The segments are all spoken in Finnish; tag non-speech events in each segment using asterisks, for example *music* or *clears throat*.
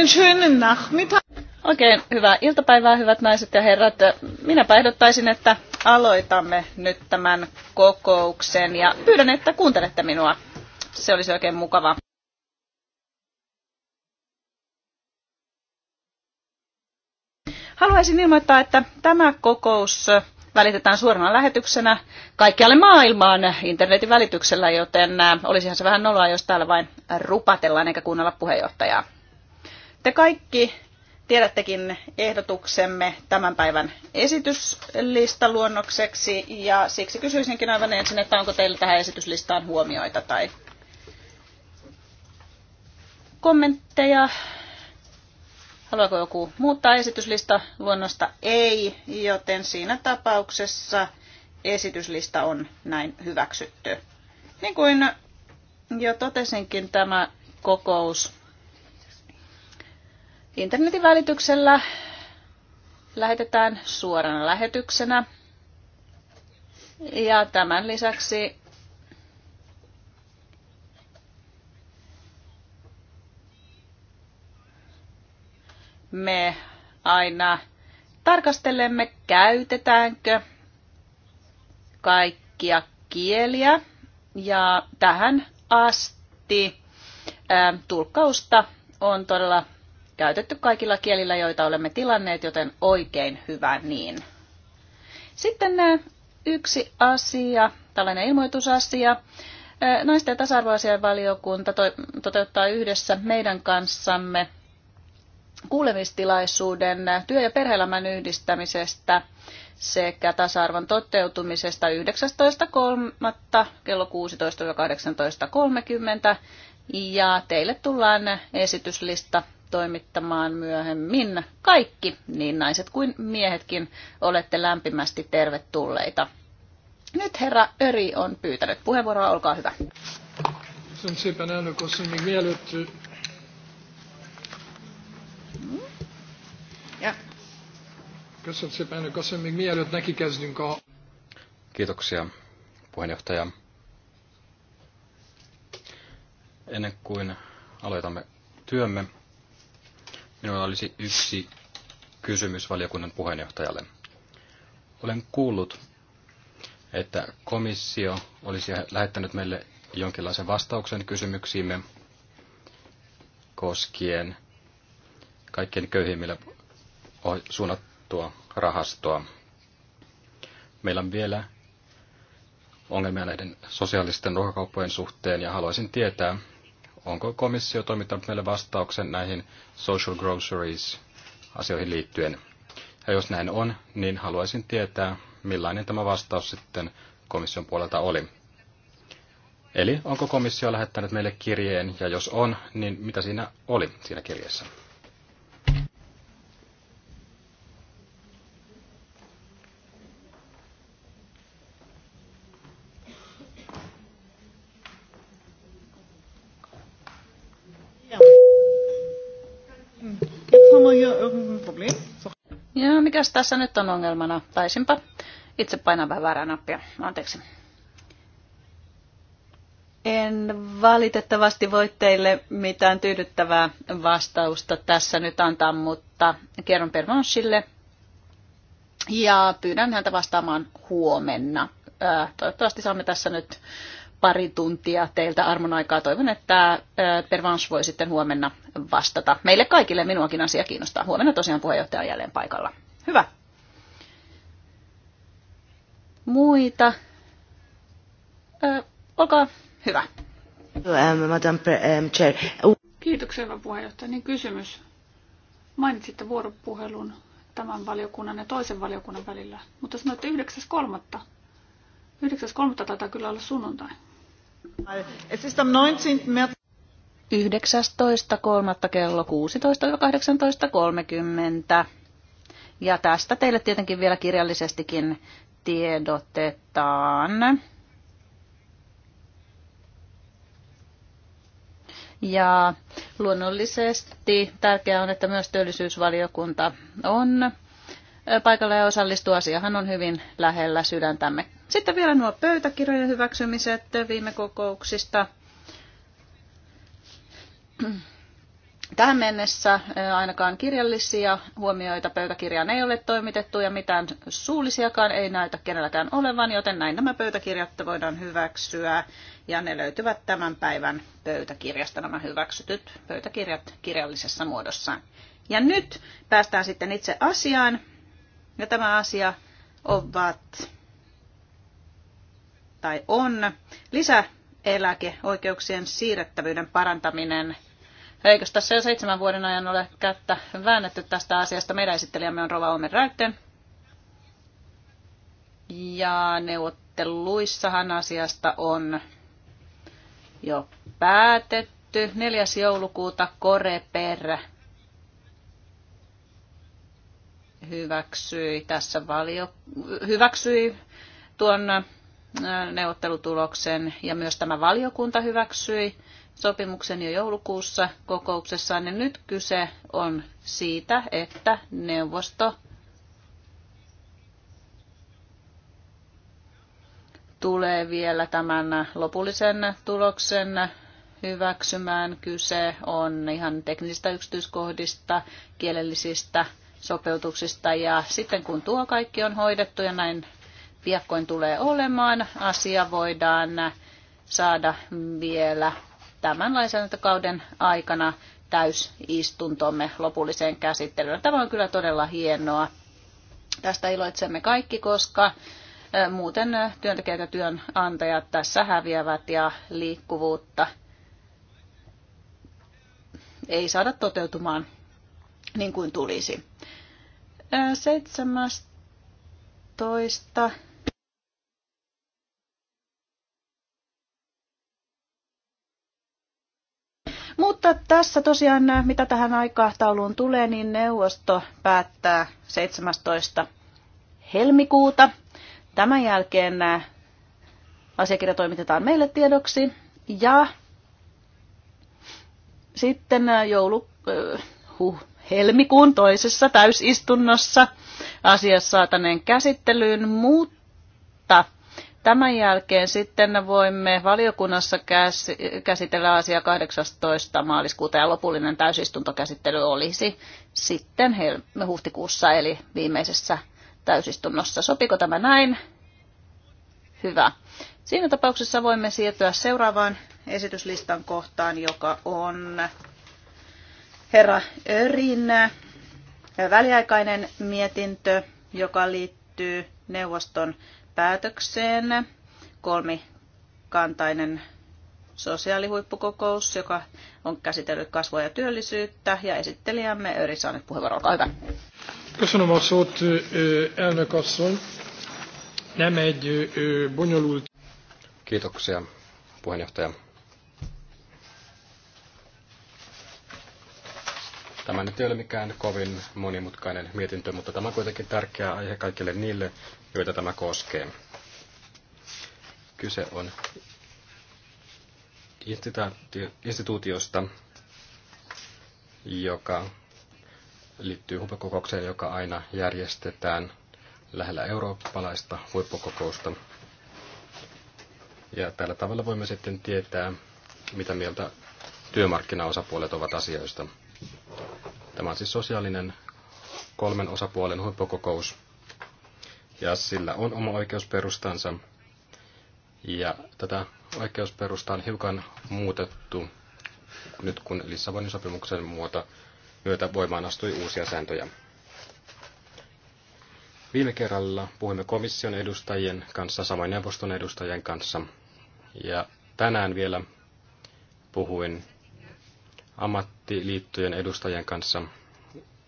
Einen schönen Nachmittag. Oikein hyvää iltapäivää, hyvät naiset ja herrat. Minä ehdottaisin, että aloitamme nyt tämän kokouksen ja pyydän, että kuuntelette minua. Se olisi oikein mukavaa. Haluaisin ilmoittaa, että tämä kokous välitetään suorana lähetyksenä kaikkialle maailmaan internetin välityksellä, joten äh, olisihan se vähän noloa, jos täällä vain rupatellaan eikä kuunnella puheenjohtajaa. Te kaikki tiedättekin ehdotuksemme tämän päivän esityslistaluonnokseksi ja siksi kysyisinkin aivan ensin, että onko teillä tähän esityslistaan huomioita tai kommentteja. Haluaako joku muuttaa esityslista? Luonnosta ei, joten siinä tapauksessa esityslista on näin hyväksytty. Niin kuin jo totesinkin, tämä kokous internetin välityksellä lähetetään suorana lähetyksenä. Ja tämän lisäksi me aina tarkastelemme, käytetäänkö kaikkia kieliä. Ja tähän asti tulkkausta on todella käytetty kaikilla kielillä, joita olemme tilanneet, joten oikein hyvä niin. Sitten äh, yksi asia, tällainen ilmoitusasia. Äh, naisten ja tasa-arvoasian valiokunta toteuttaa yhdessä meidän kanssamme kuulemistilaisuuden äh, työ- ja perheelämän yhdistämisestä sekä tasa-arvon toteutumisesta 19.3. kello 16-18.30. Ja teille tullaan esityslista toimittamaan myöhemmin. Kaikki, niin naiset kuin miehetkin, olette lämpimästi tervetulleita. Nyt herra Öri on pyytänyt puheenvuoroa, olkaa hyvä. Hmm? Kiitoksia, puheenjohtaja. Ennen kuin aloitamme työmme, Minulla olisi yksi kysymys valiokunnan puheenjohtajalle. Olen kuullut, että komissio olisi lähettänyt meille jonkinlaisen vastauksen kysymyksiimme koskien kaikkien köyhimmille suunnattua rahastoa. Meillä on vielä ongelmia näiden sosiaalisten ruokakauppojen suhteen ja haluaisin tietää, onko komissio toimittanut meille vastauksen näihin social groceries asioihin liittyen. Ja jos näin on, niin haluaisin tietää, millainen tämä vastaus sitten komission puolelta oli. Eli onko komissio lähettänyt meille kirjeen, ja jos on, niin mitä siinä oli siinä kirjeessä? ja Problem? Ja mikäs tässä nyt on ongelmana? Taisinpa itse painaa vähän väärää nappia. Anteeksi. En valitettavasti voi teille mitään tyydyttävää vastausta tässä nyt antaa, mutta kerron Pervonssille ja pyydän häntä vastaamaan huomenna. Äh, toivottavasti saamme tässä nyt pari tuntia teiltä armon aikaa. Toivon, että Pervans voi sitten huomenna vastata. Meille kaikille minuakin asia kiinnostaa. Huomenna tosiaan puheenjohtaja on jälleen paikalla. Hyvä. Muita? Ö, olkaa hyvä. Ähm, ähm, Kiitoksia, hyvä puheenjohtaja. Niin kysymys. Mainitsitte vuoropuhelun tämän valiokunnan ja toisen valiokunnan välillä, mutta sanoitte 9.3. 9.3. taitaa kyllä olla sunnuntai. 19.3. kello 16.18.30. Ja tästä teille tietenkin vielä kirjallisestikin tiedotetaan. Ja luonnollisesti tärkeää on, että myös työllisyysvaliokunta on paikalla ja osallistuu. Asiahan on hyvin lähellä sydäntämme. Sitten vielä nuo pöytäkirjojen hyväksymiset viime kokouksista. Tähän mennessä eh, ainakaan kirjallisia huomioita pöytäkirjaan ei ole toimitettu ja mitään suullisiakaan ei näytä kenelläkään olevan, joten näin nämä pöytäkirjat voidaan hyväksyä ja ne löytyvät tämän päivän pöytäkirjasta nämä hyväksytyt pöytäkirjat kirjallisessa muodossaan. Ja nyt päästään sitten itse asiaan ja tämä asia ovat tai on lisäeläkeoikeuksien siirrettävyyden parantaminen. Eikö tässä jo seitsemän vuoden ajan ole kättä väännetty tästä asiasta? Meidän esittelijämme on Rova Omen Räytten. Ja neuvotteluissahan asiasta on jo päätetty. 4. joulukuuta Koreper hyväksyi tässä valio, hyväksyi tuon neuvottelutuloksen ja myös tämä valiokunta hyväksyi sopimuksen jo joulukuussa kokouksessaan. Ja nyt kyse on siitä, että neuvosto tulee vielä tämän lopullisen tuloksen hyväksymään. Kyse on ihan teknisistä yksityiskohdista, kielellisistä sopeutuksista ja sitten kun tuo kaikki on hoidettu ja näin piakkoin tulee olemaan. Asia voidaan saada vielä tämän lainsäädäntökauden aikana täysistuntomme lopulliseen käsittelyyn. Tämä on kyllä todella hienoa. Tästä iloitsemme kaikki, koska muuten työntekijät ja työnantajat tässä häviävät ja liikkuvuutta ei saada toteutumaan niin kuin tulisi. 17 Mutta tässä tosiaan, äh, mitä tähän aikatauluun tulee, niin neuvosto päättää 17. helmikuuta. Tämän jälkeen äh, asiakirja toimitetaan meille tiedoksi ja sitten äh, joulu, huh, helmikuun toisessa täysistunnossa asia saataneen käsittelyyn, mutta Tämän jälkeen sitten voimme valiokunnassa käsitellä asiaa 18. maaliskuuta ja lopullinen täysistuntokäsittely olisi sitten hel- huhtikuussa eli viimeisessä täysistunnossa. Sopiko tämä näin? Hyvä. Siinä tapauksessa voimme siirtyä seuraavaan esityslistan kohtaan, joka on herra Örin väliaikainen mietintö, joka liittyy neuvoston päätökseen kolmikantainen sosiaalihuippukokous, joka on käsitellyt kasvua ja työllisyyttä, ja esittelijämme Öri saa nyt puheenvuoron. Olkaa hyvä. Köszönöm a szót, elnök asszony. Nem egy bonyolult... Kiitoksia, puheenjohtaja. Tämä nyt ei ole mikään kovin monimutkainen mietintö, mutta tämä on kuitenkin tärkeä aihe kaikille niille, joita tämä koskee. Kyse on instituutiosta, joka liittyy huippukokoukseen, joka aina järjestetään lähellä eurooppalaista huippukokousta. Ja tällä tavalla voimme sitten tietää, mitä mieltä työmarkkinaosapuolet ovat asioista. Tämä on siis sosiaalinen kolmen osapuolen huippukokous. Ja sillä on oma oikeusperustansa. Ja tätä oikeusperustaa on hiukan muutettu nyt kun Lissabonin sopimuksen muuta myötä voimaan astui uusia sääntöjä. Viime kerralla puhuimme komission edustajien kanssa, samoin neuvoston edustajien kanssa. Ja tänään vielä puhuin ammattiliittojen edustajien kanssa.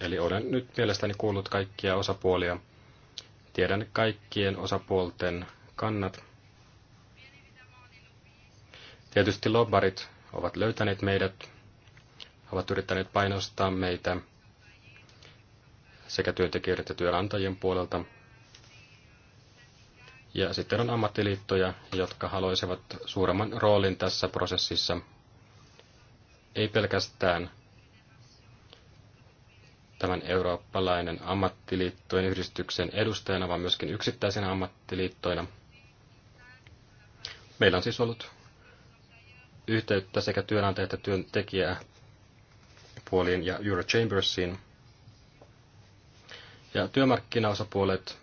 Eli olen nyt mielestäni kuullut kaikkia osapuolia. Tiedän kaikkien osapuolten kannat. Tietysti lobbarit ovat löytäneet meidät, ovat yrittäneet painostaa meitä sekä työntekijöiden että työnantajien puolelta. Ja sitten on ammattiliittoja, jotka haluaisivat suuremman roolin tässä prosessissa – ei pelkästään tämän eurooppalainen ammattiliittojen yhdistyksen edustajana, vaan myöskin yksittäisenä ammattiliittoina. Meillä on siis ollut yhteyttä sekä työnantaja- että työntekijäpuoliin ja Eurochambersiin. Ja työmarkkinaosapuolet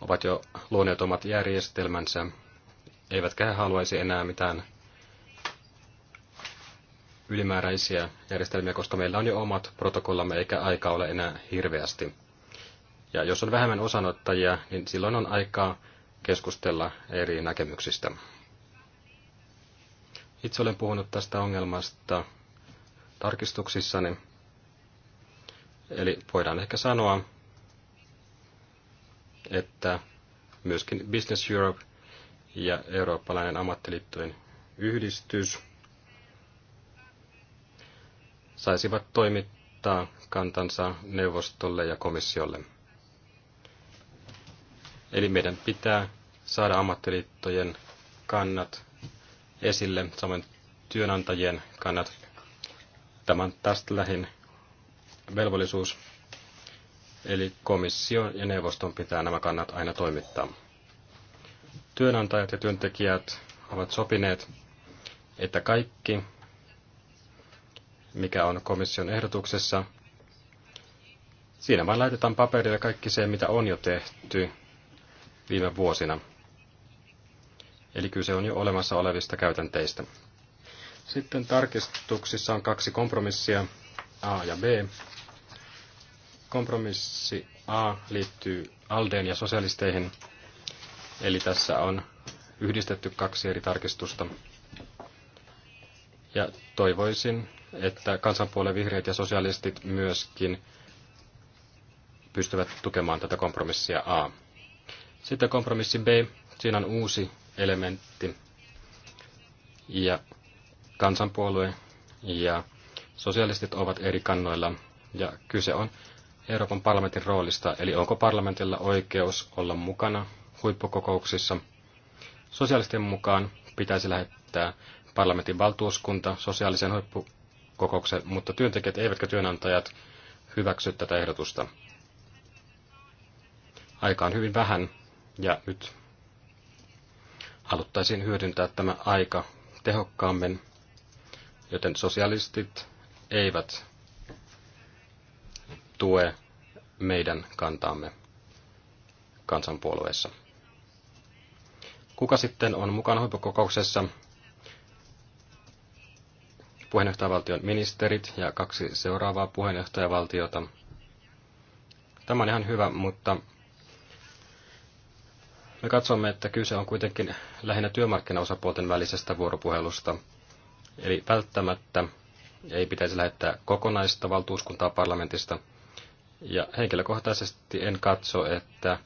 ovat jo luoneet omat järjestelmänsä eivätkä he haluaisi enää mitään ylimääräisiä järjestelmiä, koska meillä on jo omat protokollamme eikä aikaa ole enää hirveästi. Ja jos on vähemmän osanottajia, niin silloin on aikaa keskustella eri näkemyksistä. Itse olen puhunut tästä ongelmasta tarkistuksissani. Eli voidaan ehkä sanoa, että myöskin Business Europe ja eurooppalainen ammattiliittojen yhdistys saisivat toimittaa kantansa neuvostolle ja komissiolle. Eli meidän pitää saada ammattiliittojen kannat esille, samoin työnantajien kannat. Tämä on tästä lähin velvollisuus. Eli komission ja neuvoston pitää nämä kannat aina toimittaa. Työnantajat ja työntekijät ovat sopineet, että kaikki, mikä on komission ehdotuksessa, siinä vain laitetaan paperille kaikki se, mitä on jo tehty viime vuosina. Eli kyse on jo olemassa olevista käytänteistä. Sitten tarkistuksissa on kaksi kompromissia, A ja B. Kompromissi A liittyy Aldeen ja sosialisteihin. Eli tässä on yhdistetty kaksi eri tarkistusta. Ja toivoisin, että kansanpuolen vihreät ja sosialistit myöskin pystyvät tukemaan tätä kompromissia A. Sitten kompromissi B. Siinä on uusi elementti. Ja kansanpuolue ja sosialistit ovat eri kannoilla. Ja kyse on Euroopan parlamentin roolista, eli onko parlamentilla oikeus olla mukana huippukokouksissa. Sosiaalisten mukaan pitäisi lähettää parlamentin valtuuskunta sosiaalisen huippukokoukseen, mutta työntekijät eivätkä työnantajat hyväksy tätä ehdotusta. Aika on hyvin vähän ja nyt haluttaisiin hyödyntää tämä aika tehokkaammin, joten sosialistit eivät tue meidän kantaamme kansanpuolueessa. Kuka sitten on mukana huippukokouksessa? Puheenjohtajavaltion ministerit ja kaksi seuraavaa puheenjohtajavaltiota. Tämä on ihan hyvä, mutta me katsomme, että kyse on kuitenkin lähinnä työmarkkinaosapuolten välisestä vuoropuhelusta. Eli välttämättä ei pitäisi lähettää kokonaista valtuuskuntaa parlamentista. Ja henkilökohtaisesti en katso, että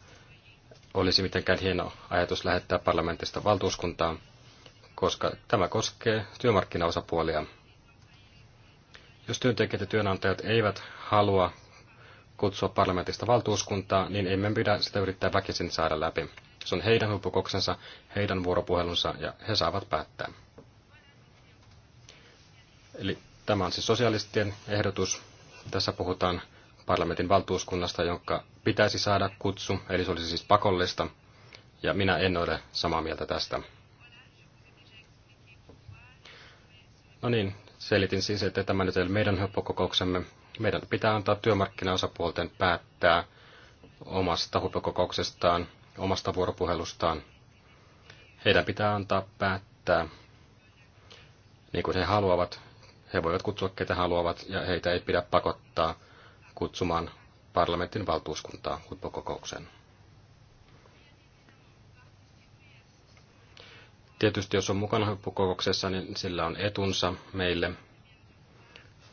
olisi mitenkään hieno ajatus lähettää parlamentista valtuuskuntaa, koska tämä koskee työmarkkinaosapuolia. Jos työntekijät ja työnantajat eivät halua kutsua parlamentista valtuuskuntaa, niin emme pidä sitä yrittää väkisin saada läpi. Se on heidän huippukoksensa, heidän vuoropuhelunsa ja he saavat päättää. Eli tämä on siis sosialistien ehdotus. Tässä puhutaan parlamentin valtuuskunnasta, jonka pitäisi saada kutsu, eli se olisi siis pakollista, ja minä en ole samaa mieltä tästä. No niin, selitin siis, että tämä nyt ei ole meidän höppokokouksemme. Meidän pitää antaa työmarkkinaosapuolten päättää omasta huippukokouksestaan, omasta vuoropuhelustaan. Heidän pitää antaa päättää niin kuin he haluavat. He voivat kutsua ketä haluavat ja heitä ei pidä pakottaa kutsumaan parlamentin valtuuskuntaa huippukokoukseen. Tietysti jos on mukana huippukokouksessa, niin sillä on etunsa meille.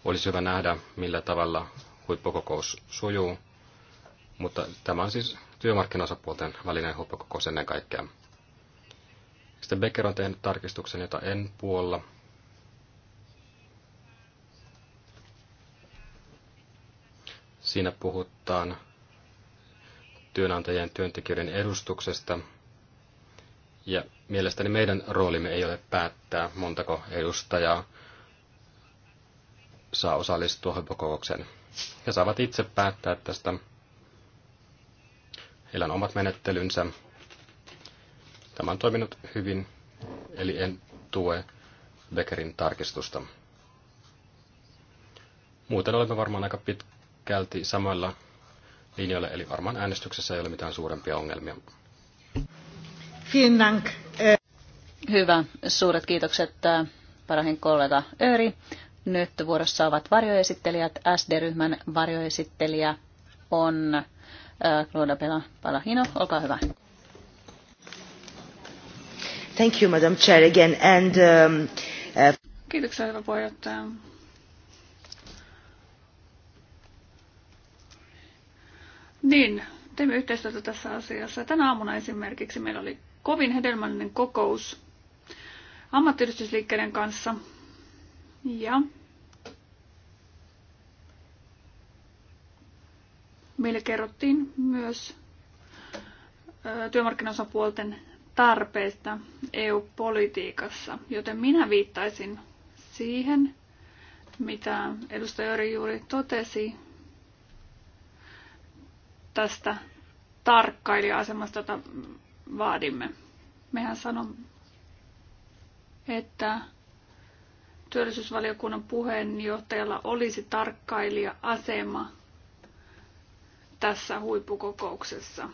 Olisi hyvä nähdä, millä tavalla huippukokous sujuu, mutta tämä on siis työmarkkinaosapuolten välinen huippukokous ennen kaikkea. Sitten Becker on tehnyt tarkistuksen, jota en puolla – Siinä puhutaan työnantajien työntekijöiden edustuksesta. Ja mielestäni meidän roolimme ei ole päättää, montako edustajaa saa osallistua huippukokoukseen. He saavat itse päättää tästä. Heillä on omat menettelynsä. Tämä on toiminut hyvin, eli en tue Beckerin tarkistusta. Muuten olemme varmaan aika pitkä pitkälti samoilla linjoilla, eli varmaan äänestyksessä ei ole mitään suurempia ongelmia. Dank. Hyvä, suuret kiitokset äh, parahin kollega Öri. Nyt vuorossa ovat varjoesittelijät. SD-ryhmän varjoesittelijä on äh, pela Palahino. Olkaa hyvä. Thank you, Madam Chair, again. And, um, uh... Kiitoksia, hyvä puheenjohtaja. Niin, teemme yhteistyötä tässä asiassa. Tänä aamuna esimerkiksi meillä oli kovin hedelmällinen kokous ammattiyhdistysliikkeiden kanssa. Ja meille kerrottiin myös työmarkkinaosapuolten tarpeista EU-politiikassa, joten minä viittaisin siihen, mitä edustaja Jori juuri totesi, tästä tarkkailija-asemasta, jota vaadimme. Mehän sanon, että työllisyysvaliokunnan puheenjohtajalla olisi tarkkailija-asema tässä huippukokouksessa.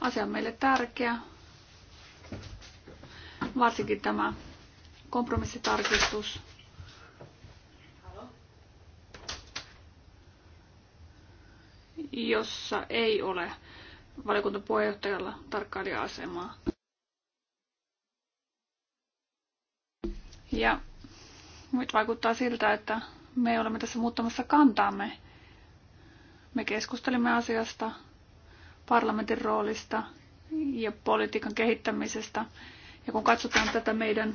Asia on meille tärkeä, varsinkin tämä kompromissitarkistus, jossa ei ole valiokunnan puheenjohtajalla tarkkailija-asemaa. Ja nyt vaikuttaa siltä, että me olemme tässä muuttamassa kantaamme. Me keskustelimme asiasta, parlamentin roolista ja politiikan kehittämisestä. Ja kun katsotaan tätä meidän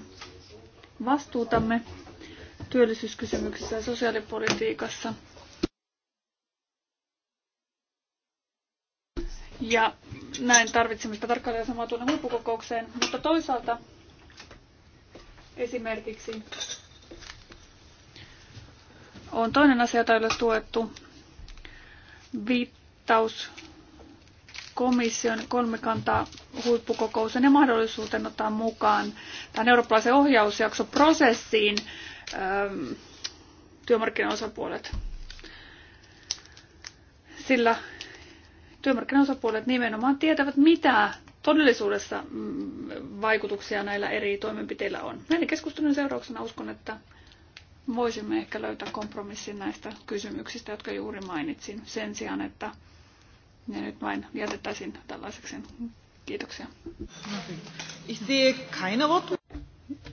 vastuutamme työllisyyskysymyksissä ja sosiaalipolitiikassa, Ja näin tarvitsemme sitä tarkkailijasamaa tuonne huippukokoukseen, mutta toisaalta esimerkiksi on toinen asia, jota ei ole tuettu, viittaus komission kolmikantaa huippukokouksen ja mahdollisuuteen ottaa mukaan tähän eurooppalaisen prosessiin ähm, työmarkkinaosapuolet. Sillä työmarkkinaosapuolet nimenomaan tietävät, mitä todellisuudessa mm, vaikutuksia näillä eri toimenpiteillä on. Näiden keskustelun seurauksena uskon, että voisimme ehkä löytää kompromissin näistä kysymyksistä, jotka juuri mainitsin, sen sijaan, että ne nyt vain jätettäisiin tällaiseksi. Kiitoksia.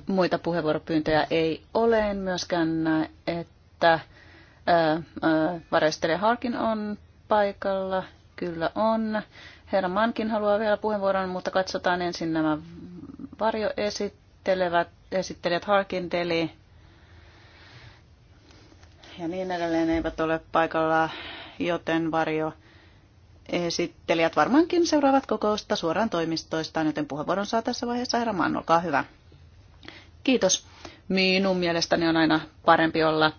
Muita puheenvuoropyyntöjä ei ole, myöskään että äh, äh, varjostelija Harkin on paikalla kyllä on. Herra Mankin haluaa vielä puheenvuoron, mutta katsotaan ensin nämä varjoesittelevät, esittelijät Harkinteli ja niin edelleen eivät ole paikalla, joten varjo esittelijät varmaankin seuraavat kokousta suoraan toimistoistaan, joten puheenvuoron saa tässä vaiheessa herra Mann, olkaa hyvä. Kiitos. Minun mielestäni on aina parempi olla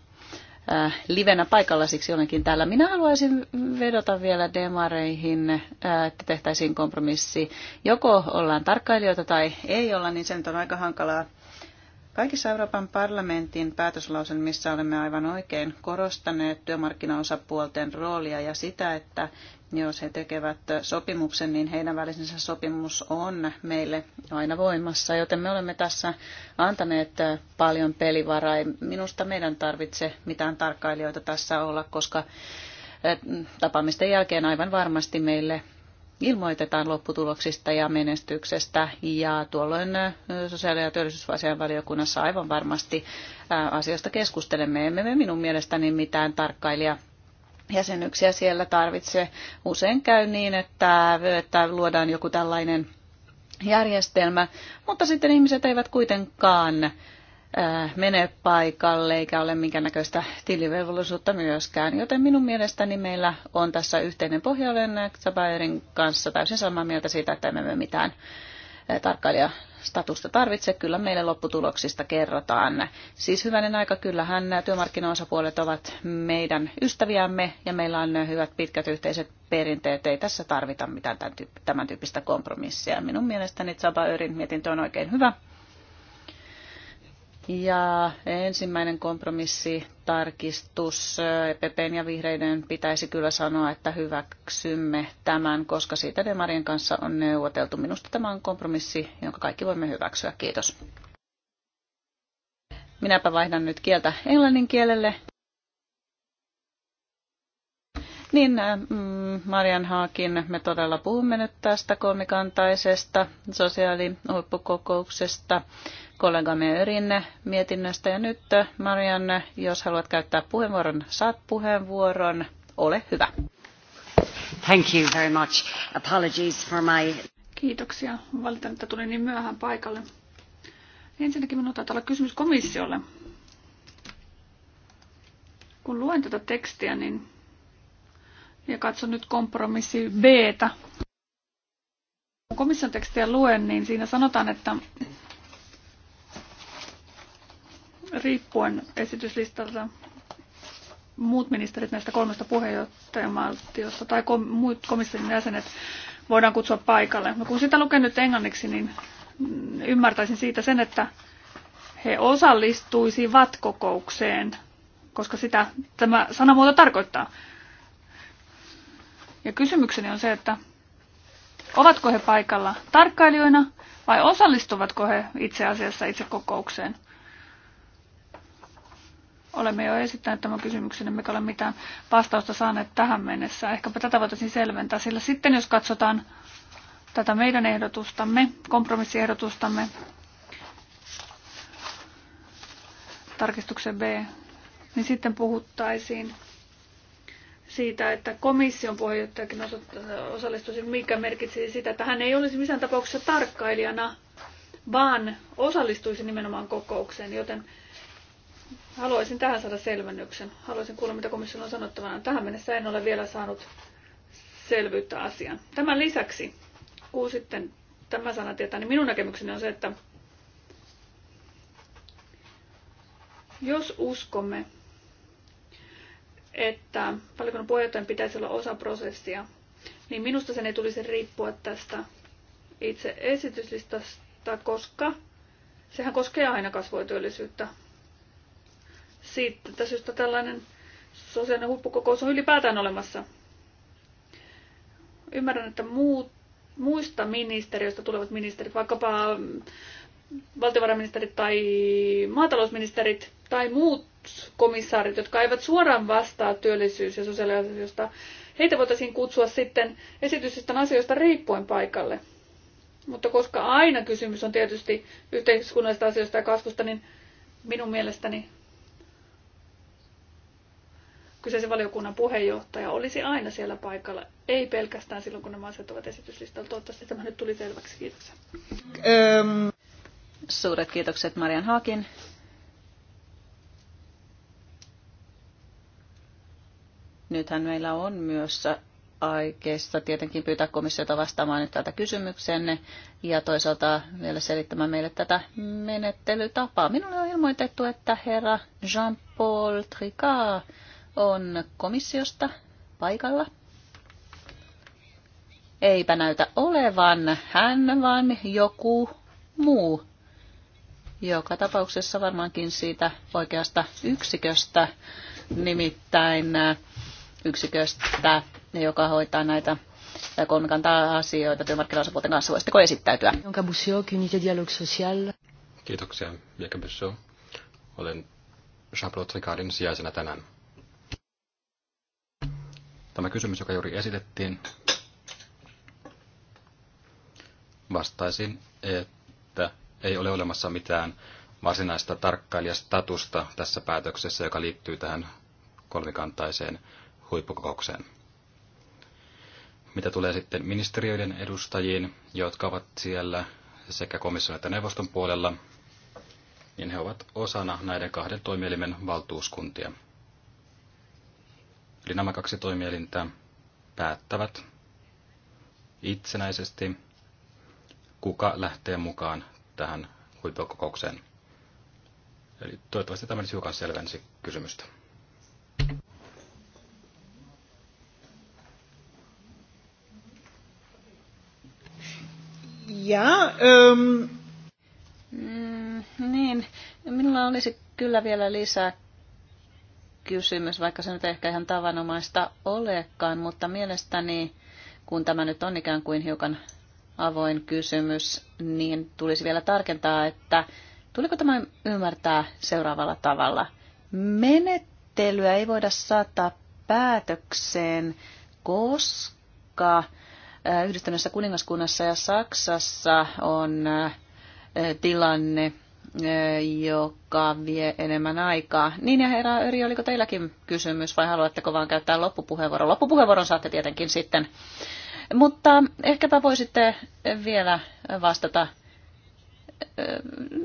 Äh, livenä paikalla, siksi olenkin täällä. Minä haluaisin vedota vielä demareihin, äh, että tehtäisiin kompromissi. Joko ollaan tarkkailijoita tai ei olla, niin se nyt on aika hankalaa Kaikissa Euroopan parlamentin päätöslauselmissa olemme aivan oikein korostaneet työmarkkinaosapuolten roolia ja sitä, että jos he tekevät sopimuksen, niin heidän välisensä sopimus on meille aina voimassa, joten me olemme tässä antaneet paljon pelivaraa. Ei minusta meidän tarvitse mitään tarkkailijoita tässä olla, koska eh, tapaamisten jälkeen aivan varmasti meille ilmoitetaan lopputuloksista ja menestyksestä ja tuolloin sosiaali- ja valiokunnassa aivan varmasti asiasta keskustelemme. Emme me minun mielestäni mitään tarkkailija jäsenyksiä siellä tarvitse. Usein käy niin, että, että luodaan joku tällainen järjestelmä, mutta sitten ihmiset eivät kuitenkaan mene paikalle eikä ole minkäännäköistä tilivelvollisuutta myöskään. Joten minun mielestäni meillä on tässä yhteinen pohja. Olen Xabairin kanssa täysin samaa mieltä siitä, että emme mitään tarkkailijastatusta tarvitse. Kyllä meille lopputuloksista kerrotaan. Siis hyvänen aika, kyllähän työmarkkinaosapuolet ovat meidän ystäviämme ja meillä on hyvät pitkät yhteiset perinteet. Ei tässä tarvita mitään tämän tyyppistä kompromissia. Minun mielestäni Zabairin mietintö on oikein hyvä. Ja ensimmäinen kompromissitarkistus eh, EPPn ja vihreiden pitäisi kyllä sanoa, että hyväksymme tämän, koska siitä Demarien kanssa on neuvoteltu. Minusta tämä on kompromissi, jonka kaikki voimme hyväksyä. Kiitos. Minäpä vaihdan nyt kieltä englannin kielelle. Niin, eh, mm, Marian Haakin, me todella puhumme nyt tästä kolmikantaisesta sosiaalihuippukokouksesta kollegamme Örinne mietinnöstä. Ja nyt Marian, jos haluat käyttää puheenvuoron, saat puheenvuoron. Ole hyvä. Thank you very much. Apologies for my... Kiitoksia. Valitan, että tulin niin myöhään paikalle. Ensinnäkin minulla taitaa olla kysymys komissiolle. Kun luen tätä tekstiä, niin ja katson nyt kompromissi b Kun komission tekstiä luen, niin siinä sanotaan, että riippuen esityslistalta muut ministerit näistä kolmesta puheenjohtajamaltiosta tai kom- muut komission jäsenet voidaan kutsua paikalle. No kun sitä luken nyt englanniksi, niin ymmärtäisin siitä sen, että he osallistuisivat kokoukseen, koska sitä tämä sanamuoto tarkoittaa. Ja kysymykseni on se, että ovatko he paikalla tarkkailijoina vai osallistuvatko he itse asiassa itse kokoukseen? Olemme jo esittäneet tämän kysymyksen, emmekä ole mitään vastausta saaneet tähän mennessä. Ehkäpä tätä voitaisiin selventää, sillä sitten jos katsotaan tätä meidän ehdotustamme, kompromissiehdotustamme, tarkistuksen B, niin sitten puhuttaisiin siitä, että komission puheenjohtajakin osallistuisi, mikä merkitsi sitä, että hän ei olisi missään tapauksessa tarkkailijana, vaan osallistuisi nimenomaan kokoukseen, joten haluaisin tähän saada selvennyksen. Haluaisin kuulla, mitä komissio on sanottavana. Tähän mennessä en ole vielä saanut selvyyttä asiaan. Tämän lisäksi, kun sitten tämä sana tietää, niin minun näkemykseni on se, että jos uskomme että valiokunnan puheenjohtajan pitäisi olla osa prosessia, niin minusta sen ei tulisi riippua tästä itse esityslistasta, koska sehän koskee aina kasvua työllisyyttä. Siitä syystä tällainen sosiaalinen huippukokous on ylipäätään olemassa. Ymmärrän, että muut, muista ministeriöistä tulevat ministerit, vaikkapa valtiovarainministerit tai maatalousministerit tai muut komissaarit, jotka eivät suoraan vastaa työllisyys- ja sosiaaliasioista, heitä voitaisiin kutsua sitten esityslistan asioista riippuen paikalle. Mutta koska aina kysymys on tietysti yhteiskunnallisista asioista ja kasvusta, niin minun mielestäni kyseisen valiokunnan puheenjohtaja olisi aina siellä paikalla, ei pelkästään silloin, kun nämä asiat ovat esityslistalla. Toivottavasti tämä nyt tuli selväksi. Kiitoksia. Ehm. Suuret kiitokset Marian Haakin Nythän meillä on myös aikeissa tietenkin pyytää komissiota vastaamaan nyt tältä kysymyksenne ja toisaalta vielä selittämään meille tätä menettelytapaa. Minulle on ilmoitettu, että herra Jean-Paul Tricard on komissiosta paikalla. Eipä näytä olevan hän, vaan joku muu. Joka tapauksessa varmaankin siitä oikeasta yksiköstä, nimittäin yksiköstä, joka hoitaa näitä kolmikantaa asioita työmarkkinaosapuolten kanssa. Voisitteko esittäytyä? Jonka Busio, Unité Dialogue Social. Kiitoksia, Mieka Busio. Olen Jean-Claude Ricardin sijaisena tänään. Tämä kysymys, joka juuri esitettiin, vastaisin, että ei ole olemassa mitään varsinaista tarkkailijastatusta tässä päätöksessä, joka liittyy tähän kolmikantaiseen huippukokoukseen. Mitä tulee sitten ministeriöiden edustajiin, jotka ovat siellä sekä komission että neuvoston puolella, niin he ovat osana näiden kahden toimielimen valtuuskuntia. Eli nämä kaksi toimielintä päättävät itsenäisesti, kuka lähtee mukaan tähän huippukokoukseen. Eli toivottavasti tämä nyt hiukan selvensi kysymystä. Ja, um... mm, niin, minulla olisi kyllä vielä lisää kysymys, vaikka se nyt ehkä ihan tavanomaista olekaan, mutta mielestäni, kun tämä nyt on ikään kuin hiukan avoin kysymys, niin tulisi vielä tarkentaa, että tuliko tämä ymmärtää seuraavalla tavalla. Menettelyä ei voida saattaa päätökseen, koska Äh, yhdistyneessä kuningaskunnassa ja Saksassa on äh, tilanne, äh, joka vie enemmän aikaa. Niin ja herra Öri, oliko teilläkin kysymys vai haluatteko vaan käyttää loppupuheenvuoron? Loppupuheenvuoron saatte tietenkin sitten. Mutta ehkäpä voisitte vielä vastata.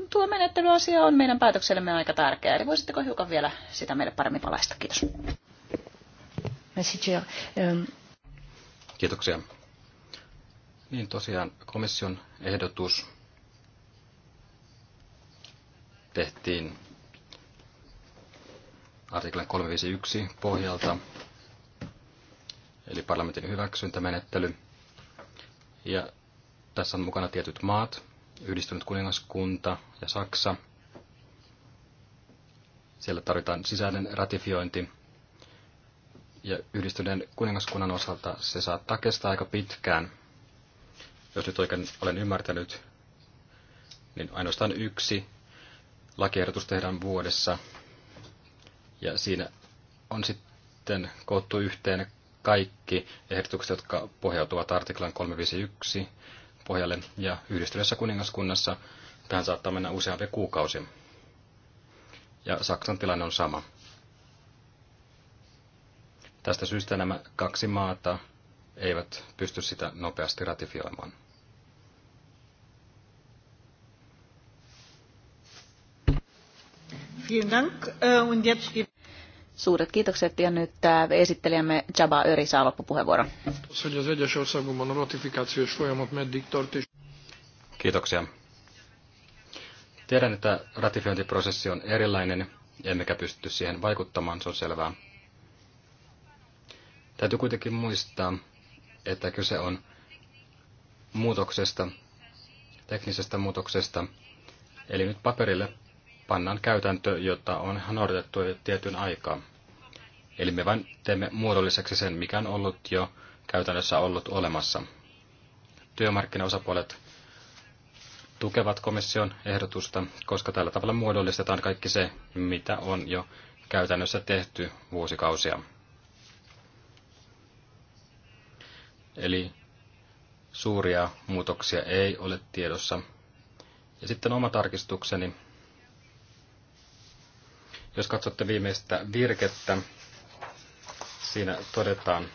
Tuo menettelyasia on meidän päätöksellemme aika tärkeä, eli voisitteko hiukan vielä sitä meille paremmin valaista? Kiitos. Ähm. Kiitoksia. Niin tosiaan komission ehdotus tehtiin artiklan 351 pohjalta, eli parlamentin hyväksyntämenettely. Ja tässä on mukana tietyt maat, yhdistynyt kuningaskunta ja Saksa. Siellä tarvitaan sisäinen ratifiointi. Ja yhdistyneen kuningaskunnan osalta se saattaa kestää aika pitkään, jos nyt oikein olen ymmärtänyt, niin ainoastaan yksi lakiehdotus tehdään vuodessa. Ja siinä on sitten koottu yhteen kaikki ehdotukset, jotka pohjautuvat artiklan 351 pohjalle. Ja yhdistyneessä kuningaskunnassa tähän saattaa mennä useampi kuukausi. Ja Saksan tilanne on sama. Tästä syystä nämä kaksi maata eivät pysty sitä nopeasti ratifioimaan. Äh, Suuret kiitokset ja nyt äh, esittelijämme Jaba Öri saa loppupuheenvuoron. Kiitoksia. Tiedän, että ratifiointiprosessi on erilainen, emmekä pysty siihen vaikuttamaan, se on selvää. Täytyy kuitenkin muistaa, että kyse on muutoksesta, teknisestä muutoksesta, eli nyt paperille pannaan käytäntö, jota on noudatettu tietyn aikaa. Eli me vain teemme muodolliseksi sen, mikä on ollut jo käytännössä ollut olemassa. Työmarkkinaosapuolet tukevat komission ehdotusta, koska tällä tavalla muodollistetaan kaikki se, mitä on jo käytännössä tehty vuosikausia. Eli suuria muutoksia ei ole tiedossa. Ja sitten oma tarkistukseni jos katsotte viimeistä virkettä, siinä todetaan,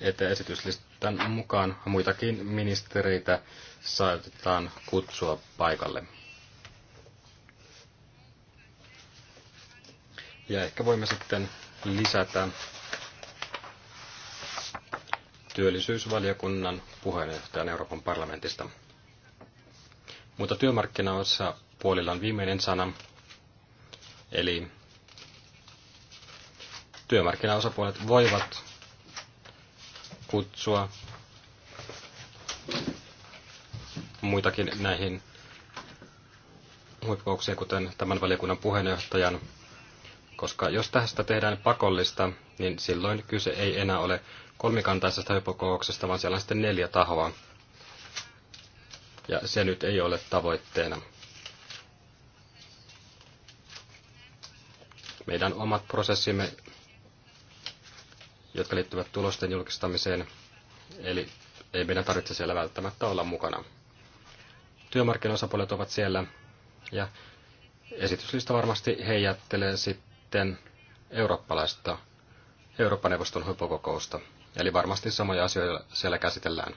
että esityslistan mukaan muitakin ministereitä saatetaan kutsua paikalle. Ja ehkä voimme sitten lisätä työllisyysvaliokunnan puheenjohtajan Euroopan parlamentista. Mutta työmarkkinaosa puolilla on viimeinen sana. Eli työmarkkinaosapuolet voivat kutsua muitakin näihin huippukouksiin, kuten tämän valiokunnan puheenjohtajan, koska jos tästä tehdään pakollista, niin silloin kyse ei enää ole kolmikantaisesta huippukouksesta, vaan siellä on sitten neljä tahoa. Ja se nyt ei ole tavoitteena. Meidän omat prosessimme, jotka liittyvät tulosten julkistamiseen, eli ei meidän tarvitse siellä välttämättä olla mukana. Työmarkkinosapuolet ovat siellä ja esityslista varmasti heijattelee sitten eurooppalaista Euroopan neuvoston huippukokousta. Eli varmasti samoja asioita siellä käsitellään.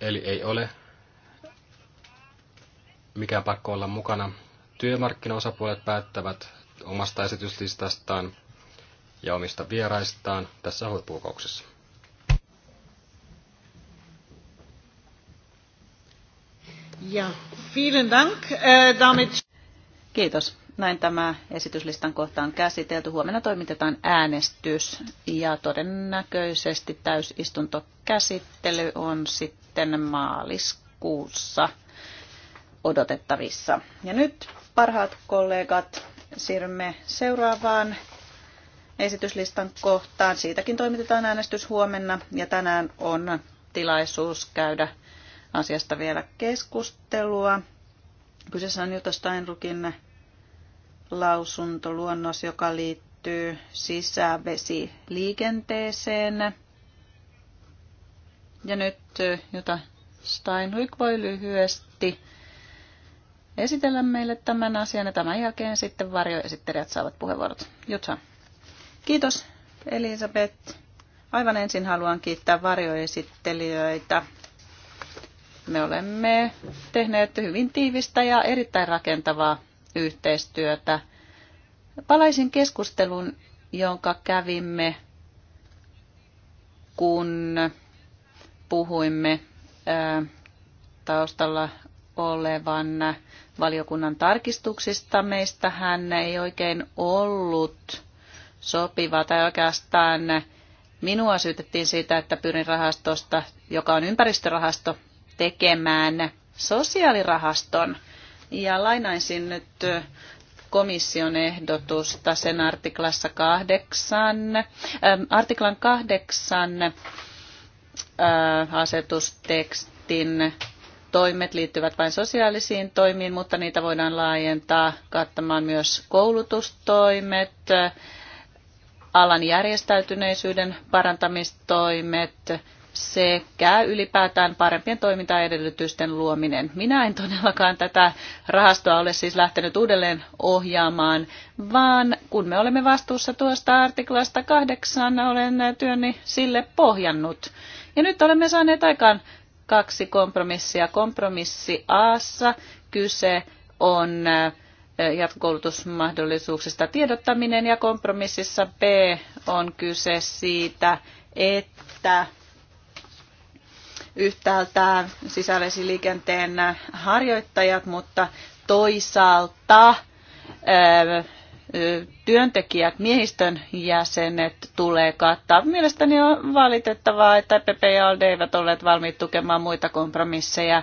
Eli ei ole mikä pakko olla mukana. Työmarkkinaosapuolet päättävät omasta esityslistastaan ja omista vieraistaan tässä huippukouksessa. Ja, vielen dank. Äh, Kiitos. Näin tämä esityslistan kohta on käsitelty. Huomenna toimitetaan äänestys ja todennäköisesti täysistuntokäsittely on sitten maaliskuussa odotettavissa. Ja nyt parhaat kollegat, siirrymme seuraavaan esityslistan kohtaan. Siitäkin toimitetaan äänestys huomenna ja tänään on tilaisuus käydä asiasta vielä keskustelua. Kyseessä on Jutta Steinrukin lausuntoluonnos, joka liittyy sisävesiliikenteeseen. Ja nyt Jutta Steinruk voi lyhyesti esitellä meille tämän asian ja tämän jälkeen sitten varjoesittelijät saavat puheenvuorot. Jutsa. Kiitos Elisabeth. Aivan ensin haluan kiittää varjoesittelijöitä. Me olemme tehneet hyvin tiivistä ja erittäin rakentavaa yhteistyötä. Palaisin keskustelun, jonka kävimme, kun puhuimme taustalla olevan valiokunnan tarkistuksista. Meistä hän ei oikein ollut sopiva tai oikeastaan minua syytettiin siitä, että pyrin rahastosta, joka on ympäristörahasto, tekemään sosiaalirahaston. Ja lainaisin nyt komission ehdotusta sen artiklassa kahdeksan, äh, artiklan kahdeksan äh, asetustekstin toimet liittyvät vain sosiaalisiin toimiin, mutta niitä voidaan laajentaa kattamaan myös koulutustoimet, alan järjestäytyneisyyden parantamistoimet sekä ylipäätään parempien toimintaedellytysten luominen. Minä en todellakaan tätä rahastoa ole siis lähtenyt uudelleen ohjaamaan, vaan kun me olemme vastuussa tuosta artiklasta kahdeksan, olen työni sille pohjannut. Ja nyt olemme saaneet aikaan kaksi kompromissia. Kompromissi Aassa kyse on jatkokoulutusmahdollisuuksista tiedottaminen ja kompromississa B on kyse siitä, että yhtäältä sisävesiliikenteen harjoittajat, mutta toisaalta työntekijät, miehistön jäsenet tulee kattaa. Mielestäni on valitettavaa, että PP ja ALD eivät olleet valmiit tukemaan muita kompromisseja.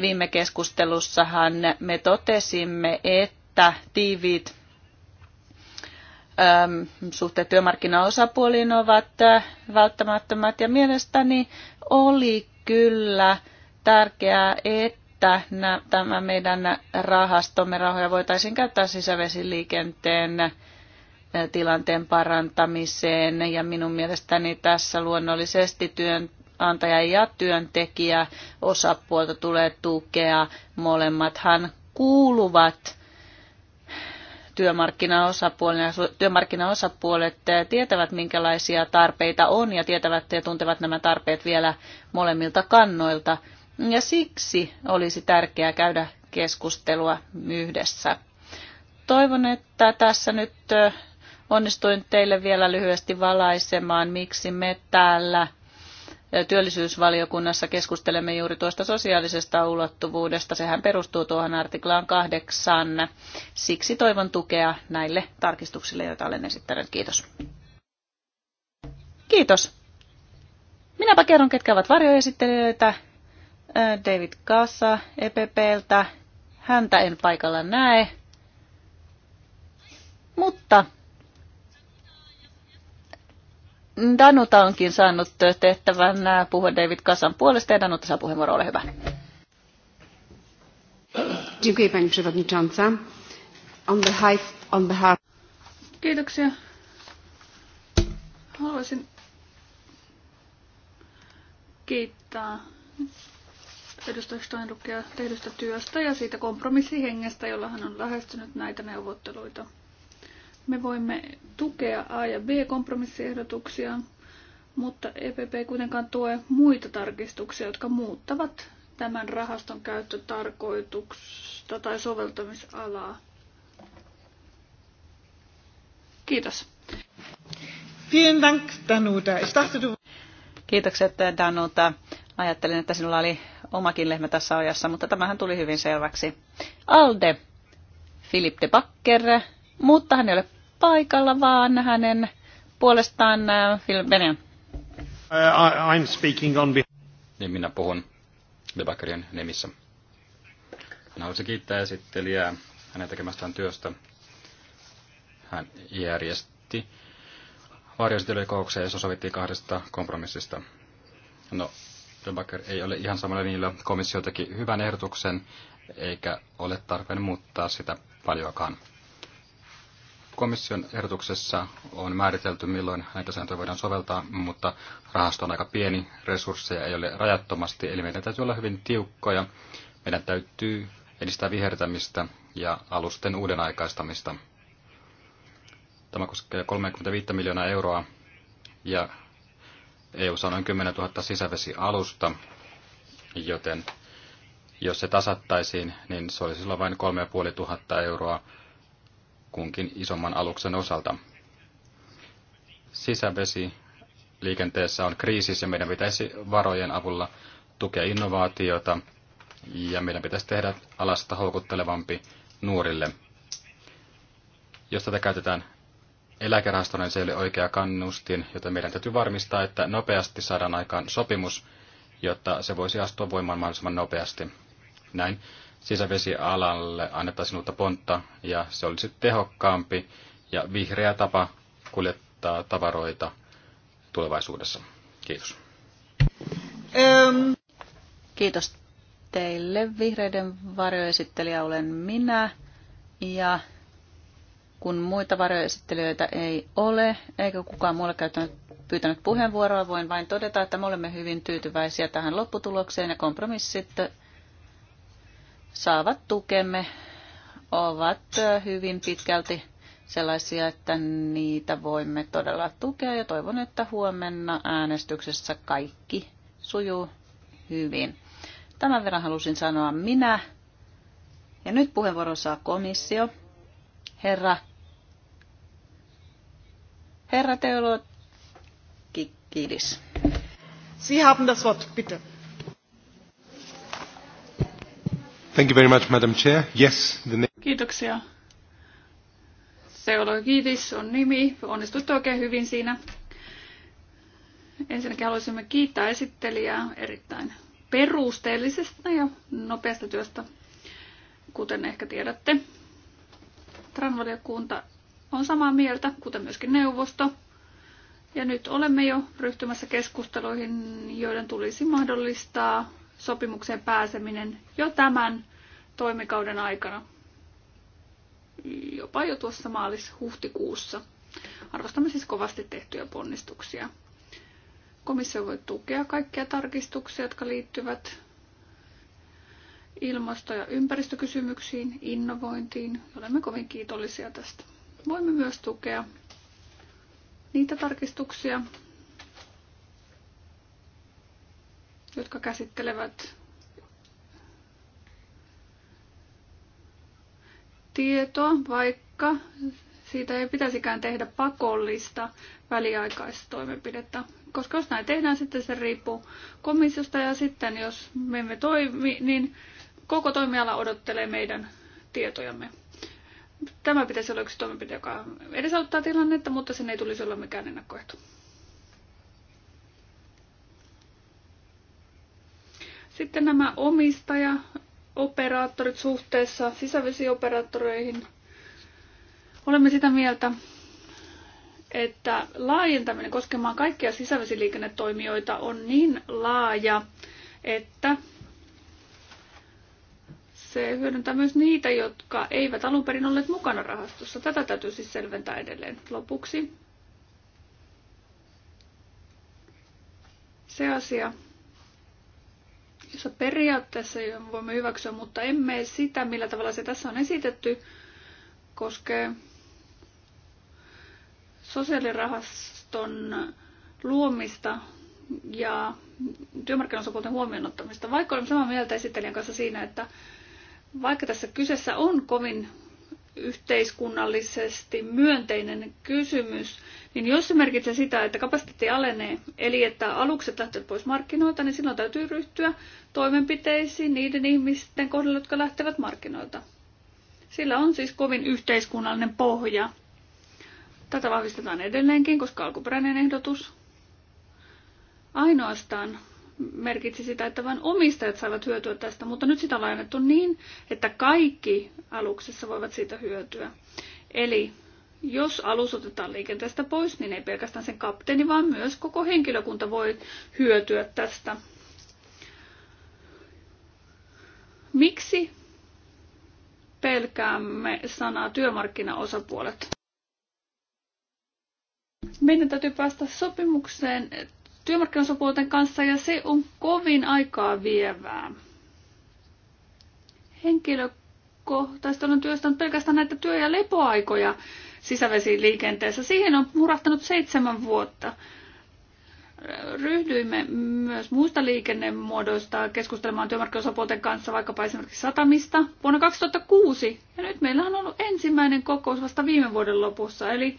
Viime keskustelussahan me totesimme, että tiiviit suhteet työmarkkinaosapuoliin ovat välttämättömät ja mielestäni oli kyllä tärkeää, että että tämä meidän rahastomme rahoja voitaisiin käyttää sisävesiliikenteen tilanteen parantamiseen ja minun mielestäni tässä luonnollisesti työnantaja ja työntekijä osapuolta tulee tukea. Molemmathan kuuluvat työmarkkinaosapuolet, työmarkkinaosapuolet tietävät, minkälaisia tarpeita on ja tietävät ja tuntevat nämä tarpeet vielä molemmilta kannoilta – ja siksi olisi tärkeää käydä keskustelua yhdessä. Toivon, että tässä nyt onnistuin teille vielä lyhyesti valaisemaan, miksi me täällä työllisyysvaliokunnassa keskustelemme juuri tuosta sosiaalisesta ulottuvuudesta. Sehän perustuu tuohon artiklaan kahdeksan. Siksi toivon tukea näille tarkistuksille, joita olen esittänyt. Kiitos. Kiitos. Minäpä kerron, ketkä ovat varjoesittelijöitä Äh, David Kassa EPPltä. Häntä en paikalla näe. Mutta Danuta onkin saanut tehtävän äh, puhua David Kasan puolesta ja Danuta saa puheenvuoro, ole hyvä. Dziękuję Pani Przewodnicząca. On behalf, on behalf... Kiitoksia. Haluaisin kiittää edustaja Steinruckia tehdystä työstä ja siitä kompromissihengestä, jolla hän on lähestynyt näitä neuvotteluita. Me voimme tukea A- ja B-kompromissiehdotuksia, mutta EPP ei kuitenkaan tue muita tarkistuksia, jotka muuttavat tämän rahaston käyttötarkoituksesta tai soveltamisalaa. Kiitos. Vielen Dank, Danuta. Kiitokset, Danuta. Ajattelin, että sinulla oli omakin lehmä tässä ajassa, mutta tämähän tuli hyvin selväksi. Alde, Philip de Bakker, mutta hän ei ole paikalla, vaan hänen puolestaan äh, Philip Benen. Uh, I'm speaking on Niin minä puhun de Bakkerin nimissä. Hän halusi kiittää esittelijää hänen tekemästään työstä. Hän järjesti varjoesittelyn kokouksen, jossa sovittiin kahdesta kompromissista. No, Schumacher ei ole ihan samalla niillä. Komissio teki hyvän ehdotuksen, eikä ole tarpeen muuttaa sitä paljoakaan. Komission ehdotuksessa on määritelty, milloin näitä sääntöjä voidaan soveltaa, mutta rahasto on aika pieni, resursseja ei ole rajattomasti, eli meidän täytyy olla hyvin tiukkoja. Meidän täytyy edistää vihertämistä ja alusten uuden aikaistamista. Tämä koskee 35 miljoonaa euroa ja EU on noin 10 000 sisävesialusta, joten jos se tasattaisiin, niin se olisi silloin vain 500 euroa kunkin isomman aluksen osalta. Sisävesi liikenteessä on kriisissä, meidän pitäisi varojen avulla tukea innovaatiota ja meidän pitäisi tehdä alasta houkuttelevampi nuorille. Jos tätä käytetään eläkerahastoinen se ei ole oikea kannustin, joten meidän täytyy varmistaa, että nopeasti saadaan aikaan sopimus, jotta se voisi astua voimaan mahdollisimman nopeasti. Näin sisävesialalle annettaisiin uutta pontta ja se olisi tehokkaampi ja vihreä tapa kuljettaa tavaroita tulevaisuudessa. Kiitos. Öm. Kiitos teille. Vihreiden varjoesittelijä olen minä ja kun muita varjoesittelijöitä ei ole, eikä kukaan muulle käyttänyt pyytänyt puheenvuoroa, voin vain todeta, että me olemme hyvin tyytyväisiä tähän lopputulokseen ja kompromissit saavat tukemme ovat hyvin pitkälti sellaisia, että niitä voimme todella tukea ja toivon, että huomenna äänestyksessä kaikki sujuu hyvin. Tämän verran halusin sanoa minä. Ja nyt puheenvuoro saa komissio. Herra Herra Teolo Kikkidis. Sie haben das Wort, bitte. Thank you very much, Madam Chair. Yes, the name... Kiitoksia. Seologidis on nimi. Onnistut oikein hyvin siinä. Ensinnäkin haluaisimme kiittää esittelijää erittäin perusteellisesta ja nopeasta työstä, kuten ehkä tiedätte. Transvaliokunta on samaa mieltä, kuten myöskin neuvosto. Ja nyt olemme jo ryhtymässä keskusteluihin, joiden tulisi mahdollistaa sopimukseen pääseminen jo tämän toimikauden aikana, jopa jo tuossa maalis-huhtikuussa. Arvostamme siis kovasti tehtyjä ponnistuksia. Komissio voi tukea kaikkia tarkistuksia, jotka liittyvät ilmasto- ja ympäristökysymyksiin, innovointiin. Olemme kovin kiitollisia tästä. Voimme myös tukea niitä tarkistuksia, jotka käsittelevät tietoa, vaikka siitä ei pitäisikään tehdä pakollista väliaikaista toimenpidettä. Koska jos näin tehdään, sitten se riippuu komissiosta ja sitten jos me emme toimi, niin koko toimiala odottelee meidän tietojamme. Tämä pitäisi olla yksi toimenpide, joka edesauttaa tilannetta, mutta sen ei tulisi olla mikään ennakkoehto. Sitten nämä omistajaoperaattorit suhteessa sisävesioperaattoreihin. Olemme sitä mieltä, että laajentaminen koskemaan kaikkia sisävesiliikennetoimijoita on niin laaja, että se hyödyntää myös niitä, jotka eivät alun perin olleet mukana rahastossa. Tätä täytyy siis selventää edelleen. Lopuksi se asia, jossa periaatteessa voimme hyväksyä, mutta emme sitä, millä tavalla se tässä on esitetty, koskee sosiaalirahaston luomista ja työmarkkinaosapuolten huomioon ottamista. Vaikka olemme samaa mieltä esittelijän kanssa siinä, että vaikka tässä kyseessä on kovin yhteiskunnallisesti myönteinen kysymys, niin jos se merkitsee sitä, että kapasiteetti alenee, eli että alukset lähtevät pois markkinoilta, niin silloin täytyy ryhtyä toimenpiteisiin niiden ihmisten kohdalla, jotka lähtevät markkinoilta. Sillä on siis kovin yhteiskunnallinen pohja. Tätä vahvistetaan edelleenkin, koska alkuperäinen ehdotus ainoastaan merkitsi sitä, että vain omistajat saivat hyötyä tästä, mutta nyt sitä on laajennettu niin, että kaikki aluksessa voivat siitä hyötyä. Eli jos alus otetaan liikenteestä pois, niin ei pelkästään sen kapteeni, vaan myös koko henkilökunta voi hyötyä tästä. Miksi pelkäämme sanaa työmarkkinaosapuolet? Meidän täytyy päästä sopimukseen työmarkkinasopuolten kanssa ja se on kovin aikaa vievää. Henkilökohtaisesti olen työstänyt pelkästään näitä työ- ja lepoaikoja sisävesiliikenteessä. Siihen on murahtanut seitsemän vuotta. Ryhdyimme myös muista liikennemuodoista keskustelemaan työmarkkinasopuolten kanssa vaikkapa esimerkiksi satamista vuonna 2006. Ja nyt meillä on ollut ensimmäinen kokous vasta viime vuoden lopussa, eli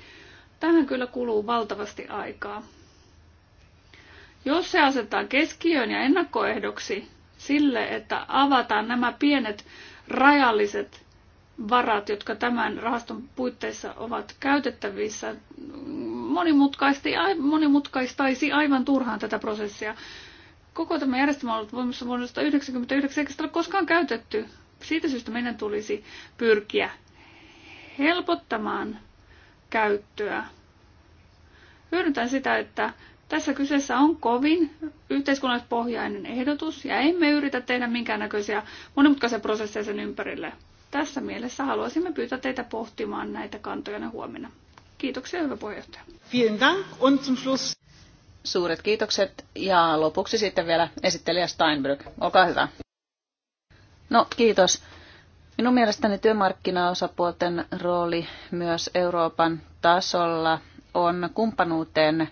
tähän kyllä kuluu valtavasti aikaa. Jos se asetetaan keskiöön ja ennakkoehdoksi sille, että avataan nämä pienet rajalliset varat, jotka tämän rahaston puitteissa ovat käytettävissä, monimutkaisti, monimutkaistaisi aivan turhaan tätä prosessia. Koko tämä järjestelmä on ollut voimassa vuonna 1999, eikä sitä ole koskaan käytetty. Siitä syystä meidän tulisi pyrkiä helpottamaan käyttöä. Hyödyntäen sitä, että tässä kyseessä on kovin yhteiskunnallispohjainen ehdotus ja emme yritä tehdä minkäännäköisiä monimutkaisia prosesseja sen ympärille. Tässä mielessä haluaisimme pyytää teitä pohtimaan näitä kantoja huomenna. Kiitoksia, hyvä puheenjohtaja. Vielen dank und zum Schluss. Suuret kiitokset ja lopuksi sitten vielä esittelijä Steinbrück. Olkaa hyvä. No, kiitos. Minun mielestäni työmarkkinaosapuolten rooli myös Euroopan tasolla on kumppanuuteen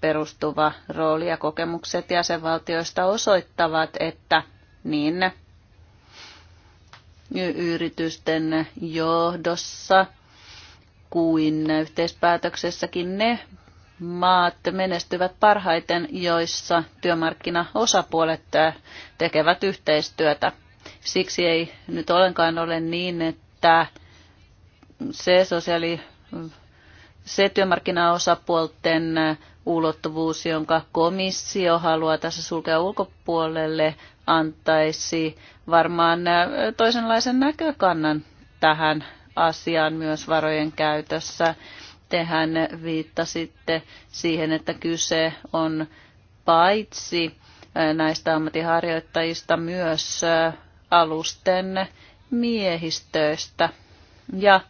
perustuva rooli ja kokemukset jäsenvaltioista osoittavat, että niin yritysten johdossa kuin yhteispäätöksessäkin ne maat menestyvät parhaiten, joissa työmarkkinaosapuolet tekevät yhteistyötä. Siksi ei nyt ollenkaan ole niin, että se sosiaali se työmarkkinaosapuolten ulottuvuus, jonka komissio haluaa tässä sulkea ulkopuolelle, antaisi varmaan äh, toisenlaisen näkökannan tähän asiaan myös varojen käytössä. Tehän viittasitte siihen, että kyse on paitsi äh, näistä ammattiharjoittajista myös äh, alusten miehistöistä. Ja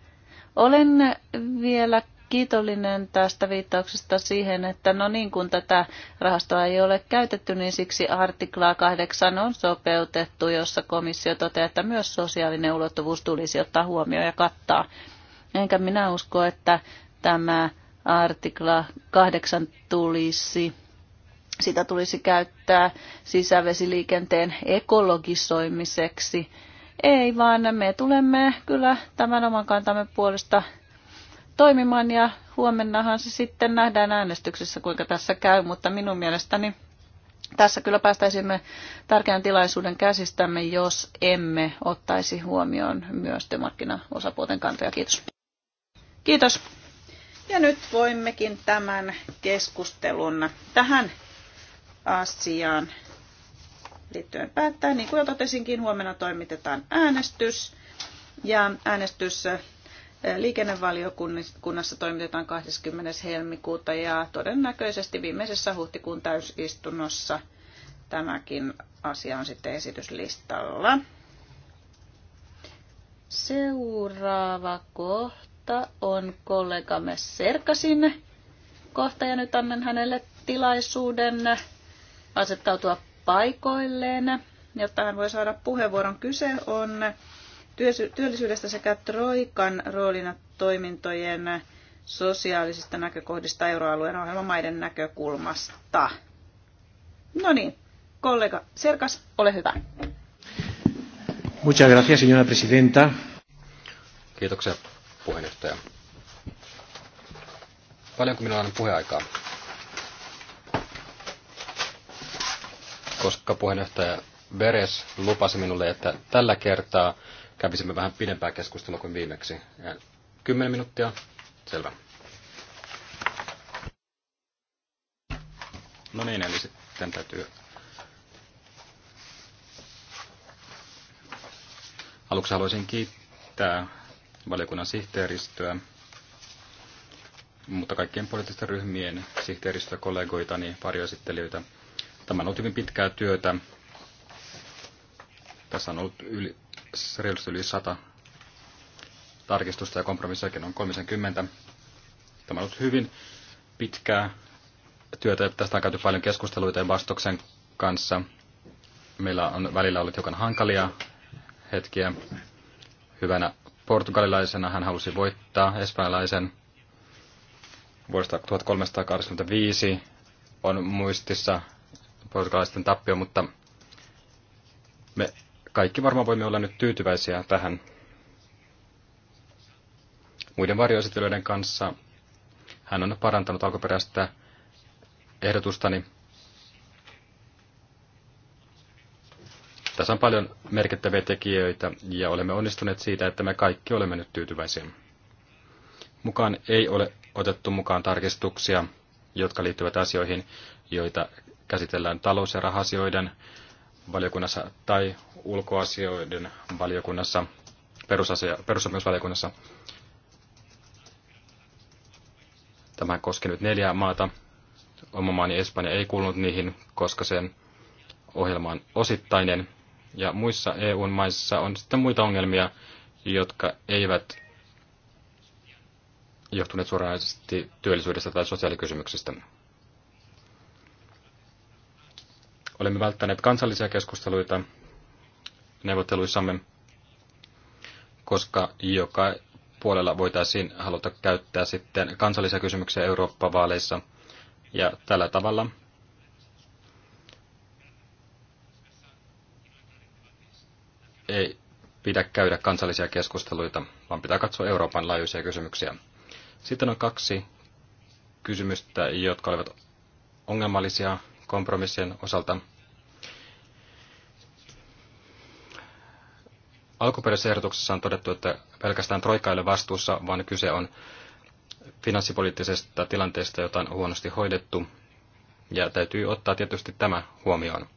olen vielä kiitollinen tästä viittauksesta siihen, että no niin kuin tätä rahastoa ei ole käytetty, niin siksi artiklaa 8 on sopeutettu, jossa komissio toteaa, että myös sosiaalinen ulottuvuus tulisi ottaa huomioon ja kattaa. Enkä minä usko, että tämä artikla 8 tulisi sitä tulisi käyttää sisävesiliikenteen ekologisoimiseksi. Ei, vaan me tulemme kyllä tämän oman kantamme puolesta toimimaan ja huomennahan se sitten nähdään äänestyksessä, kuinka tässä käy, mutta minun mielestäni tässä kyllä päästäisimme tärkeän tilaisuuden käsistämme, jos emme ottaisi huomioon myös työmarkkinaosapuolten kantoja. Kiitos. Kiitos. Ja nyt voimmekin tämän keskustelun tähän asiaan liittyen päättää. Niin kuin jo totesinkin, huomenna toimitetaan äänestys. Ja äänestys liikennevaliokunnassa toimitetaan 20. helmikuuta ja todennäköisesti viimeisessä huhtikuun täysistunnossa tämäkin asia on sitten esityslistalla. Seuraava kohta on kollegamme Serkasin kohta ja nyt annan hänelle tilaisuuden asettautua paikoilleen, jotta hän voi saada puheenvuoron. Kyse on työllisyydestä sekä Troikan roolina toimintojen sosiaalisista näkökohdista euroalueen ohjelmamaiden näkökulmasta. No niin, kollega Serkas, ole hyvä. Muchas gracias, señora presidenta. Kiitoksia, puheenjohtaja. Paljonko minulla on puheaikaa? Koska puheenjohtaja Beres lupasi minulle, että tällä kertaa kävisimme vähän pidempää keskustelua kuin viimeksi. ja Kymmenen minuuttia, selvä. No niin, eli sitten täytyy... Aluksi haluaisin kiittää valiokunnan sihteeristöä, mutta kaikkien poliittisten ryhmien sihteeristöä, sihteeristökollegoitani, varjoesittelijöitä. Tämä on ollut hyvin pitkää työtä. Tässä on ollut yli reilusti yli 100 tarkistusta ja kompromissiakin on 30. Tämä on ollut hyvin pitkää työtä. Tästä on käyty paljon keskusteluita ja vastuksen kanssa. Meillä on välillä ollut hiukan hankalia hetkiä. Hyvänä portugalilaisena hän halusi voittaa espanjalaisen vuodesta 1385 on muistissa portugalaisten tappio, mutta me kaikki varmaan voimme olla nyt tyytyväisiä tähän. Muiden varjoesittelyiden kanssa hän on parantanut alkuperäistä ehdotustani. Tässä on paljon merkittäviä tekijöitä ja olemme onnistuneet siitä, että me kaikki olemme nyt tyytyväisiä. Mukaan ei ole otettu mukaan tarkistuksia, jotka liittyvät asioihin, joita käsitellään talous- ja rahasioiden valiokunnassa tai ulkoasioiden valiokunnassa, perusasia, perusopimusvaliokunnassa. Tämä koski nyt neljää maata. Oma maani Espanja ei kuulunut niihin, koska sen ohjelma on osittainen. Ja muissa EU-maissa on sitten muita ongelmia, jotka eivät johtuneet suoranaisesti työllisyydestä tai sosiaalikysymyksistä. Olemme välttäneet kansallisia keskusteluita neuvotteluissamme, koska joka puolella voitaisiin haluta käyttää sitten kansallisia kysymyksiä Eurooppa-vaaleissa. Ja tällä tavalla ei pidä käydä kansallisia keskusteluita, vaan pitää katsoa Euroopan laajuisia kysymyksiä. Sitten on kaksi kysymystä, jotka olivat ongelmallisia kompromissien osalta. Alkuperäisessä ehdotuksessa on todettu, että pelkästään Troika ei ole vastuussa, vaan kyse on finanssipoliittisesta tilanteesta, jota on huonosti hoidettu, ja täytyy ottaa tietysti tämä huomioon.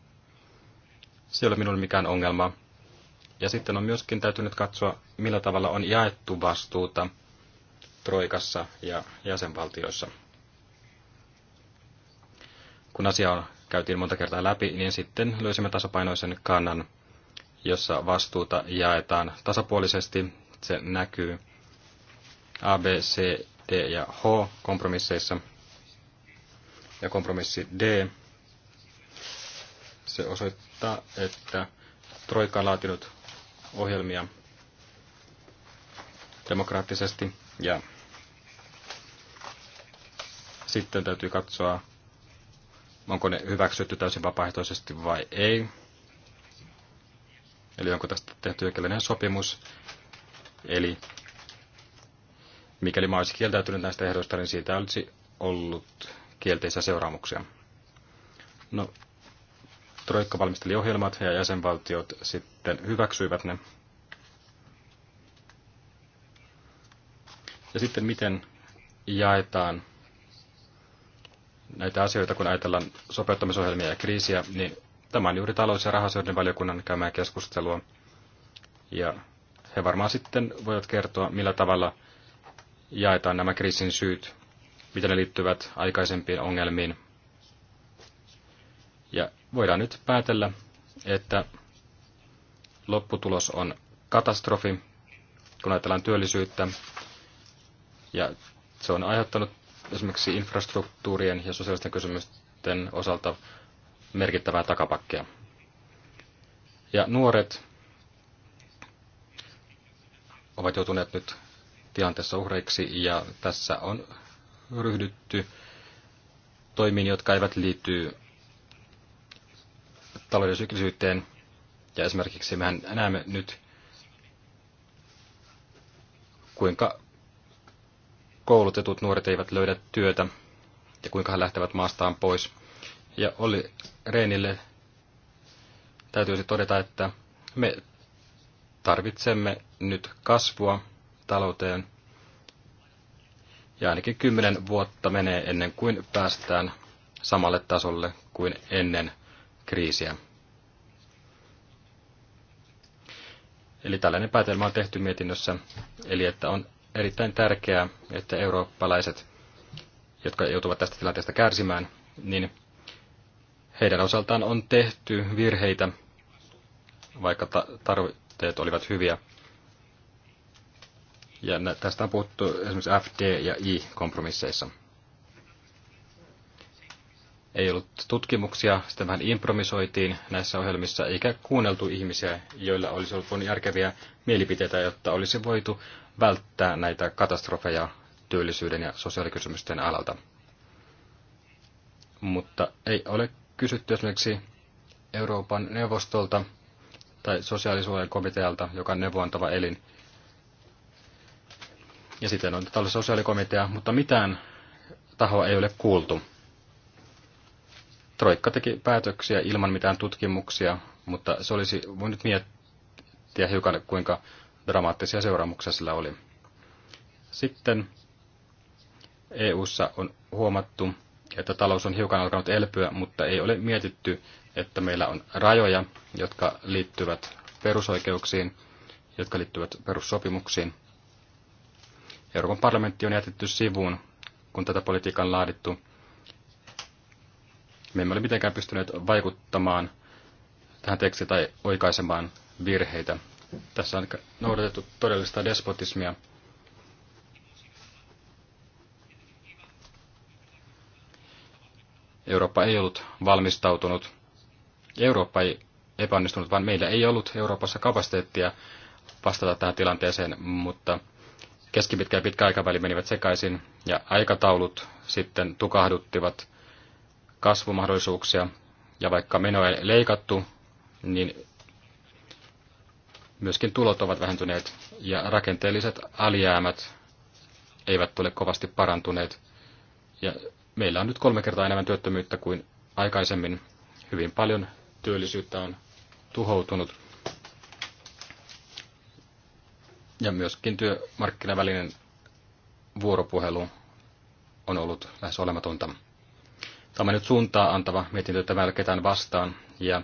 Se ei ole minulle mikään ongelma. Ja sitten on myöskin täytynyt katsoa, millä tavalla on jaettu vastuuta Troikassa ja jäsenvaltioissa kun asia on käytiin monta kertaa läpi, niin sitten löysimme tasapainoisen kannan, jossa vastuuta jaetaan tasapuolisesti. Se näkyy A, B, C, D ja H kompromisseissa. Ja kompromissi D, se osoittaa, että Troika on laatinut ohjelmia demokraattisesti ja sitten täytyy katsoa onko ne hyväksytty täysin vapaaehtoisesti vai ei. Eli onko tästä tehty jokinlainen sopimus. Eli mikäli mä olisin kieltäytynyt näistä ehdoista, niin siitä olisi ollut kielteisiä seuraamuksia. No, Troikka valmisteli ohjelmat ja jäsenvaltiot sitten hyväksyivät ne. Ja sitten miten jaetaan näitä asioita, kun ajatellaan sopeuttamisohjelmia ja kriisiä, niin tämä on juuri talous- ja rahasioiden valiokunnan käymää keskustelua. Ja he varmaan sitten voivat kertoa, millä tavalla jaetaan nämä kriisin syyt, miten ne liittyvät aikaisempiin ongelmiin. Ja voidaan nyt päätellä, että lopputulos on katastrofi, kun ajatellaan työllisyyttä. Ja se on aiheuttanut esimerkiksi infrastruktuurien ja sosiaalisten kysymysten osalta merkittävää takapakkia. Ja nuoret ovat joutuneet nyt tilanteessa uhreiksi ja tässä on ryhdytty toimiin, jotka eivät liity talouden syklisyyteen. Ja esimerkiksi mehän näemme nyt, kuinka koulutetut nuoret eivät löydä työtä ja kuinka he lähtevät maastaan pois. Ja oli Reenille täytyisi todeta, että me tarvitsemme nyt kasvua talouteen. Ja ainakin kymmenen vuotta menee ennen kuin päästään samalle tasolle kuin ennen kriisiä. Eli tällainen päätelmä on tehty mietinnössä, eli että on erittäin tärkeää, että eurooppalaiset, jotka joutuvat tästä tilanteesta kärsimään, niin heidän osaltaan on tehty virheitä, vaikka tarvitteet olivat hyviä. Ja tästä on puhuttu esimerkiksi FD- ja I-kompromisseissa ei ollut tutkimuksia, sitä vähän improvisoitiin näissä ohjelmissa, eikä kuunneltu ihmisiä, joilla olisi ollut järkeviä mielipiteitä, jotta olisi voitu välttää näitä katastrofeja työllisyyden ja sosiaalikysymysten alalta. Mutta ei ole kysytty esimerkiksi Euroopan neuvostolta tai sosiaalisuuden komitealta, joka on neuvontava elin. Ja sitten on tällainen sosiaalikomitea, mutta mitään tahoa ei ole kuultu. Troikka teki päätöksiä ilman mitään tutkimuksia, mutta se olisi voinut miettiä hiukan, kuinka dramaattisia seuraamuksia sillä oli. Sitten EU:ssa on huomattu, että talous on hiukan alkanut elpyä, mutta ei ole mietitty, että meillä on rajoja, jotka liittyvät perusoikeuksiin, jotka liittyvät perussopimuksiin. Euroopan parlamentti on jätetty sivuun, kun tätä politiikan laadittu. Me emme ole mitenkään pystyneet vaikuttamaan tähän tekstiin tai oikaisemaan virheitä. Tässä on noudatettu todellista despotismia. Eurooppa ei ollut valmistautunut. Eurooppa ei epäonnistunut, vaan meillä ei ollut Euroopassa kapasiteettia vastata tähän tilanteeseen, mutta keskipitkä ja pitkä aikaväli menivät sekaisin ja aikataulut sitten tukahduttivat kasvumahdollisuuksia. Ja vaikka menoja ei leikattu, niin myöskin tulot ovat vähentyneet ja rakenteelliset alijäämät eivät ole kovasti parantuneet. Ja meillä on nyt kolme kertaa enemmän työttömyyttä kuin aikaisemmin. Hyvin paljon työllisyyttä on tuhoutunut. Ja myöskin työmarkkinavälinen vuoropuhelu on ollut lähes olematonta. Tämä on nyt suuntaa antava mietintö, tämä ketään vastaan. Ja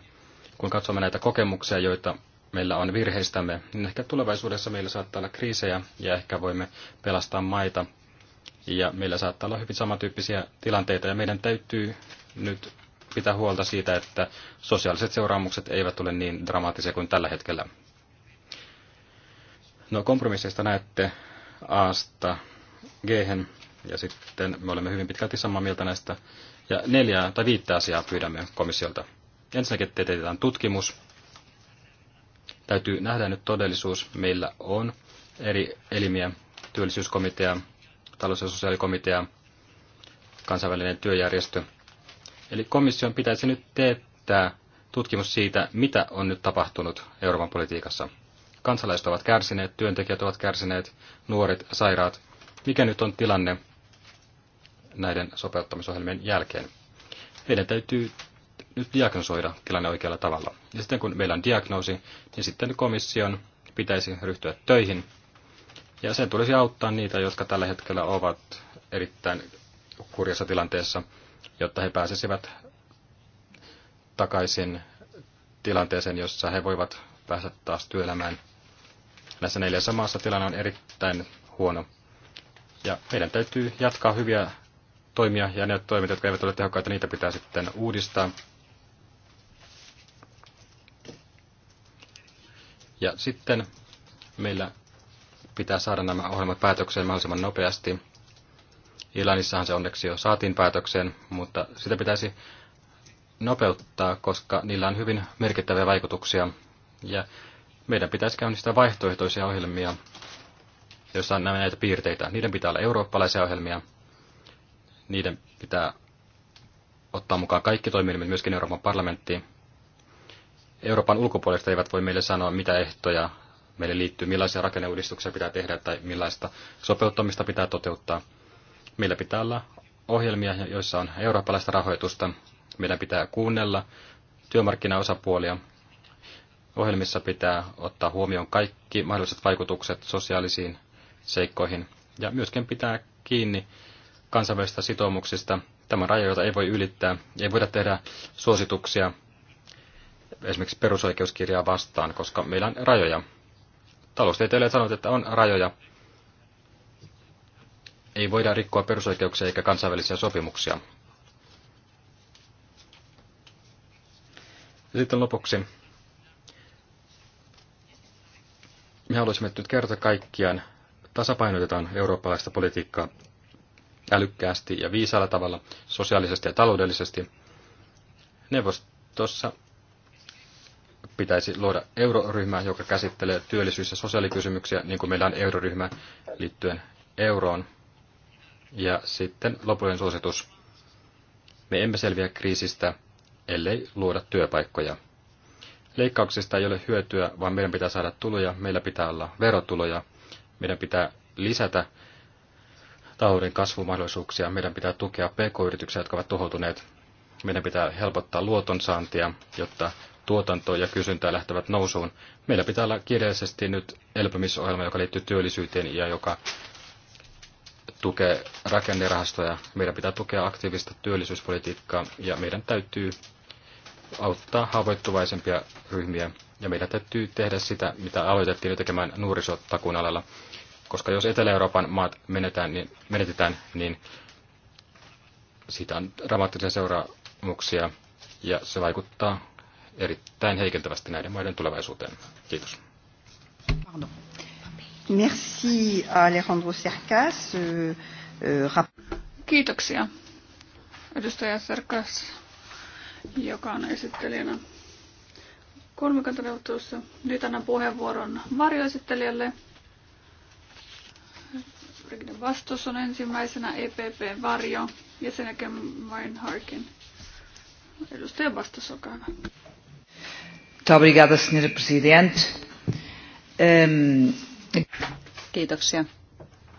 kun katsomme näitä kokemuksia, joita meillä on virheistämme, niin ehkä tulevaisuudessa meillä saattaa olla kriisejä ja ehkä voimme pelastaa maita. Ja meillä saattaa olla hyvin samantyyppisiä tilanteita ja meidän täytyy nyt pitää huolta siitä, että sosiaaliset seuraamukset eivät tule niin dramaattisia kuin tällä hetkellä. No kompromisseista näette Asta G, ja sitten me olemme hyvin pitkälti samaa mieltä näistä ja neljä tai viittä asiaa pyydämme komissiolta. Ensinnäkin teetetään tutkimus. Täytyy nähdä nyt todellisuus. Meillä on eri elimiä, työllisyyskomitea, talous- ja sosiaalikomitea, kansainvälinen työjärjestö. Eli komission pitäisi nyt teettää tutkimus siitä, mitä on nyt tapahtunut Euroopan politiikassa. Kansalaiset ovat kärsineet, työntekijät ovat kärsineet, nuoret, sairaat. Mikä nyt on tilanne näiden sopeuttamisohjelmien jälkeen. Meidän täytyy nyt diagnosoida tilanne oikealla tavalla. Ja sitten kun meillä on diagnoosi, niin sitten komission pitäisi ryhtyä töihin. Ja sen tulisi auttaa niitä, jotka tällä hetkellä ovat erittäin kurjassa tilanteessa, jotta he pääsisivät takaisin tilanteeseen, jossa he voivat päästä taas työelämään. Näissä neljässä maassa tilanne on erittäin huono. Ja meidän täytyy jatkaa hyviä toimia, ja ne toimet, jotka eivät ole tehokkaita, niitä pitää sitten uudistaa. Ja sitten meillä pitää saada nämä ohjelmat päätökseen mahdollisimman nopeasti. Ilanissahan se onneksi jo saatiin päätökseen, mutta sitä pitäisi nopeuttaa, koska niillä on hyvin merkittäviä vaikutuksia. Ja meidän pitäisi käynnistää vaihtoehtoisia ohjelmia, joissa on näitä piirteitä. Niiden pitää olla eurooppalaisia ohjelmia, niiden pitää ottaa mukaan kaikki toimielimet, myöskin Euroopan parlamentti. Euroopan ulkopuolista eivät voi meille sanoa, mitä ehtoja meille liittyy, millaisia rakenneuudistuksia pitää tehdä tai millaista sopeuttamista pitää toteuttaa. Meillä pitää olla ohjelmia, joissa on eurooppalaista rahoitusta. Meidän pitää kuunnella työmarkkinaosapuolia. Ohjelmissa pitää ottaa huomioon kaikki mahdolliset vaikutukset sosiaalisiin seikkoihin ja myöskin pitää kiinni kansainvälisistä sitoumuksista. Tämä raja, jota ei voi ylittää. Ei voida tehdä suosituksia esimerkiksi perusoikeuskirjaa vastaan, koska meillä on rajoja. Taloustieteilijät sanovat, että on rajoja. Ei voida rikkoa perusoikeuksia eikä kansainvälisiä sopimuksia. Ja sitten lopuksi. Me haluaisimme nyt kerta kaikkiaan tasapainotetaan eurooppalaista politiikkaa älykkäästi ja viisaalla tavalla, sosiaalisesti ja taloudellisesti. Neuvostossa pitäisi luoda euroryhmä, joka käsittelee työllisyys- ja sosiaalikysymyksiä, niin kuin meillä on euroryhmä liittyen euroon. Ja sitten lopullinen suositus. Me emme selviä kriisistä, ellei luoda työpaikkoja. Leikkauksista ei ole hyötyä, vaan meidän pitää saada tuloja, meillä pitää olla verotuloja, meidän pitää lisätä talouden kasvumahdollisuuksia. Meidän pitää tukea pk-yrityksiä, jotka ovat tuhoutuneet. Meidän pitää helpottaa luotonsaantia, jotta tuotanto ja kysyntä lähtevät nousuun. Meillä pitää olla kirjallisesti nyt elpymisohjelma, joka liittyy työllisyyteen ja joka tukee rakennerahastoja. Meidän pitää tukea aktiivista työllisyyspolitiikkaa ja meidän täytyy auttaa haavoittuvaisempia ryhmiä. Ja meidän täytyy tehdä sitä, mitä aloitettiin jo tekemään nuorisotakuun alalla koska jos Etelä-Euroopan maat menetään, niin, menetetään, niin siitä on dramaattisia seuraamuksia ja se vaikuttaa erittäin heikentävästi näiden maiden tulevaisuuteen. Kiitos. Pardon. Merci Alejandro Serkas. Euh, euh, Kiitoksia edustaja Serkas, joka on esittelijänä kolmikantaneuvottelussa. Nyt annan puheenvuoron varjoesittelijälle Regnen vastus on ensimmäisenä EPP Varjo ja sen jälkeen vain Harkin. Edustaja vastus, olkaa hyvä. Obrigada, senhora Presidente. Um... Kiitoksia,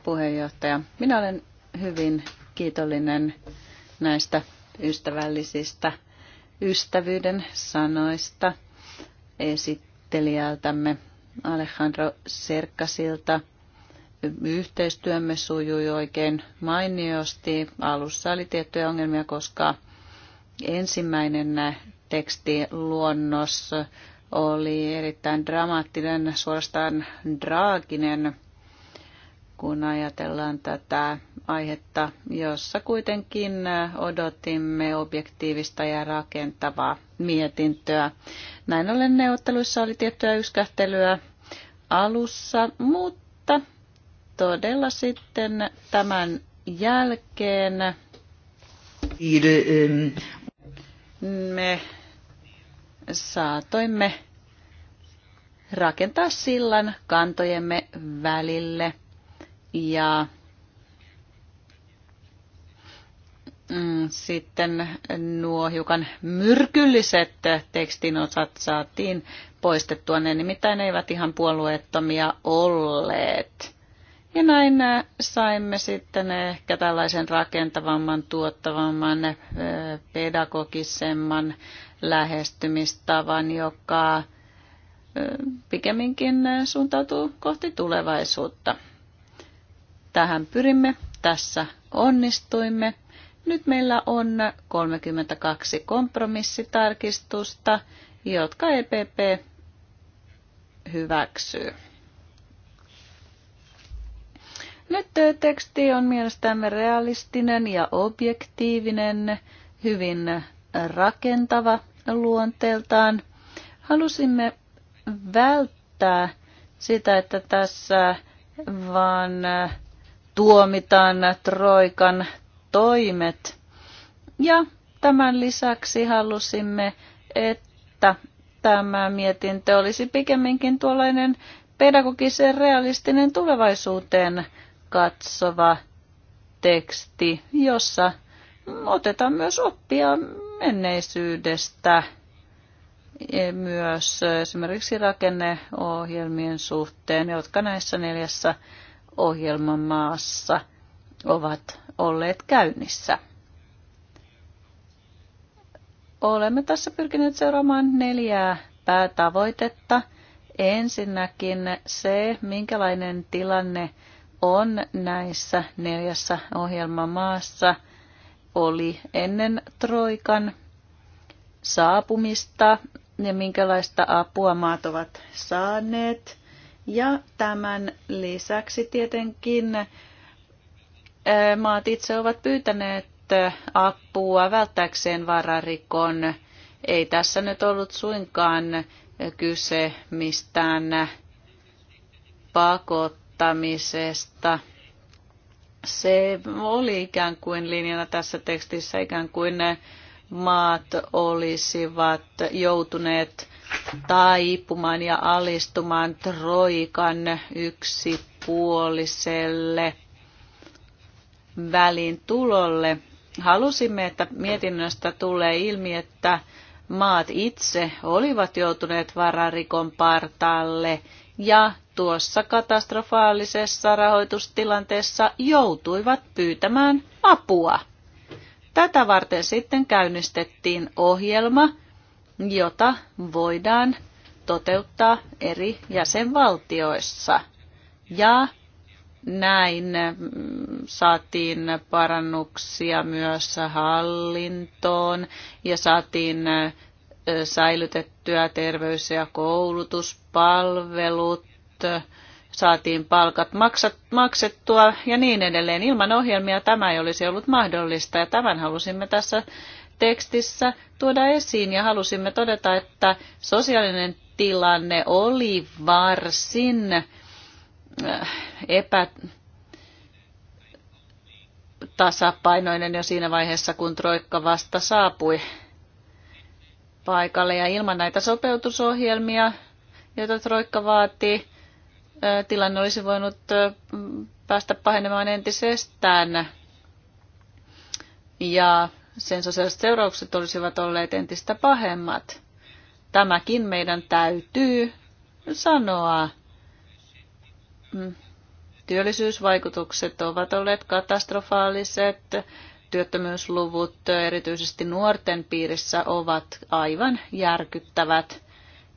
puheenjohtaja. Minä olen hyvin kiitollinen näistä ystävällisistä ystävyyden sanoista esittelijältämme Alejandro Serkkasilta – yhteistyömme sujui oikein mainiosti. Alussa oli tiettyjä ongelmia, koska ensimmäinen tekstiluonnos oli erittäin dramaattinen, suorastaan draaginen, kun ajatellaan tätä aihetta, jossa kuitenkin odotimme objektiivista ja rakentavaa mietintöä. Näin ollen neuvotteluissa oli tiettyä yskähtelyä alussa, mutta todella sitten tämän jälkeen me saatoimme rakentaa sillan kantojemme välille ja mm, sitten nuo hiukan myrkylliset tekstinosat saatiin poistettua. Ne nimittäin eivät ihan puolueettomia olleet. Ja näin äh, saimme sitten ehkä tällaisen rakentavamman, tuottavamman, äh, pedagogisemman lähestymistavan, joka äh, pikemminkin suuntautuu kohti tulevaisuutta. Tähän pyrimme, tässä onnistuimme. Nyt meillä on 32 kompromissitarkistusta, jotka EPP hyväksyy. Nyt eh, teksti on mielestämme realistinen ja objektiivinen, hyvin eh, rakentava luonteeltaan. Halusimme välttää sitä, että tässä vaan eh, tuomitaan Troikan toimet. Ja tämän lisäksi halusimme, että tämä mietintö olisi pikemminkin tuollainen pedagogisen realistinen tulevaisuuteen katsova teksti, jossa otetaan myös oppia menneisyydestä myös esimerkiksi rakenneohjelmien suhteen, jotka näissä neljässä ohjelman maassa ovat olleet käynnissä. Olemme tässä pyrkineet seuraamaan neljää päätavoitetta. Ensinnäkin se, minkälainen tilanne on näissä neljässä ohjelmamaassa oli ennen Troikan saapumista ja minkälaista apua maat ovat saaneet. Ja tämän lisäksi tietenkin maat itse ovat pyytäneet apua välttääkseen vararikon. Ei tässä nyt ollut suinkaan kyse mistään pakot muuttamisesta. Se oli ikään kuin linjana tässä tekstissä, ikään kuin ne maat olisivat joutuneet taipumaan ja alistumaan Troikan yksipuoliselle välin tulolle. Halusimme, että mietinnöstä tulee ilmi, että maat itse olivat joutuneet vararikon partaalle ja tuossa katastrofaalisessa rahoitustilanteessa joutuivat pyytämään apua. Tätä varten sitten käynnistettiin ohjelma, jota voidaan toteuttaa eri jäsenvaltioissa. Ja näin mm, saatiin parannuksia myös hallintoon ja saatiin säilytettyä terveys- ja koulutuspalvelut, saatiin palkat maksat, maksettua ja niin edelleen. Ilman ohjelmia tämä ei olisi ollut mahdollista ja tämän halusimme tässä tekstissä tuoda esiin ja halusimme todeta, että sosiaalinen tilanne oli varsin epä, tasapainoinen jo siinä vaiheessa, kun Troikka vasta saapui paikalle. Ja ilman näitä sopeutusohjelmia, joita Troikka vaatii, tilanne olisi voinut päästä pahenemaan entisestään. Ja sen sosiaaliset seuraukset olisivat olleet entistä pahemmat. Tämäkin meidän täytyy sanoa. Mm. Työllisyysvaikutukset ovat olleet katastrofaaliset työttömyysluvut erityisesti nuorten piirissä ovat aivan järkyttävät.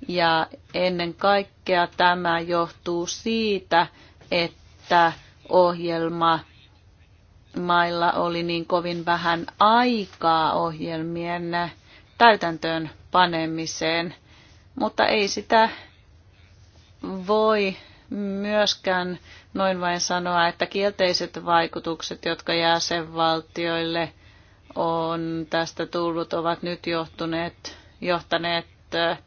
Ja ennen kaikkea tämä johtuu siitä, että ohjelma mailla oli niin kovin vähän aikaa ohjelmien täytäntöön panemiseen, mutta ei sitä voi myöskään noin vain sanoa, että kielteiset vaikutukset, jotka jäsenvaltioille on tästä tullut, ovat nyt johtuneet, johtaneet äh,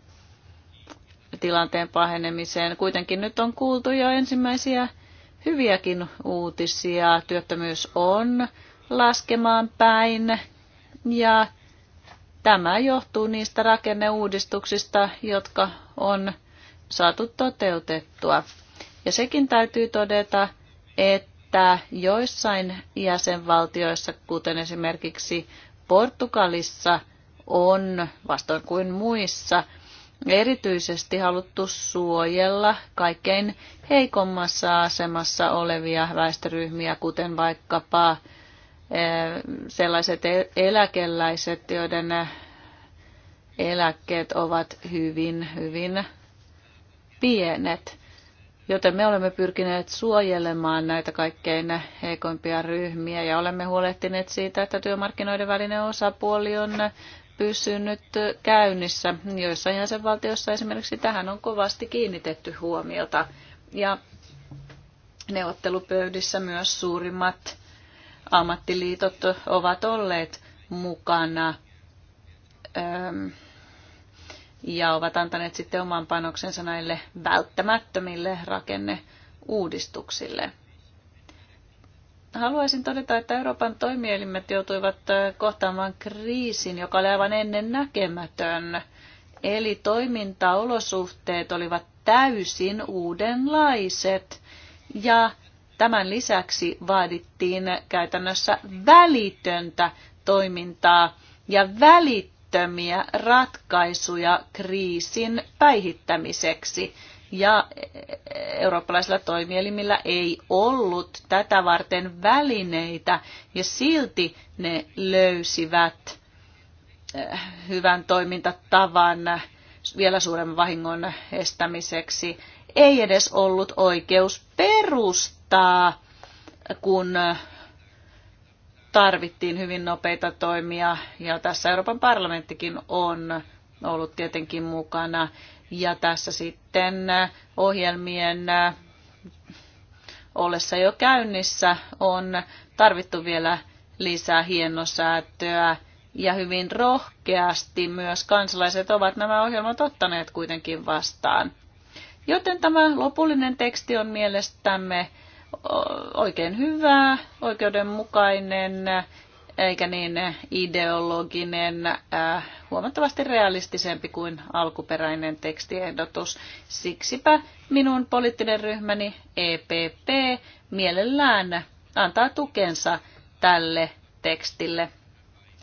tilanteen pahenemiseen. Kuitenkin nyt on kuultu jo ensimmäisiä hyviäkin uutisia. Työttömyys on laskemaan päin ja tämä johtuu niistä rakenneuudistuksista, jotka on saatu toteutettua. Ja sekin täytyy todeta, että joissain jäsenvaltioissa, kuten esimerkiksi Portugalissa, on vastoin kuin muissa erityisesti haluttu suojella kaikkein heikommassa asemassa olevia väestöryhmiä, kuten vaikkapa eh, sellaiset e-, eläkeläiset, joiden eh, eläkkeet ovat hyvin, hyvin pienet. Joten me olemme pyrkineet suojelemaan näitä kaikkein heikoimpia ryhmiä ja olemme huolehtineet siitä, että työmarkkinoiden välinen osapuoli on pysynyt käynnissä. Joissa jäsenvaltioissa esimerkiksi tähän on kovasti kiinnitetty huomiota. Ja neuvottelupöydissä myös suurimmat ammattiliitot ovat olleet mukana ja ovat antaneet sitten oman panoksensa näille välttämättömille rakenneuudistuksille. Haluaisin todeta, että Euroopan toimielimet joutuivat kohtaamaan kriisin, joka oli aivan ennen näkemätön. Eli toimintaolosuhteet olivat täysin uudenlaiset ja tämän lisäksi vaadittiin käytännössä välitöntä toimintaa ja välit välttämättömiä ratkaisuja kriisin päihittämiseksi. Ja e, e, eurooppalaisilla toimielimillä ei ollut tätä varten välineitä, ja silti ne löysivät e, hyvän toimintatavan vielä suuremman vahingon estämiseksi. Ei edes ollut oikeus perustaa kun tarvittiin hyvin nopeita toimia ja tässä Euroopan parlamenttikin on ollut tietenkin mukana. Ja tässä sitten äh, ohjelmien äh, ollessa jo käynnissä on tarvittu vielä lisää hienosäätöä ja hyvin rohkeasti myös kansalaiset ovat nämä ohjelmat ottaneet kuitenkin vastaan. Joten tämä lopullinen teksti on mielestämme oikein hyvä, oikeudenmukainen, eikä niin ideologinen, äh, huomattavasti realistisempi kuin alkuperäinen tekstiehdotus. Siksipä minun poliittinen ryhmäni EPP mielellään antaa tukensa tälle tekstille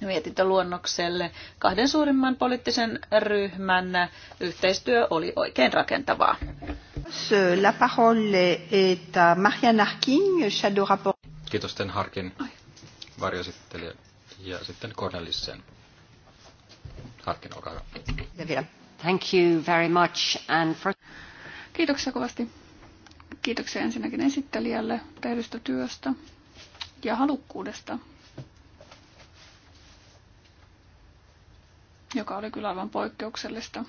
mietintöluonnokselle. Kahden suurimman poliittisen ryhmän yhteistyö oli oikein rakentavaa. La parole est à Marianne Harkin, shadow rapport. Kiitos Ten Harkin, varjosittelijä ja sitten Cornelissen. Harkin, olkaa hyvä. Thank you very much. And for... Kiitoksia kovasti. Kiitoksia ensinnäkin esittelijälle tehdystä työstä ja halukkuudesta joka oli kyllä aivan poikkeuksellista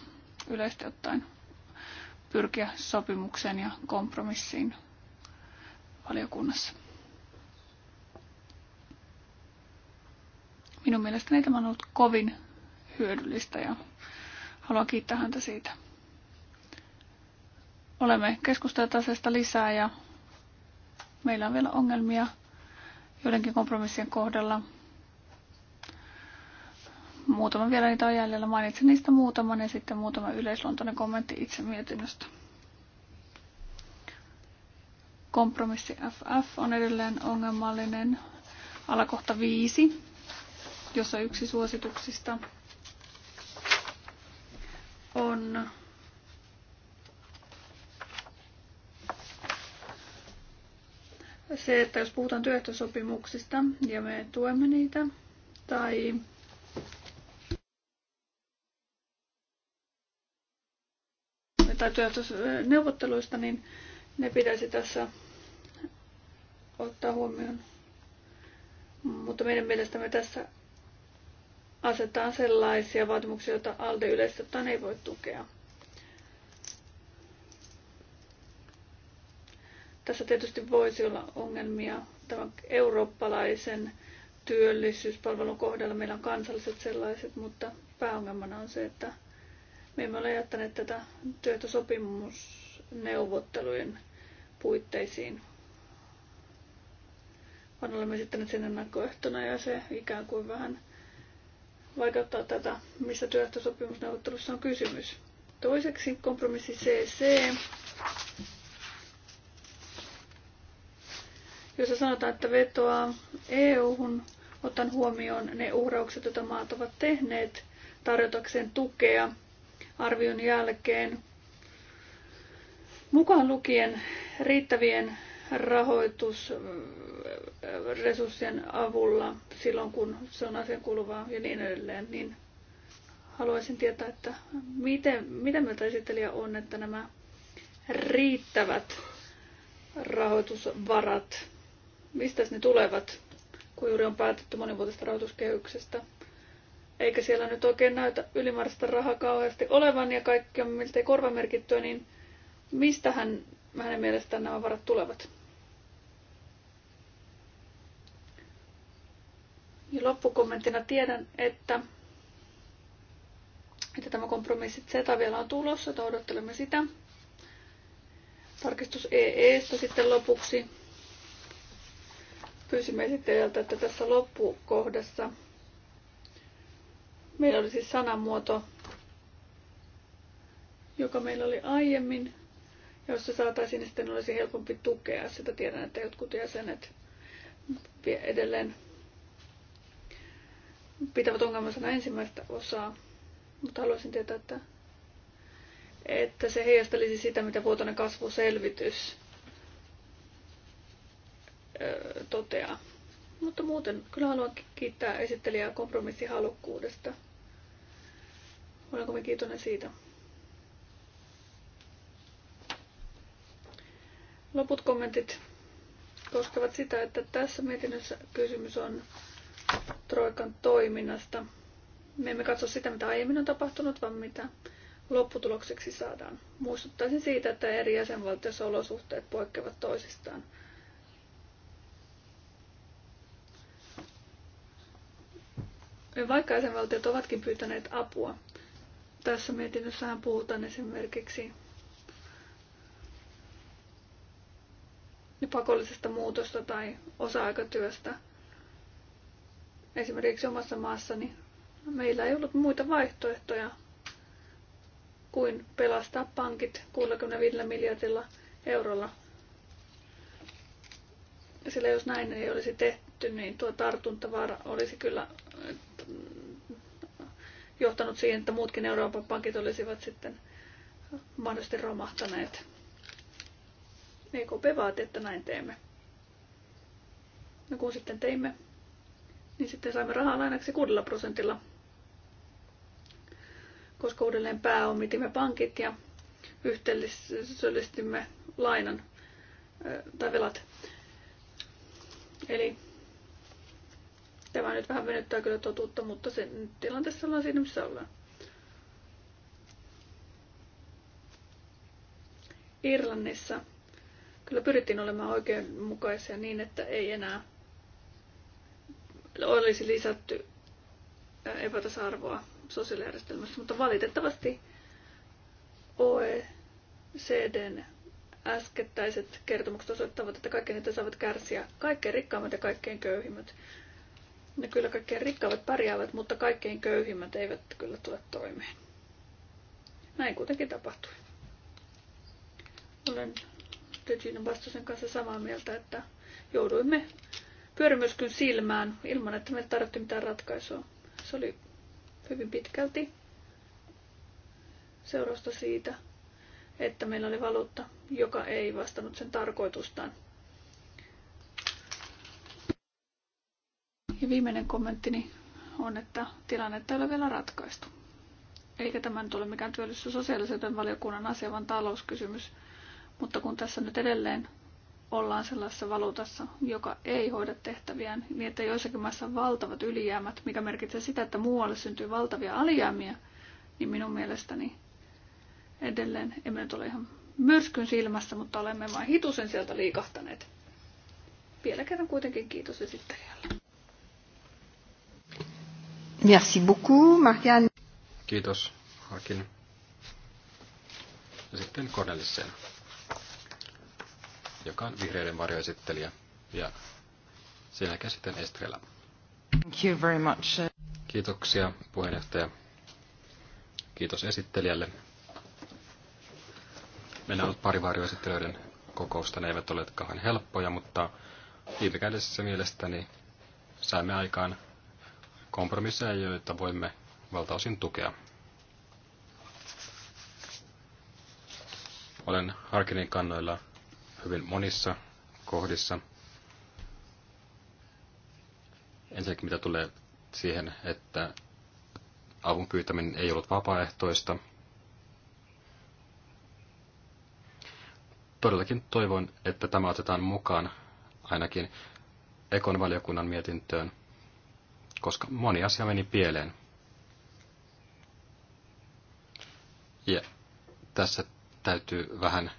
yleisesti ottaen pyrkiä sopimukseen ja kompromissiin valiokunnassa. Minun mielestäni tämä on ollut kovin hyödyllistä ja haluan kiittää häntä siitä. Olemme keskustelleet asiasta lisää ja meillä on vielä ongelmia joidenkin kompromissien kohdalla, Muutama vielä niitä on jäljellä. Mainitsen niistä muutaman ja sitten muutama yleisluontoinen kommentti itse mietinnöstä. Kompromissi FF on edelleen ongelmallinen. Alakohta 5, jossa yksi suosituksista on se, että jos puhutaan työehtosopimuksista ja me tuemme niitä, tai tai neuvotteluista, niin ne pitäisi tässä ottaa huomioon. Mutta meidän mielestämme tässä asetetaan sellaisia vaatimuksia, joita ALDE yleisesti ottaen ei voi tukea. Tässä tietysti voisi olla ongelmia tämän eurooppalaisen työllisyyspalvelun kohdalla. Meillä on kansalliset sellaiset, mutta pääongelmana on se, että me emme ole jättäneet tätä työtösopimusneuvottelujen puitteisiin, vaan olemme esittäneet sen ennakkoehtona ja se ikään kuin vähän vaikuttaa tätä, missä työehtosopimusneuvottelussa on kysymys. Toiseksi kompromissi CC, jossa sanotaan, että vetoa EU-hun otan huomioon ne uhraukset, joita maat ovat tehneet tarjotakseen tukea arvion jälkeen, mukaan lukien riittävien rahoitusresurssien avulla silloin, kun se on asian kuuluvaa ja niin edelleen, niin haluaisin tietää, että miten, miten mieltä esittelijä on, että nämä riittävät rahoitusvarat, mistä ne tulevat, kun juuri on päätetty monivuotisesta rahoituskehyksestä eikä siellä nyt oikein näytä ylimääräistä rahaa kauheasti olevan ja kaikki on miltei korvamerkittyä, niin mistä hän, hänen mielestään nämä varat tulevat? Ja loppukommenttina tiedän, että, että tämä kompromissi Z vielä on tulossa, että odottelemme sitä. Tarkistus EEstä sitten lopuksi. Pyysimme esittelijältä, että tässä loppukohdassa Meillä oli siis sanamuoto, joka meillä oli aiemmin. Ja saataisiin, niin sitten olisi helpompi tukea. Sitä tiedän, että jotkut jäsenet edelleen pitävät ongelmasena ensimmäistä osaa. Mutta haluaisin tietää, että, että se heijastelisi sitä, mitä vuotoinen kasvuselvitys toteaa. Mutta muuten kyllä haluan kiittää esittelijää kompromissihalukkuudesta. Olen kovin kiitollinen siitä. Loput kommentit koskevat sitä, että tässä mietinnössä kysymys on Troikan toiminnasta. Me emme katso sitä, mitä aiemmin on tapahtunut, vaan mitä lopputulokseksi saadaan. Muistuttaisin siitä, että eri jäsenvaltioissa olosuhteet poikkeavat toisistaan. Vaikka jäsenvaltiot ovatkin pyytäneet apua, tässä mietinnössähän puhutaan esimerkiksi pakollisesta muutosta tai osa-aikatyöstä. Esimerkiksi omassa maassani meillä ei ollut muita vaihtoehtoja kuin pelastaa pankit 65 miljardilla eurolla. Sillä jos näin ei olisi tehty, niin tuo tartuntavaara olisi kyllä johtanut siihen, että muutkin Euroopan pankit olisivat sitten mahdollisesti romahtaneet. EKP vaati, että näin teemme. No kun sitten teimme, niin sitten saimme rahaa lainaksi 6 prosentilla, koska uudelleen pääomitimme pankit ja yhteisöllistimme lainan tai velat. Eli Tämä nyt vähän venyttää kyllä totuutta, mutta sen tilanteessa ollaan siinä, missä ollaan. Irlannissa kyllä pyrittiin olemaan oikeudenmukaisia niin, että ei enää olisi lisätty äh, epätasa-arvoa sosiaalijärjestelmässä, mutta valitettavasti OECDn äskettäiset kertomukset osoittavat, että kaikki niitä saavat kärsiä, kaikkein rikkaimmat ja kaikkein köyhimmät. Ne kyllä kaikkein rikkaavat pärjäävät, mutta kaikkein köyhimmät eivät kyllä tule toimeen. Näin kuitenkin tapahtui. Olen Regina Bastosen kanssa samaa mieltä, että jouduimme pyörimyskyn silmään ilman, että me tarvitti mitään ratkaisua. Se oli hyvin pitkälti seurausta siitä, että meillä oli valuutta, joka ei vastannut sen tarkoitustaan. Ja viimeinen kommenttini on, että tilanne ei ole vielä ratkaistu. Eikä tämä nyt ole mikään työllisyys- ja sosiaalisen valiokunnan asia, vaan talouskysymys. Mutta kun tässä nyt edelleen ollaan sellaisessa valuutassa, joka ei hoida tehtäviään, niin että joissakin maissa on valtavat ylijäämät, mikä merkitsee sitä, että muualle syntyy valtavia alijäämiä, niin minun mielestäni edelleen emme nyt ole ihan myrskyn silmässä, mutta olemme vain hitusen sieltä liikahtaneet. Vielä kerran kuitenkin kiitos esittelijälle. Merci beaucoup, Marianne. Kiitos, Harkin. Ja sitten Cornelissen, joka on vihreiden varjoesittelijä, ja sen jälkeen sitten Estrella. Thank you very much. Kiitoksia, puheenjohtaja. Kiitos esittelijälle. Meillä on ollut pari varjoesittelijöiden kokousta. Ne eivät ole kauhean helppoja, mutta viime kädessä mielestäni saimme aikaan kompromisseja, joita voimme valtaosin tukea. Olen Harkinin kannoilla hyvin monissa kohdissa. Ensinnäkin mitä tulee siihen, että avun pyytäminen ei ollut vapaaehtoista. Todellakin toivon, että tämä otetaan mukaan ainakin Ekon valiokunnan mietintöön – koska moni asia meni pieleen. Ja tässä täytyy vähän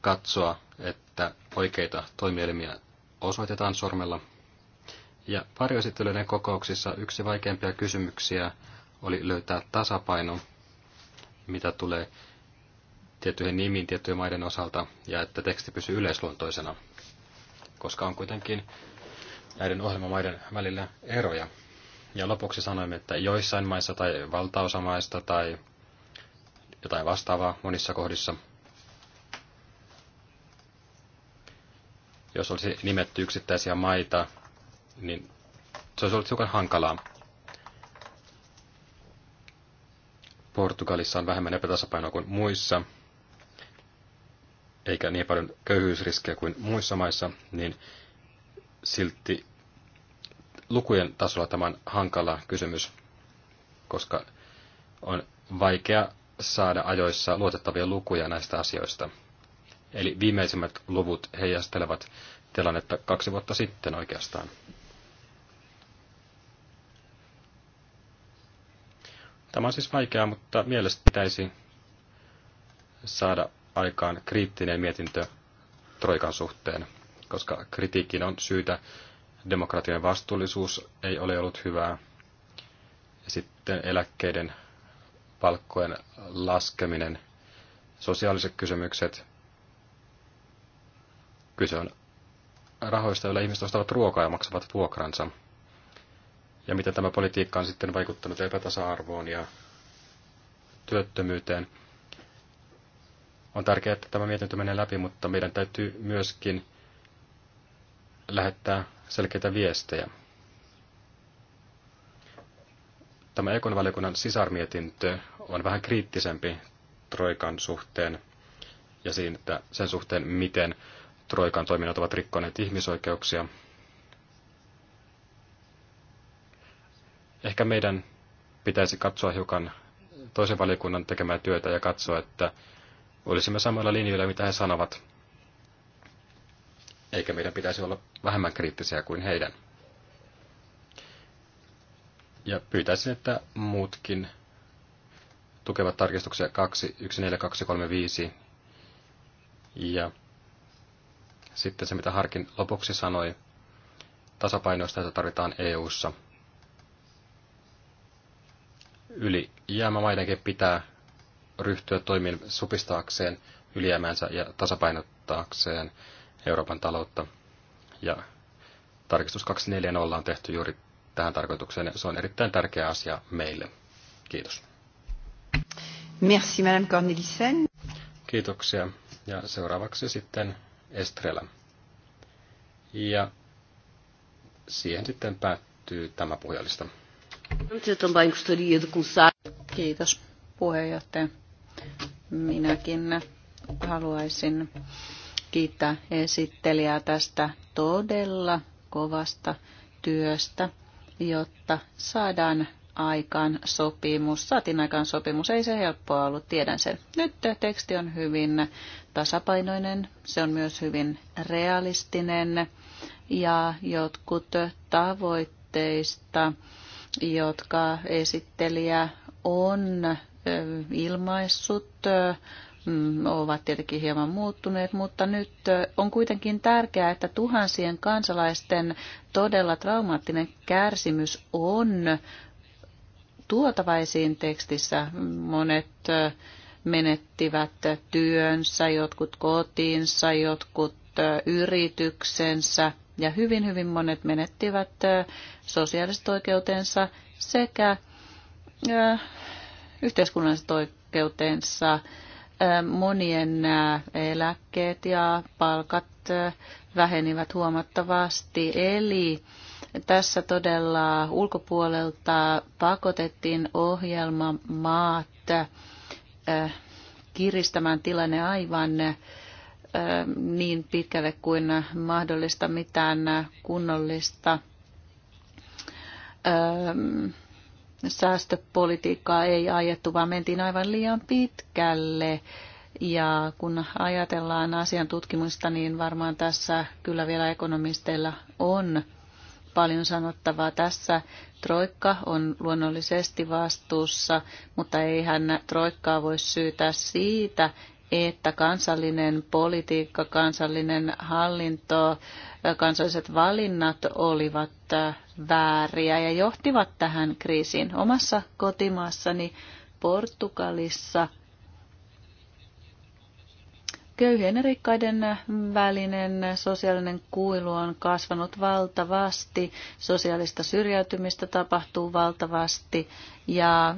katsoa, että oikeita toimielimiä osoitetaan sormella. Ja varjoesittelyiden kokouksissa yksi vaikeimpia kysymyksiä oli löytää tasapaino, mitä tulee tiettyihin nimiin tiettyjen maiden osalta, ja että teksti pysyy yleisluontoisena, koska on kuitenkin näiden ohjelmamaiden välillä eroja. Ja lopuksi sanoimme, että joissain maissa tai valtaosamaista tai jotain vastaavaa monissa kohdissa, jos olisi nimetty yksittäisiä maita, niin se olisi ollut hiukan hankalaa. Portugalissa on vähemmän epätasapainoa kuin muissa, eikä niin paljon köyhyysriskejä kuin muissa maissa, niin silti lukujen tasolla tämä on hankala kysymys, koska on vaikea saada ajoissa luotettavia lukuja näistä asioista. Eli viimeisimmät luvut heijastelevat tilannetta kaksi vuotta sitten oikeastaan. Tämä on siis vaikeaa, mutta mielestäni pitäisi saada aikaan kriittinen mietintö Troikan suhteen koska kritiikkiin on syytä. Demokratian vastuullisuus ei ole ollut hyvää. Ja sitten eläkkeiden palkkojen laskeminen, sosiaaliset kysymykset. Kyse on rahoista, joilla ihmiset ostavat ruokaa ja maksavat vuokransa. Ja miten tämä politiikka on sitten vaikuttanut epätasa-arvoon ja työttömyyteen. On tärkeää, että tämä mietintö menee läpi, mutta meidän täytyy myöskin lähettää selkeitä viestejä. Tämä Ekon sisarmietintö on vähän kriittisempi Troikan suhteen ja että sen suhteen, miten Troikan toiminnot ovat rikkoneet ihmisoikeuksia. Ehkä meidän pitäisi katsoa hiukan toisen valiokunnan tekemää työtä ja katsoa, että olisimme samoilla linjoilla, mitä he sanovat, eikä meidän pitäisi olla vähemmän kriittisiä kuin heidän. Ja pyytäisin, että muutkin tukevat tarkistuksia 2, 1, 4, 2, 3, 5. Ja sitten se, mitä Harkin lopuksi sanoi, tasapainoista, jota tarvitaan EU-ssa. Yli jäämämaidenkin pitää ryhtyä toimiin supistaakseen ylijäämänsä ja tasapainottaakseen Euroopan taloutta. Ja tarkistus 240 on tehty juuri tähän tarkoitukseen. Se on erittäin tärkeä asia meille. Kiitos. Merci, Madame Cornelissen. Kiitoksia. Ja seuraavaksi sitten Estrella. Ja siihen sitten päättyy tämä puhujalista. Kiitos puheenjohtaja. Minäkin haluaisin kiittää esittelijää tästä todella kovasta työstä, jotta saadaan aikaan sopimus. Saatiin aikaan sopimus, ei se helppoa ollut, tiedän sen. Nyt teksti on hyvin tasapainoinen, se on myös hyvin realistinen ja jotkut tavoitteista, jotka esittelijä on ilmaissut, Mm, ovat tietenkin hieman muuttuneet, mutta nyt on kuitenkin tärkeää, että tuhansien kansalaisten todella traumaattinen kärsimys on tuotava esiin tekstissä. Monet menettivät työnsä, jotkut kotiinsa, jotkut yrityksensä ja hyvin, hyvin monet menettivät sosiaaliset oikeutensa sekä yhteiskunnalliset oikeutensa monien eläkkeet ja palkat vähenivät huomattavasti. Eli tässä todella ulkopuolelta pakotettiin ohjelmamaat kiristämään tilanne aivan niin pitkälle kuin mahdollista mitään kunnollista säästöpolitiikkaa ei ajettu, vaan mentiin aivan liian pitkälle. Ja kun ajatellaan asian tutkimusta, niin varmaan tässä kyllä vielä ekonomisteilla on paljon sanottavaa. Tässä Troikka on luonnollisesti vastuussa, mutta eihän Troikkaa voi syytää siitä, että kansallinen politiikka, kansallinen hallinto, kansalliset valinnat olivat vääriä ja johtivat tähän kriisiin. Omassa kotimaassani Portugalissa – Köyhien ja rikkaiden välinen sosiaalinen kuilu on kasvanut valtavasti, sosiaalista syrjäytymistä tapahtuu valtavasti ja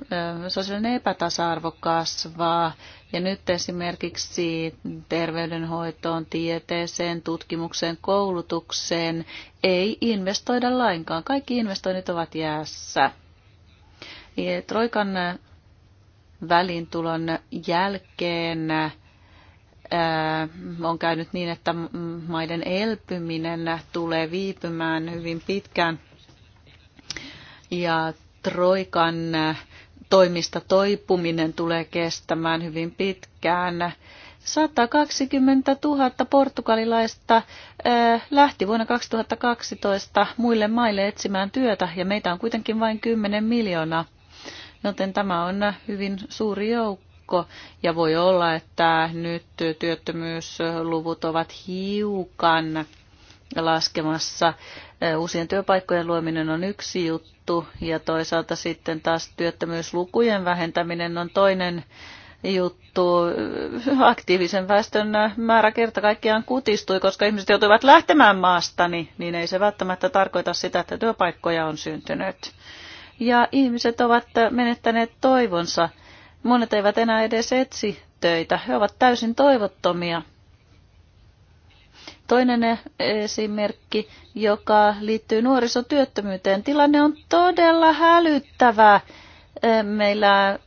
sosiaalinen epätasa-arvo kasvaa. Ja nyt esimerkiksi terveydenhoitoon, tieteeseen, tutkimukseen, koulutukseen ei investoida lainkaan. Kaikki investoinnit ovat jäässä. Troikan välintulon jälkeen Äh, on käynyt niin, että maiden elpyminen tulee viipymään hyvin pitkään. Ja Troikan äh, toimista toipuminen tulee kestämään hyvin pitkään. 120 000 portugalilaista äh, lähti vuonna 2012 muille maille etsimään työtä ja meitä on kuitenkin vain 10 miljoonaa, joten tämä on hyvin suuri joukko viikko. ja voi olla, että nyt työttömyysluvut ovat hiukan laskemassa. Uusien työpaikkojen luominen on yksi juttu ja toisaalta sitten taas työttömyyslukujen vähentäminen on toinen juttu. Aktiivisen väestön määrä kerta kaikkiaan kutistui, koska ihmiset joutuivat lähtemään maasta, niin ei se välttämättä tarkoita sitä, että työpaikkoja on syntynyt. Ja ihmiset ovat menettäneet toivonsa Monet eivät enää edes etsi töitä. He ovat täysin toivottomia. Toinen e- esimerkki, joka liittyy nuorisotyöttömyyteen. Tilanne on todella hälyttävä. E, meillä e,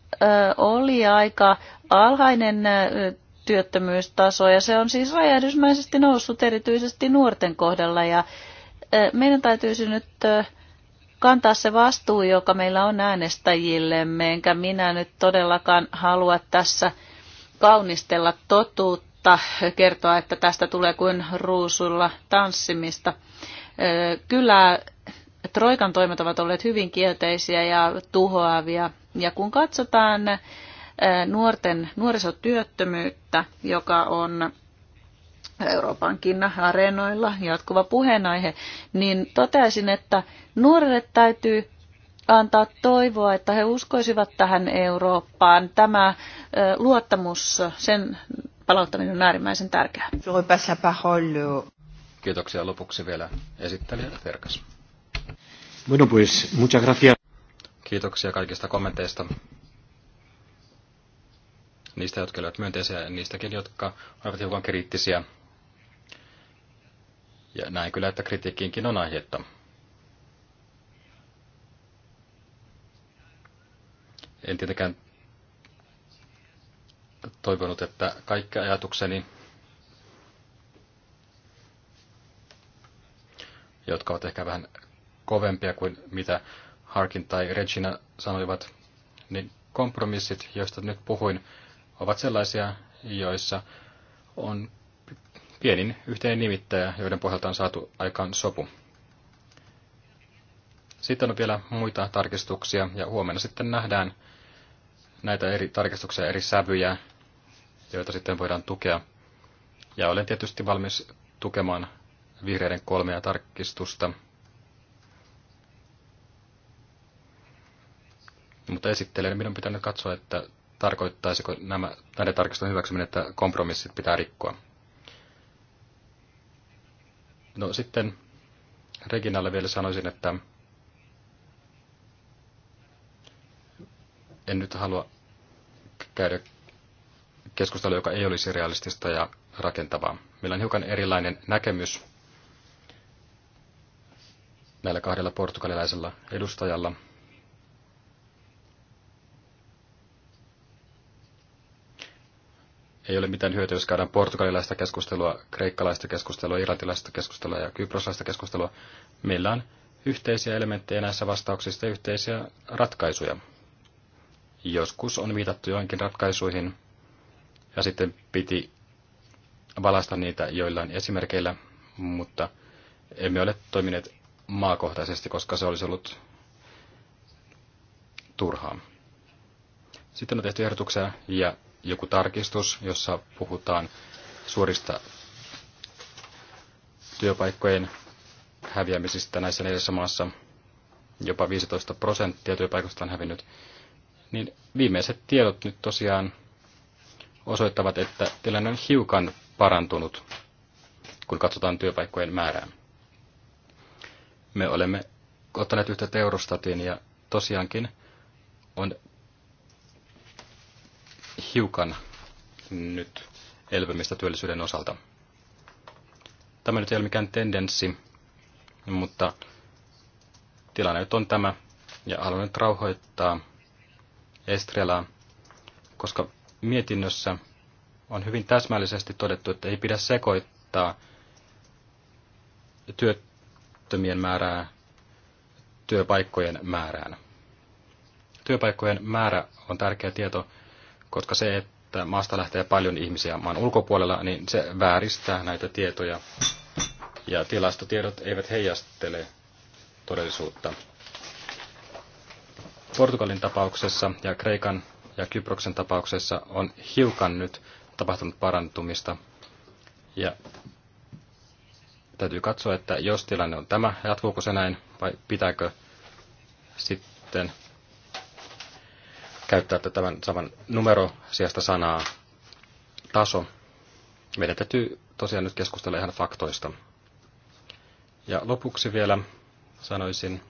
oli aika alhainen työttömyystaso ja se on siis räjähdysmäisesti noussut erityisesti nuorten kohdalla ja meidän täytyisi nyt kantaa se vastuu, joka meillä on äänestäjillemme, enkä minä nyt todellakaan halua tässä kaunistella totuutta, kertoa, että tästä tulee kuin ruusulla tanssimista. Kyllä Troikan toimet ovat olleet hyvin kielteisiä ja tuhoavia. Ja kun katsotaan nuorten nuorisotyöttömyyttä, joka on Euroopankin areenoilla jatkuva puheenaihe, niin toteaisin, että nuorille täytyy antaa toivoa, että he uskoisivat tähän Eurooppaan. Tämä luottamus, sen palauttaminen on äärimmäisen tärkeää. Kiitoksia lopuksi vielä esittelijä Terkas. Bueno, pues, muchas gracias. Kiitoksia kaikista kommenteista. Niistä, jotka olivat myönteisiä ja niistäkin, jotka olivat hiukan kriittisiä. Ja näin kyllä, että kritiikkiinkin on aihetta. En tietenkään toivonut, että kaikki ajatukseni, jotka ovat ehkä vähän kovempia kuin mitä Harkin tai Regina sanoivat, niin kompromissit, joista nyt puhuin, ovat sellaisia, joissa on pienin yhteen nimittäjä, joiden pohjalta on saatu aikaan sopu. Sitten on vielä muita tarkistuksia ja huomenna sitten nähdään näitä eri tarkistuksia, eri sävyjä, joita sitten voidaan tukea. Ja olen tietysti valmis tukemaan vihreiden kolmea tarkistusta. Mutta esittelen, minun pitää nyt katsoa, että tarkoittaisiko nämä, näiden tarkistusten hyväksyminen, että kompromissit pitää rikkoa. No sitten Reginalle vielä sanoisin, että en nyt halua käydä keskustelua, joka ei olisi realistista ja rakentavaa. Meillä on hiukan erilainen näkemys näillä kahdella portugalilaisella edustajalla – ei ole mitään hyötyä, jos käydään portugalilaista keskustelua, kreikkalaista keskustelua, irlantilaista keskustelua ja kyproslaista keskustelua. Meillä on yhteisiä elementtejä näissä vastauksissa ja yhteisiä ratkaisuja. Joskus on viitattu joihinkin ratkaisuihin ja sitten piti valaista niitä joillain esimerkkeillä, mutta emme ole toimineet maakohtaisesti, koska se olisi ollut turhaa. Sitten on tehty ehdotuksia ja joku tarkistus, jossa puhutaan suorista työpaikkojen häviämisistä näissä neljässä maassa, jopa 15 prosenttia työpaikoista on hävinnyt, niin viimeiset tiedot nyt tosiaan osoittavat, että tilanne on hiukan parantunut, kun katsotaan työpaikkojen määrää. Me olemme ottaneet yhtä Eurostatin ja tosiaankin on hiukan nyt elpymistä työllisyyden osalta. Tämä nyt ei ole mikään tendenssi, mutta tilanne nyt on tämä, ja haluan nyt rauhoittaa Estrelaa, koska mietinnössä on hyvin täsmällisesti todettu, että ei pidä sekoittaa työttömien määrää työpaikkojen määrään. Työpaikkojen määrä on tärkeä tieto, koska se, että maasta lähtee paljon ihmisiä maan ulkopuolella, niin se vääristää näitä tietoja. Ja tilastotiedot eivät heijastele todellisuutta. Portugalin tapauksessa ja Kreikan ja Kyproksen tapauksessa on hiukan nyt tapahtunut parantumista. Ja täytyy katsoa, että jos tilanne on tämä, jatkuuko se näin vai pitääkö sitten käyttää tämän saman numero sijasta sanaa taso. Meidän täytyy tosiaan nyt keskustella ihan faktoista. Ja lopuksi vielä sanoisin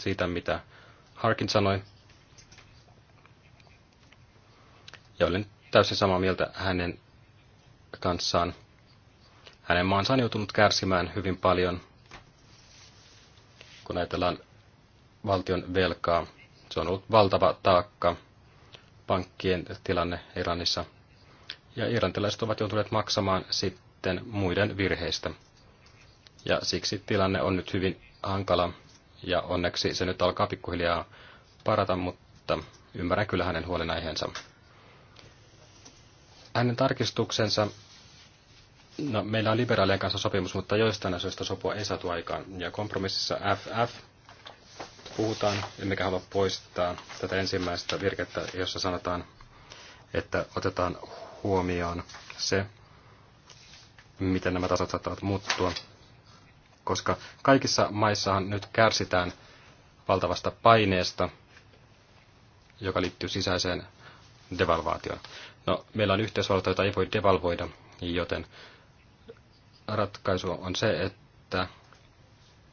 siitä, mitä Harkin sanoi. Ja olen täysin samaa mieltä hänen kanssaan. Hänen maansa on joutunut kärsimään hyvin paljon, kun ajatellaan valtion velkaa. Se on ollut valtava taakka pankkien tilanne Iranissa. Ja irlantilaiset ovat joutuneet maksamaan sitten muiden virheistä. Ja siksi tilanne on nyt hyvin hankala ja onneksi se nyt alkaa pikkuhiljaa parata, mutta ymmärrän kyllä hänen huolenaiheensa. Hänen tarkistuksensa, no meillä on liberaalien kanssa sopimus, mutta joistain asioista sopua ei saatu aikaan. Ja kompromississa FF puhutaan, emmekä halua poistaa tätä ensimmäistä virkettä, jossa sanotaan, että otetaan huomioon se, miten nämä tasot saattavat muuttua, koska kaikissa maissahan nyt kärsitään valtavasta paineesta, joka liittyy sisäiseen devalvaatioon. No, meillä on yhteisvalta, jota ei voi devalvoida, joten ratkaisu on se, että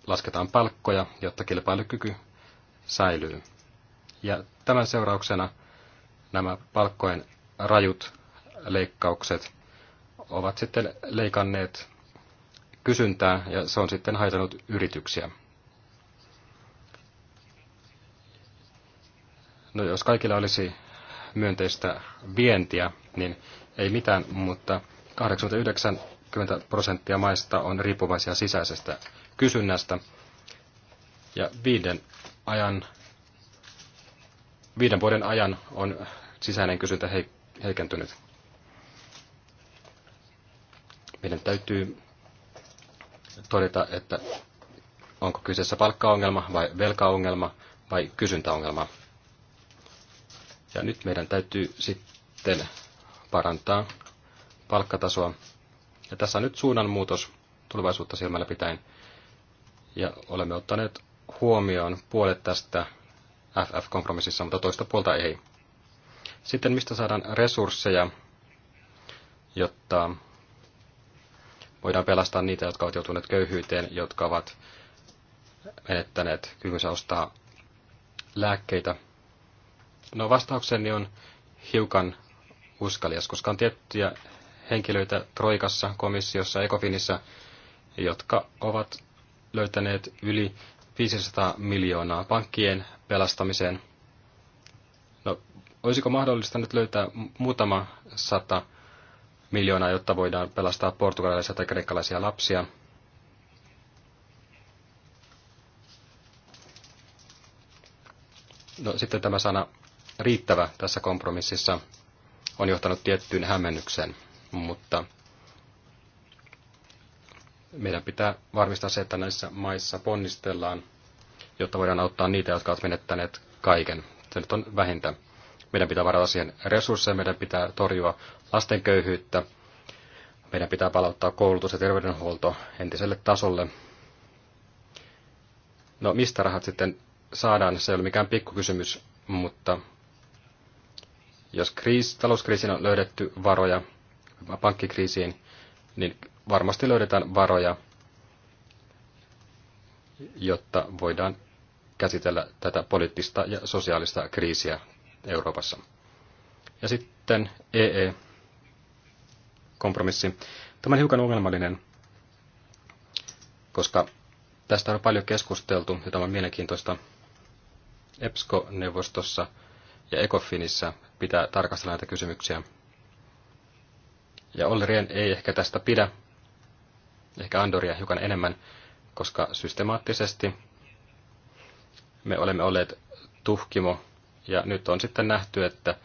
lasketaan palkkoja, jotta kilpailukyky säilyy. Ja tämän seurauksena nämä palkkojen rajut leikkaukset ovat sitten leikanneet kysyntää ja se on sitten haitanut yrityksiä. No jos kaikilla olisi myönteistä vientiä, niin ei mitään, mutta 89 prosenttia maista on riippuvaisia sisäisestä kysynnästä. Ja viiden ajan, viiden vuoden ajan on sisäinen kysyntä heikentynyt. Meidän täytyy todeta, että onko kyseessä palkkaongelma vai velkaongelma vai kysyntäongelma. Ja nyt meidän täytyy sitten parantaa palkkatasoa. Ja tässä on nyt suunnanmuutos tulevaisuutta silmällä pitäen. Ja olemme ottaneet huomioon puolet tästä FF-kompromississa, mutta toista puolta ei. Sitten mistä saadaan resursseja, jotta voidaan pelastaa niitä, jotka ovat joutuneet köyhyyteen, jotka ovat menettäneet kykynsä ostaa lääkkeitä. No vastaukseni on hiukan uskalias, koska on tiettyjä henkilöitä Troikassa, komissiossa, Ekofinissa, jotka ovat löytäneet yli 500 miljoonaa pankkien pelastamiseen. No, olisiko mahdollista nyt löytää muutama sata miljoonaa, jotta voidaan pelastaa portugalilaisia tai kreikkalaisia lapsia? No, sitten tämä sana riittävä tässä kompromississa on johtanut tiettyyn hämmennykseen, mutta meidän pitää varmistaa se, että näissä maissa ponnistellaan, jotta voidaan auttaa niitä, jotka ovat menettäneet kaiken. Se nyt on vähintä. Meidän pitää varata siihen resursseja, meidän pitää torjua lasten köyhyyttä, meidän pitää palauttaa koulutus ja terveydenhuolto entiselle tasolle. No mistä rahat sitten saadaan, se ei ole mikään pikkukysymys, mutta jos kriis, talouskriisiin on löydetty varoja pankkikriisiin, niin varmasti löydetään varoja, jotta voidaan käsitellä tätä poliittista ja sosiaalista kriisiä Euroopassa. Ja sitten EE-kompromissi. Tämä on hiukan ongelmallinen, koska tästä on paljon keskusteltu, ja tämä on mielenkiintoista. EPSCO-neuvostossa ja ECOFINissa pitää tarkastella näitä kysymyksiä. Ja Ollerien ei ehkä tästä pidä, ehkä Andoria hiukan enemmän, koska systemaattisesti me olemme olleet tuhkimo, ja nyt on sitten nähty, että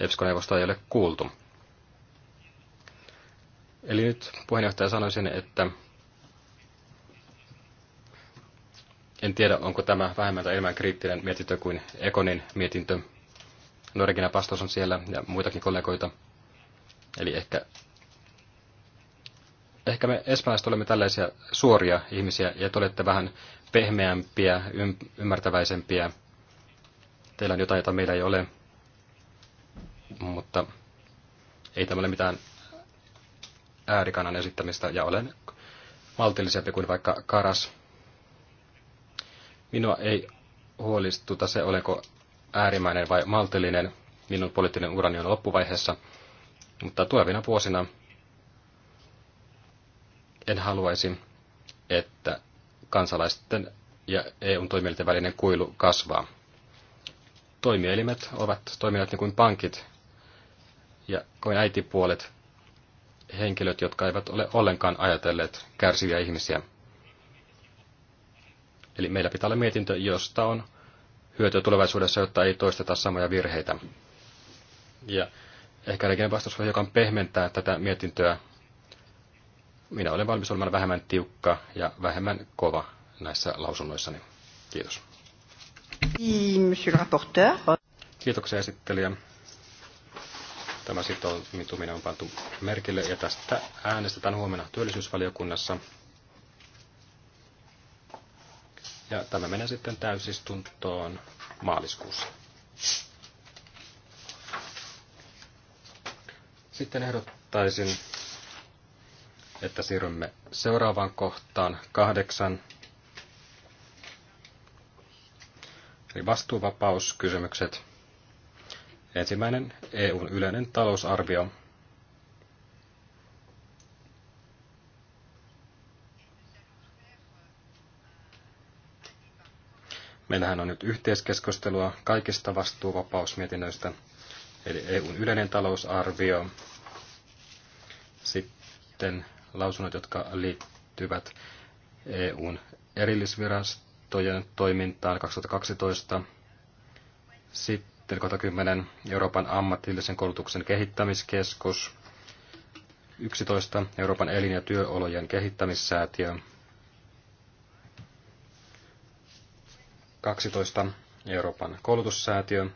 epsco neuvosto ei ole kuultu. Eli nyt puheenjohtaja sanoisin, että en tiedä, onko tämä vähemmän tai enemmän kriittinen mietintö kuin Ekonin mietintö. Norgina Pastos on siellä ja muitakin kollegoita. Eli ehkä ehkä me espanjalaiset olemme tällaisia suoria ihmisiä ja te olette vähän pehmeämpiä, ymmärtäväisempiä. Teillä on jotain, jota meillä ei ole, mutta ei tämä ole mitään äärikannan esittämistä ja olen maltillisempi kuin vaikka karas. Minua ei huolistuta se, olenko äärimmäinen vai maltillinen. Minun poliittinen urani on loppuvaiheessa, mutta tulevina vuosina en haluaisi, että kansalaisten ja EUn toimielinten välinen kuilu kasvaa. Toimielimet ovat toimielimet niin kuin pankit ja kuin äitipuolet, henkilöt, jotka eivät ole ollenkaan ajatelleet kärsiviä ihmisiä. Eli meillä pitää olla mietintö, josta on hyötyä tulevaisuudessa, jotta ei toisteta samoja virheitä. Ja ehkä Regen vastaus voi pehmentää tätä mietintöä minä olen valmis olemaan vähemmän tiukka ja vähemmän kova näissä lausunnoissani. Kiitos. Kiitoksia esittelijä. Tämä sitoutuminen on pantu merkille ja tästä äänestetään huomenna työllisyysvaliokunnassa. Ja tämä menee sitten täysistuntoon maaliskuussa. Sitten ehdottaisin että siirrymme seuraavaan kohtaan kahdeksan. Eli vastuuvapauskysymykset. Ensimmäinen EUn yleinen talousarvio. Meillähän on nyt yhteiskeskustelua kaikista vastuuvapausmietinnöistä, eli EUn yleinen talousarvio, sitten lausunnot, jotka liittyvät EUn erillisvirastojen toimintaan 2012. Sitten kohta 10 Euroopan ammatillisen koulutuksen kehittämiskeskus. 11 Euroopan elin- ja työolojen kehittämissäätiö. 12 Euroopan koulutussäätiö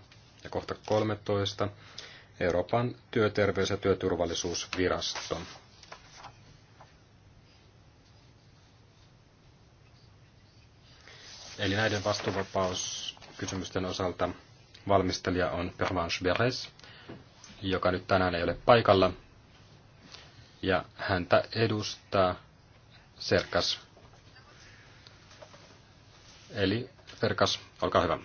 ja kohta 13 Euroopan työterveys- ja työturvallisuusvirasto. Eli näiden vastuuvapauskysymysten osalta valmistelija on Pervanche Beres, joka nyt tänään ei ole paikalla. Ja häntä edustaa Serkas. Eli Serkas, olkaa hyvä.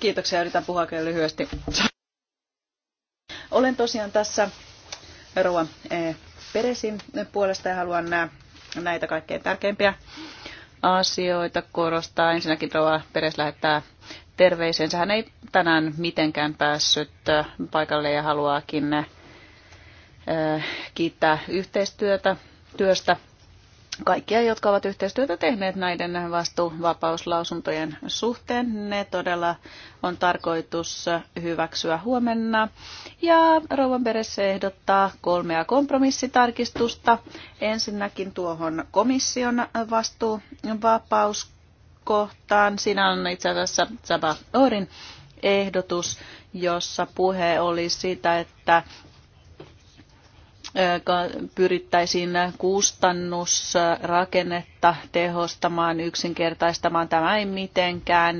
Kiitoksia, yritän puhua lyhyesti. Olen tosiaan tässä Rova eh, Peresin puolesta ja haluan eh, näitä kaikkein tärkeimpiä asioita korostaa. Ensinnäkin Rova Peres lähettää terveisensä. Hän ei tänään mitenkään päässyt paikalle ja haluaakin kiittää yhteistyötä työstä kaikkia, jotka ovat yhteistyötä tehneet näiden vastuuvapauslausuntojen suhteen. Ne todella on tarkoitus hyväksyä huomenna. Ja Rouvan peressä ehdottaa kolmea kompromissitarkistusta. Ensinnäkin tuohon komission vastuuvapauskohtaan. Siinä on itse asiassa Saba Orin ehdotus, jossa puhe oli siitä, että pyrittäisiin kustannusrakennetta tehostamaan, yksinkertaistamaan. Tämä ei mitenkään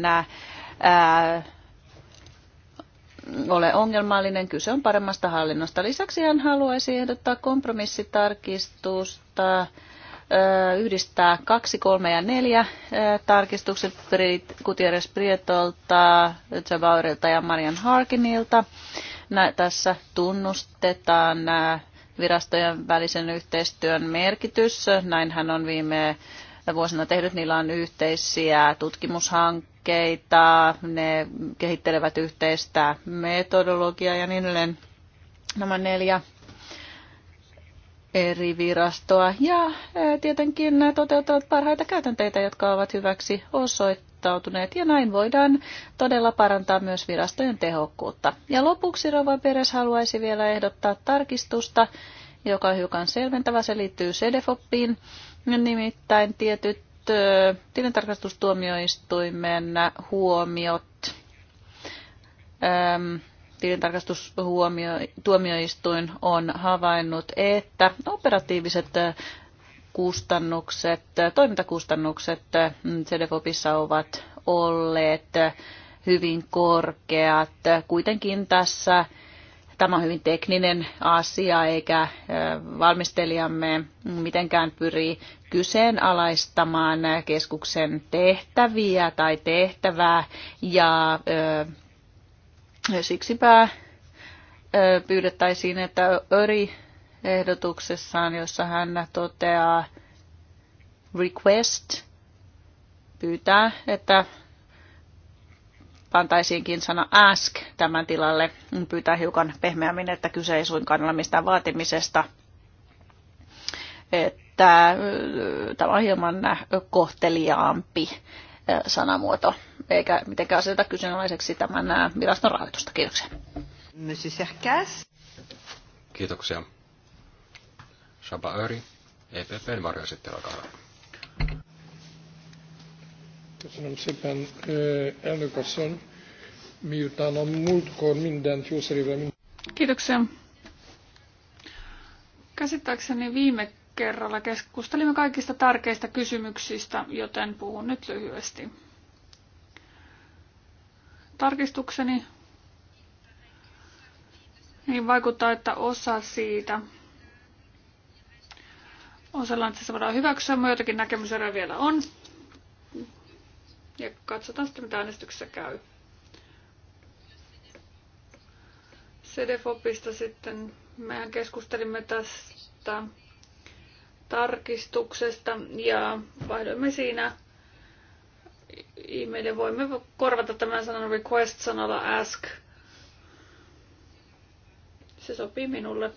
ole ongelmallinen. Kyse on paremmasta hallinnosta. Lisäksi hän haluaisi ehdottaa kompromissitarkistusta yhdistää kaksi, kolme ja neljä tarkistukset Gutierrez Prietolta, Zabaurilta ja Marian Harkinilta. Nä, tässä tunnustetaan virastojen välisen yhteistyön merkitys. Näinhän on viime vuosina tehnyt. Niillä on yhteisiä tutkimushankkeita, ne kehittelevät yhteistä metodologiaa ja niin edelleen. Nämä neljä eri virastoa ja tietenkin toteuttavat parhaita käytänteitä, jotka ovat hyväksi osoittaneet osoittautuneet ja näin voidaan todella parantaa myös virastojen tehokkuutta. Ja lopuksi Rova Peres haluaisi vielä ehdottaa tarkistusta, joka on hiukan selventävä, se liittyy SEDEFOPiin, nimittäin tietyt tilintarkastustuomioistuimen huomiot tilintarkastustuomioistuin on havainnut, että operatiiviset kustannukset, toimintakustannukset CDFOPissa ovat olleet hyvin korkeat. Kuitenkin tässä tämä on hyvin tekninen asia, eikä valmistelijamme mitenkään pyri kyseenalaistamaan keskuksen tehtäviä tai tehtävää. Ja siksipä pyydettäisiin, että Öri ehdotuksessaan, jossa hän toteaa request, pyytää, että pantaisiinkin sana ask tämän tilalle, pyytää hiukan pehmeämmin, että kyse ei suinkaan ole mistään vaatimisesta, että tämä on hieman kohteliaampi sanamuoto, eikä mitenkään aseta kyseenalaiseksi tämän viraston rahoitusta. Kiitoksia. Kiitoksia. Saba Öri, EPPn varjoesittely, olkaa hyvä. Köszönöm szépen, eh, elnök asszony. Miután a múltkor mindent jószerével... Kiitoksia. Käsittääkseni viime kerralla keskustelimme kaikista tärkeistä kysymyksistä, joten puhun nyt lyhyesti. Tarkistukseni niin vaikuttaa, että osa siitä on sellainen, että se voidaan hyväksyä, mutta jotakin näkemyseroja vielä on. Ja katsotaan sitten, mitä äänestyksessä käy. CDFOPista sitten mehän keskustelimme tästä tarkistuksesta ja vaihdoimme siinä e-mailin. voimme korvata tämän sanan request sanalla ask. Se sopii minulle.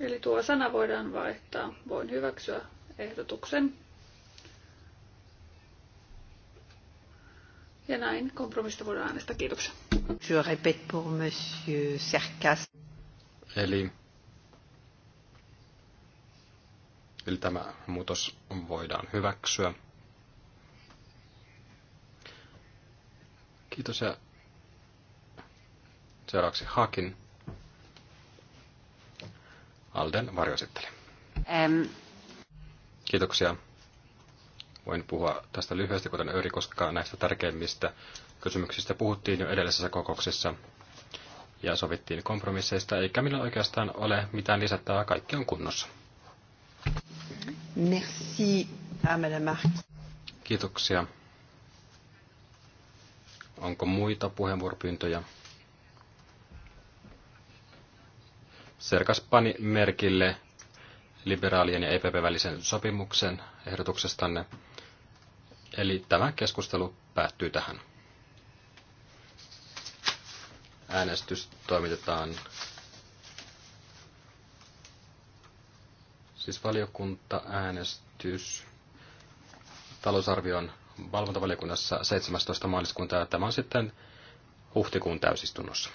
Eli tuo sana voidaan vaihtaa. Voin hyväksyä ehdotuksen. Ja näin kompromista voidaan äänestää. Kiitoksia. Je répète pour monsieur Serkas. Eli, eli tämä muutos voidaan hyväksyä. Kiitos ja seuraavaksi Hakin. Alden varjoesitteli. Ähm. Kiitoksia. Voin puhua tästä lyhyesti, kuten Öri, koska näistä tärkeimmistä kysymyksistä puhuttiin jo edellisessä kokouksessa ja sovittiin kompromisseista, eikä millä oikeastaan ole mitään lisättävää, kaikki on kunnossa. Merci, ah, Kiitoksia. Onko muita puheenvuoropyyntöjä? Serkas pani merkille liberaalien ja EPP-välisen sopimuksen ehdotuksestanne. Eli tämä keskustelu päättyy tähän. Äänestys toimitetaan siis äänestys talousarvion valvontavaliokunnassa 17. maaliskuuta ja tämä on sitten huhtikuun täysistunnossa.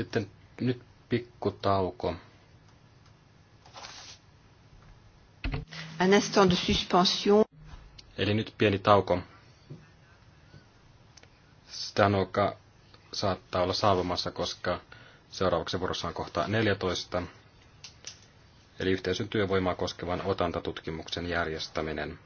Sitten nyt tauko. Un instant de suspension. Eli nyt pieni tauko. Stanoka saattaa olla saavumassa, koska seuraavaksi vuorossa on kohta 14, eli yhteisön työvoimaa koskevan otantatutkimuksen järjestäminen.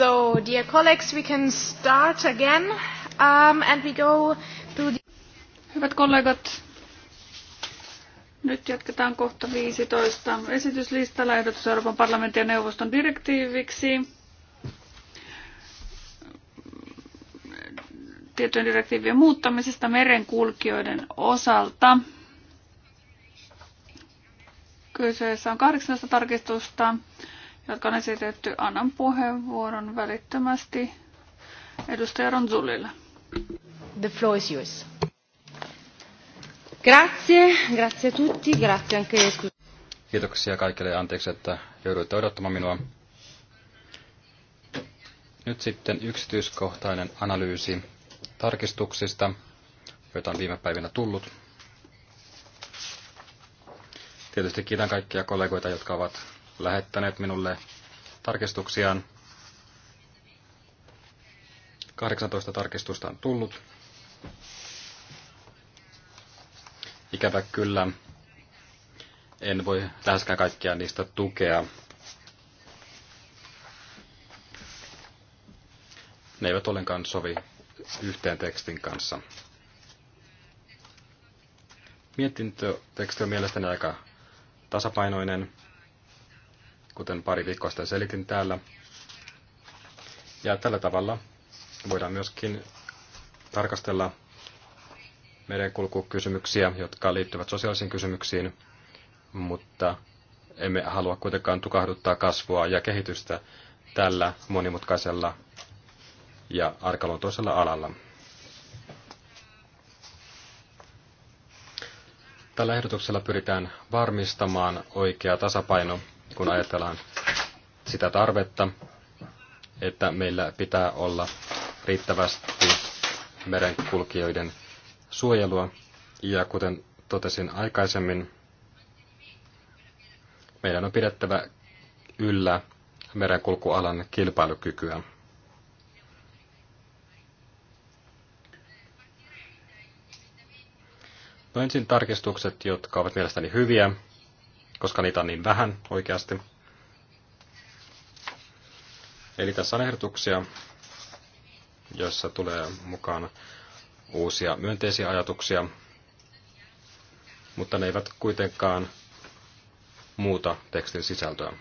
So, dear colleagues, we can start again um, and we go to the... Hyvät kollegat, nyt jatketaan kohta 15. Esityslistalla ehdotus Euroopan parlamentin ja neuvoston direktiiviksi. Tietojen direktiivien muuttamisesta merenkulkijoiden osalta. Kyseessä on 18 tarkistusta jotka on esitetty. Annan puheenvuoron välittömästi edustaja Ronzulille. The floor is yours. Grazie, grazie a tutti, grazie anche Kiitoksia kaikille anteeksi, että jouduitte odottamaan minua. Nyt sitten yksityiskohtainen analyysi tarkistuksista, joita on viime päivinä tullut. Tietysti kiitän kaikkia kollegoita, jotka ovat lähettäneet minulle tarkistuksiaan. 18 tarkistusta on tullut. Ikävä kyllä, en voi läheskään kaikkia niistä tukea. Ne eivät ollenkaan sovi yhteen tekstin kanssa. Mietintöteksti on mielestäni aika tasapainoinen kuten pari viikkoa sitten selitin täällä. Ja tällä tavalla voidaan myöskin tarkastella merenkulkukysymyksiä, jotka liittyvät sosiaalisiin kysymyksiin, mutta emme halua kuitenkaan tukahduttaa kasvua ja kehitystä tällä monimutkaisella ja arkaluontoisella alalla. Tällä ehdotuksella pyritään varmistamaan oikea tasapaino kun ajatellaan sitä tarvetta, että meillä pitää olla riittävästi merenkulkijoiden suojelua. Ja kuten totesin aikaisemmin, meidän on pidettävä yllä merenkulkualan kilpailukykyä. No ensin tarkistukset, jotka ovat mielestäni hyviä koska niitä on niin vähän oikeasti. Eli tässä on ehdotuksia, joissa tulee mukaan uusia myönteisiä ajatuksia, mutta ne eivät kuitenkaan muuta tekstin sisältöä.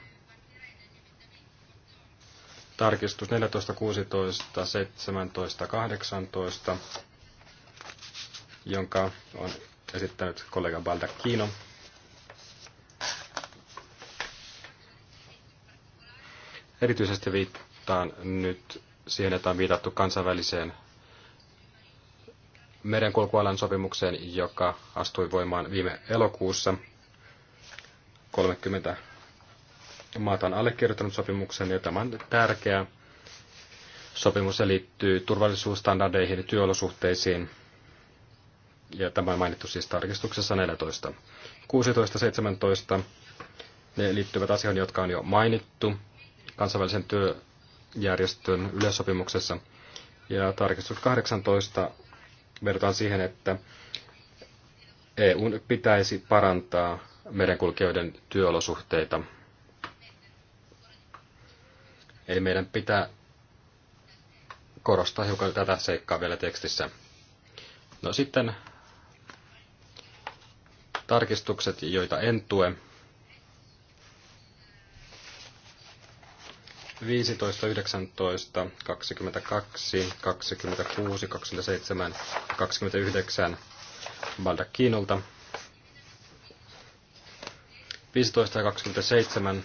Tarkistus 14, 16, 17, 18, jonka on esittänyt kollega Baldacchino. Erityisesti viittaan nyt siihen, että on viitattu kansainväliseen merenkulkualan sopimukseen, joka astui voimaan viime elokuussa. 30 maata on allekirjoittanut sopimuksen, ja tämä on tärkeä sopimus. Se liittyy turvallisuusstandardeihin ja työolosuhteisiin, ja tämä on mainittu siis tarkistuksessa 14. 16, 17, ne liittyvät asioihin, jotka on jo mainittu kansainvälisen työjärjestön yleissopimuksessa. Ja tarkistus 18 verrataan siihen, että EU pitäisi parantaa merenkulkijoiden työolosuhteita. Eli meidän pitää korostaa hiukan tätä seikkaa vielä tekstissä. No sitten tarkistukset, joita en tue. 15, 19, 22, 26, 27 ja 29 Baldakinolta. 15 ja 27.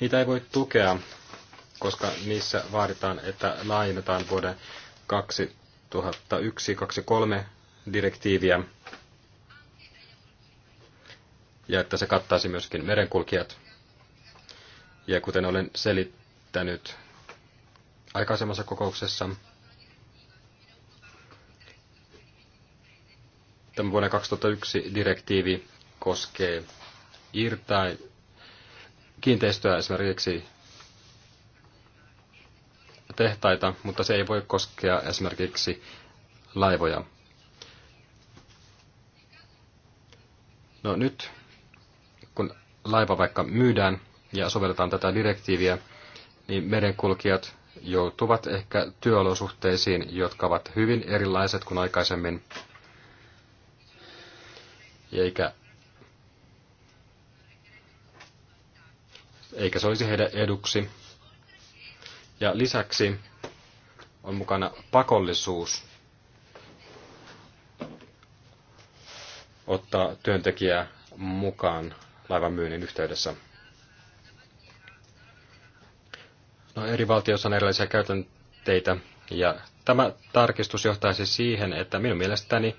Niitä ei voi tukea, koska niissä vaaditaan, että laajennetaan vuoden 2001 2003 direktiiviä ja että se kattaisi myöskin merenkulkijat. Ja kuten olen selittänyt aikaisemmassa kokouksessa, tämä vuonna 2001 direktiivi koskee irtai kiinteistöä esimerkiksi tehtaita, mutta se ei voi koskea esimerkiksi laivoja. No nyt, kun laiva vaikka myydään, ja sovelletaan tätä direktiiviä, niin merenkulkijat joutuvat ehkä työolosuhteisiin, jotka ovat hyvin erilaiset kuin aikaisemmin. Eikä, eikä se olisi heidän eduksi. Ja lisäksi on mukana pakollisuus ottaa työntekijää mukaan laivan myynnin yhteydessä. No, eri valtioissa on erilaisia käytänteitä, ja tämä tarkistus johtaisi siihen, että minun mielestäni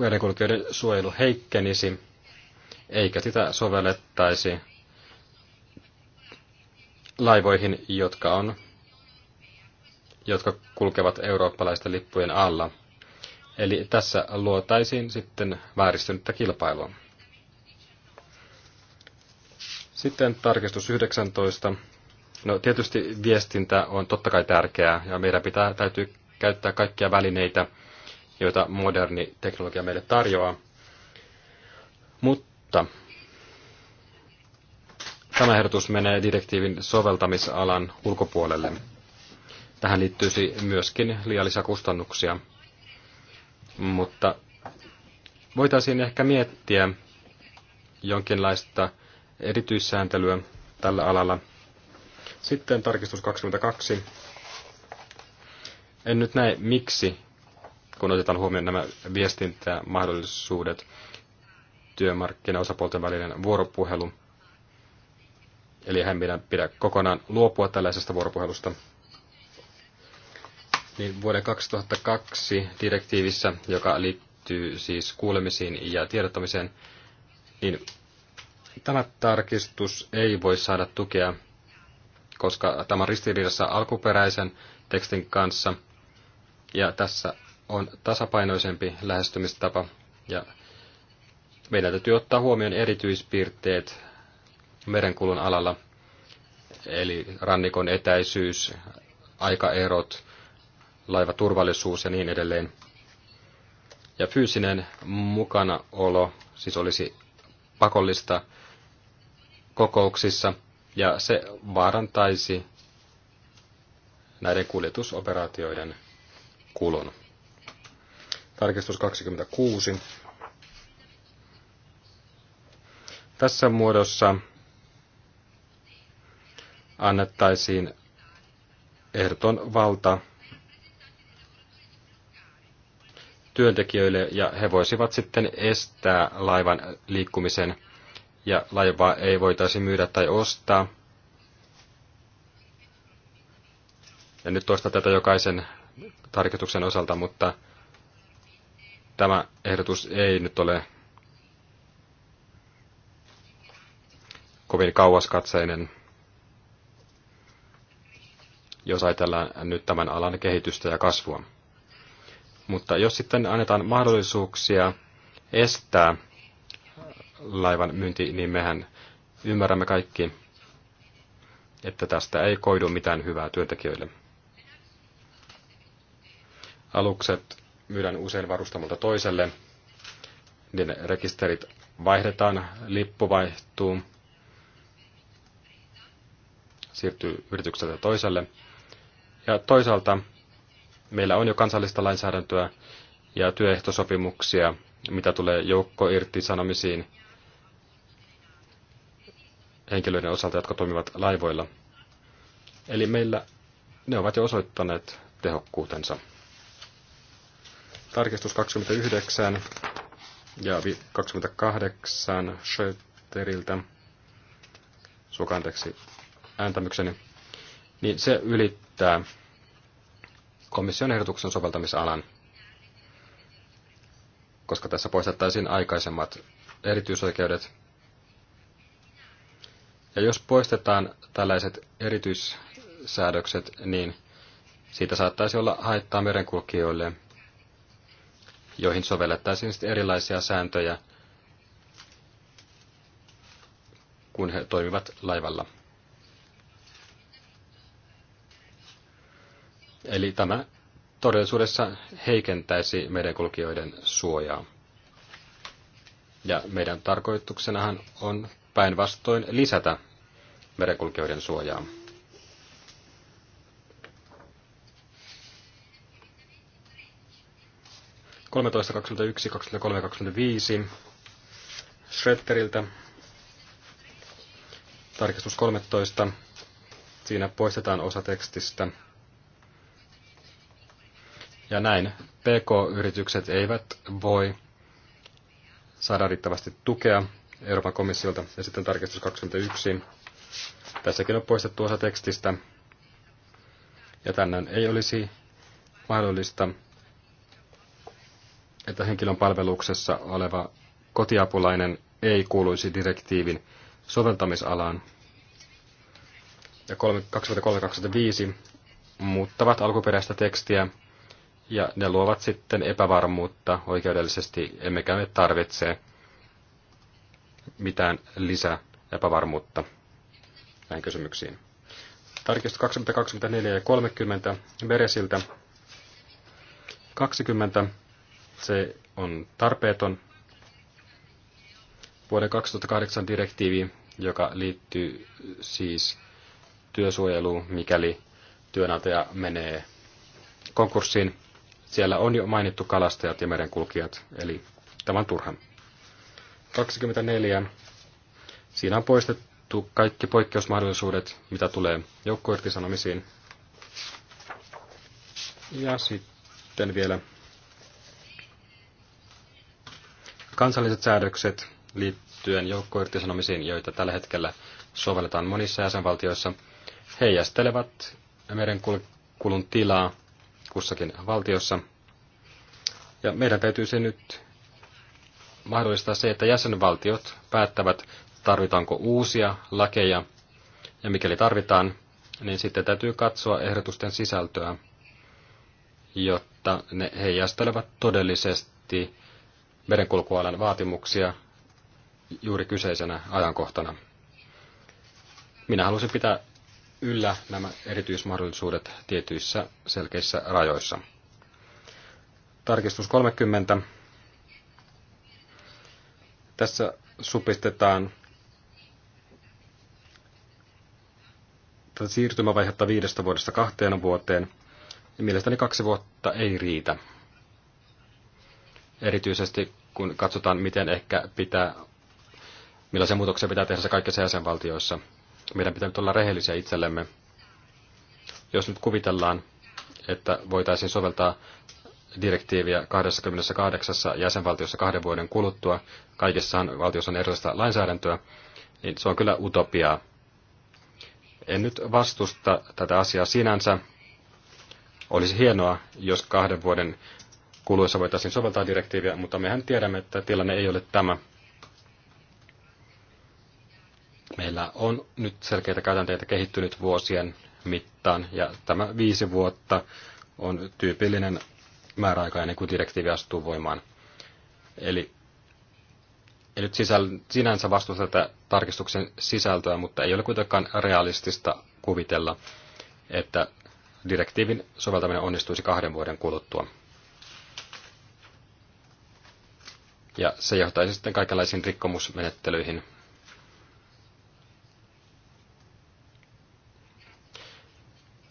merenkulkijoiden suojelu heikkenisi, eikä sitä sovellettaisi laivoihin, jotka, on, jotka kulkevat eurooppalaisten lippujen alla. Eli tässä luotaisiin sitten vääristynyttä kilpailua. Sitten tarkistus 19. No tietysti viestintä on totta kai tärkeää ja meidän pitää, täytyy käyttää kaikkia välineitä, joita moderni teknologia meille tarjoaa. Mutta tämä ehdotus menee direktiivin soveltamisalan ulkopuolelle. Tähän liittyisi myöskin liiallisia kustannuksia. Mutta voitaisiin ehkä miettiä jonkinlaista erityissääntelyä tällä alalla. Sitten tarkistus 22. En nyt näe miksi, kun otetaan huomioon nämä viestintämahdollisuudet, työmarkkinaosapuolten välinen vuoropuhelu. Eli hän meidän pidä kokonaan luopua tällaisesta vuoropuhelusta. Niin vuoden 2002 direktiivissä, joka liittyy siis kuulemisiin ja tiedottamiseen, niin Tämä tarkistus ei voi saada tukea, koska tämä on ristiriidassa alkuperäisen tekstin kanssa. Ja tässä on tasapainoisempi lähestymistapa. Ja meidän täytyy ottaa huomioon erityispiirteet merenkulun alalla, eli rannikon etäisyys, aikaerot, laivaturvallisuus ja niin edelleen. Ja fyysinen mukanaolo siis olisi pakollista kokouksissa, ja se vaarantaisi näiden kuljetusoperaatioiden kulun. Tarkistus 26. Tässä muodossa annettaisiin ehdoton valta työntekijöille ja he voisivat sitten estää laivan liikkumisen ja laivaa ei voitaisi myydä tai ostaa. Ja nyt toista tätä jokaisen tarkoituksen osalta, mutta tämä ehdotus ei nyt ole kovin kauaskatseinen, jos ajatellaan nyt tämän alan kehitystä ja kasvua. Mutta jos sitten annetaan mahdollisuuksia estää laivan myynti, niin mehän ymmärrämme kaikki, että tästä ei koidu mitään hyvää työntekijöille. Alukset myydään usein varustamolta toiselle, niin rekisterit vaihdetaan, lippu vaihtuu, siirtyy yritykseltä toiselle. Ja toisaalta meillä on jo kansallista lainsäädäntöä ja työehtosopimuksia, mitä tulee joukkoirtisanomisiin henkilöiden osalta, jotka toimivat laivoilla. Eli meillä ne ovat jo osoittaneet tehokkuutensa. Tarkistus 29 ja 28 Schöteriltä, suokaa anteeksi ääntämykseni, niin se ylittää komission ehdotuksen soveltamisalan, koska tässä poistettaisiin aikaisemmat erityisoikeudet ja jos poistetaan tällaiset erityissäädökset, niin siitä saattaisi olla haittaa merenkulkijoille, joihin sovellettaisiin erilaisia sääntöjä, kun he toimivat laivalla. Eli tämä todellisuudessa heikentäisi merenkulkijoiden suojaa. Ja meidän tarkoituksenahan on päinvastoin lisätä merenkulkijoiden suojaa. Shredderiltä Tarkistus 13. Siinä poistetaan osa tekstistä. Ja näin PK-yritykset eivät voi saada riittävästi tukea Euroopan komissiolta. Ja sitten tarkistus 21 Tässäkin on poistettu osa tekstistä. Ja tänään ei olisi mahdollista, että henkilön palveluksessa oleva kotiapulainen ei kuuluisi direktiivin soveltamisalaan. Ja 2003-2005 muuttavat alkuperäistä tekstiä ja ne luovat sitten epävarmuutta oikeudellisesti, emmekä me tarvitse mitään lisää epävarmuutta näihin kysymyksiin. Tarkistus 20, 24 ja 30 veresiltä. 20, se on tarpeeton vuoden 2008 direktiivi, joka liittyy siis työsuojeluun, mikäli työnantaja menee konkurssiin. Siellä on jo mainittu kalastajat ja merenkulkijat, eli tämä on turha. 24. Siinä on poistettu suljettu kaikki poikkeusmahdollisuudet, mitä tulee joukkoirtisanomisiin. Ja sitten vielä kansalliset säädökset liittyen joukkoirtisanomisiin, joita tällä hetkellä sovelletaan monissa jäsenvaltioissa, heijastelevat merenkulun tilaa kussakin valtiossa. Ja meidän täytyy se nyt mahdollistaa se, että jäsenvaltiot päättävät, tarvitaanko uusia lakeja, ja mikäli tarvitaan, niin sitten täytyy katsoa ehdotusten sisältöä, jotta ne heijastelevat todellisesti merenkulkualan vaatimuksia juuri kyseisenä ajankohtana. Minä halusin pitää yllä nämä erityismahdollisuudet tietyissä selkeissä rajoissa. Tarkistus 30. Tässä supistetaan Tätä siirtymävaihetta viidestä vuodesta kahteen vuoteen, niin mielestäni kaksi vuotta ei riitä. Erityisesti kun katsotaan, miten ehkä pitää, millaisia muutoksia pitää tehdä kaikissa jäsenvaltioissa. Meidän pitää nyt olla rehellisiä itsellemme. Jos nyt kuvitellaan, että voitaisiin soveltaa direktiiviä 28 jäsenvaltiossa kahden vuoden kuluttua, kaikissahan valtiossa on erilaista lainsäädäntöä, niin se on kyllä utopiaa. En nyt vastusta tätä asiaa sinänsä. Olisi hienoa, jos kahden vuoden kuluessa voitaisiin soveltaa direktiiviä, mutta mehän tiedämme, että tilanne ei ole tämä. Meillä on nyt selkeitä käytänteitä kehittynyt vuosien mittaan, ja tämä viisi vuotta on tyypillinen määräaika ennen kuin direktiivi astuu voimaan. Eli ei nyt sisäl- sinänsä vastusta tätä tarkistuksen sisältöä, mutta ei ole kuitenkaan realistista kuvitella, että direktiivin soveltaminen onnistuisi kahden vuoden kuluttua. Ja se johtaisi sitten kaikenlaisiin rikkomusmenettelyihin.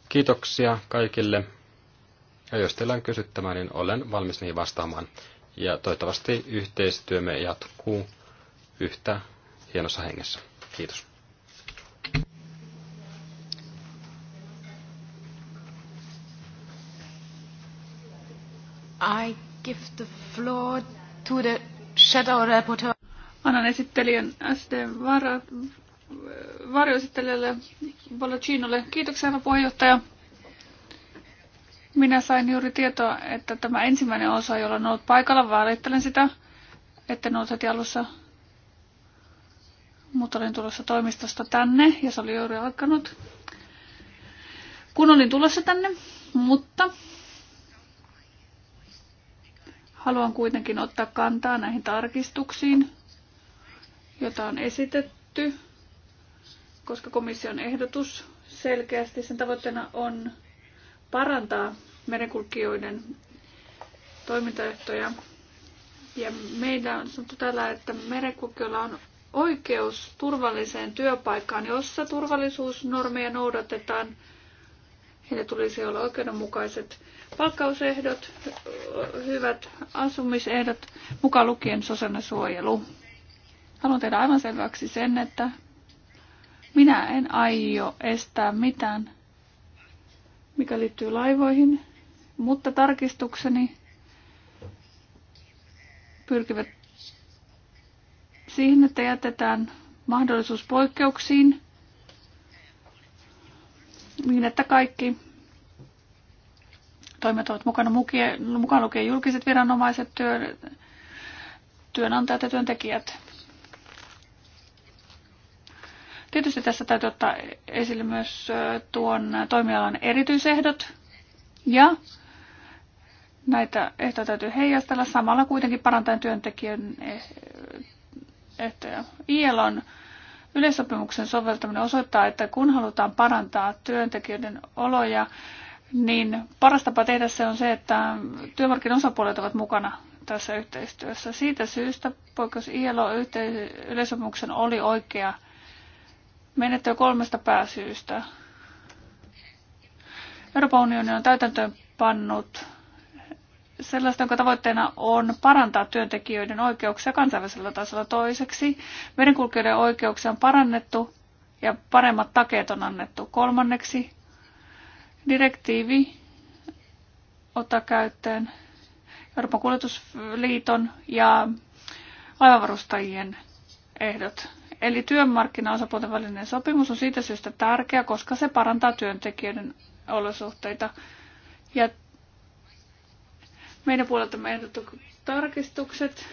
Kiitoksia kaikille. Ja jos teillä on kysyttävää, niin olen valmis niihin vastaamaan. Ja toivottavasti yhteistyömme jatkuu yhtä hienossa hengessä. Kiitos. I give the floor to the shadow rapporteur. Annan esittelijän SD varo, varjoesittelijälle Valacinolle. Kiitoksia, herra puheenjohtaja. Minä sain juuri tietoa, että tämä ensimmäinen osa, jolla on ollut paikalla, valittelen sitä, että ne heti alussa mutta olin tulossa toimistosta tänne ja se oli juuri alkanut. Kun olin tulossa tänne, mutta haluan kuitenkin ottaa kantaa näihin tarkistuksiin, joita on esitetty, koska komission ehdotus selkeästi sen tavoitteena on parantaa merenkulkijoiden toimintaehtoja. Ja meillä on sanottu tällä, että merenkulkijoilla on oikeus turvalliseen työpaikkaan, jossa turvallisuusnormeja noudatetaan. Heillä tulisi olla oikeudenmukaiset palkkausehdot, hyvät asumisehdot, mukaan lukien sosiaalinen suojelu. Haluan tehdä aivan selväksi sen, että minä en aio estää mitään, mikä liittyy laivoihin, mutta tarkistukseni pyrkivät siihen, että jätetään mahdollisuus poikkeuksiin niin, että kaikki toimet ovat mukana mukaan lukien julkiset viranomaiset, työ, työnantajat ja työntekijät. Tietysti tässä täytyy ottaa esille myös tuon toimialan erityisehdot ja näitä ehtoja täytyy heijastella samalla kuitenkin parantaen työntekijän ehtoja. ILOn yleissopimuksen soveltaminen osoittaa, että kun halutaan parantaa työntekijöiden oloja, niin paras tapa tehdä se on se, että osapuolet ovat mukana tässä yhteistyössä. Siitä syystä poikkeus ILO yleissopimuksen oli oikea menettely kolmesta pääsyystä. Euroopan unioni on täytäntöön pannut sellaista, jonka tavoitteena on parantaa työntekijöiden oikeuksia kansainvälisellä tasolla. Toiseksi merenkulkijoiden oikeuksia on parannettu ja paremmat takeet on annettu. Kolmanneksi direktiivi ottaa käyttöön Euroopan kuljetusliiton ja laivavarustajien ehdot. Eli työmarkkinaosapuolten välinen sopimus on siitä syystä tärkeä, koska se parantaa työntekijöiden olosuhteita. Ja meidän puolelta ehdotetut tarkistukset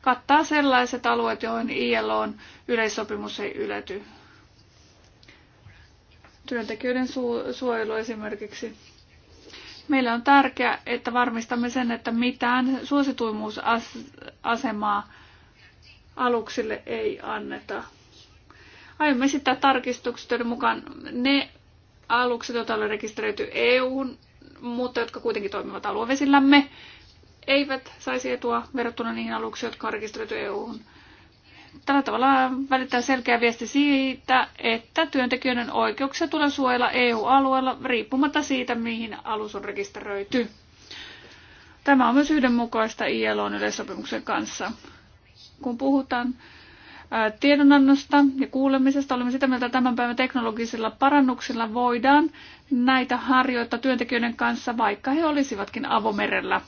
kattaa sellaiset alueet, joihin ILOn yleissopimus ei ylety. Työntekijöiden su- suojelu esimerkiksi. Meillä on tärkeää, että varmistamme sen, että mitään suosituimuusasemaa aluksille ei anneta. Aiomme esittää tarkistukset, joiden mukaan ne alukset, joita oli rekisteröity EUn mutta jotka kuitenkin toimivat aluevesillämme, eivät saisi etua verrattuna niihin aluksiin, jotka on rekisteröity EU-hun. Tällä tavalla välittää selkeä viesti siitä, että työntekijöiden oikeuksia tulee suojella EU-alueella riippumatta siitä, mihin alus on rekisteröity. Tämä on myös yhdenmukaista ILOn yleissopimuksen kanssa. Kun puhutaan tiedonannosta ja kuulemisesta. Olemme sitä mieltä, että tämän päivän teknologisilla parannuksilla voidaan näitä harjoittaa työntekijöiden kanssa, vaikka he olisivatkin avomerellä.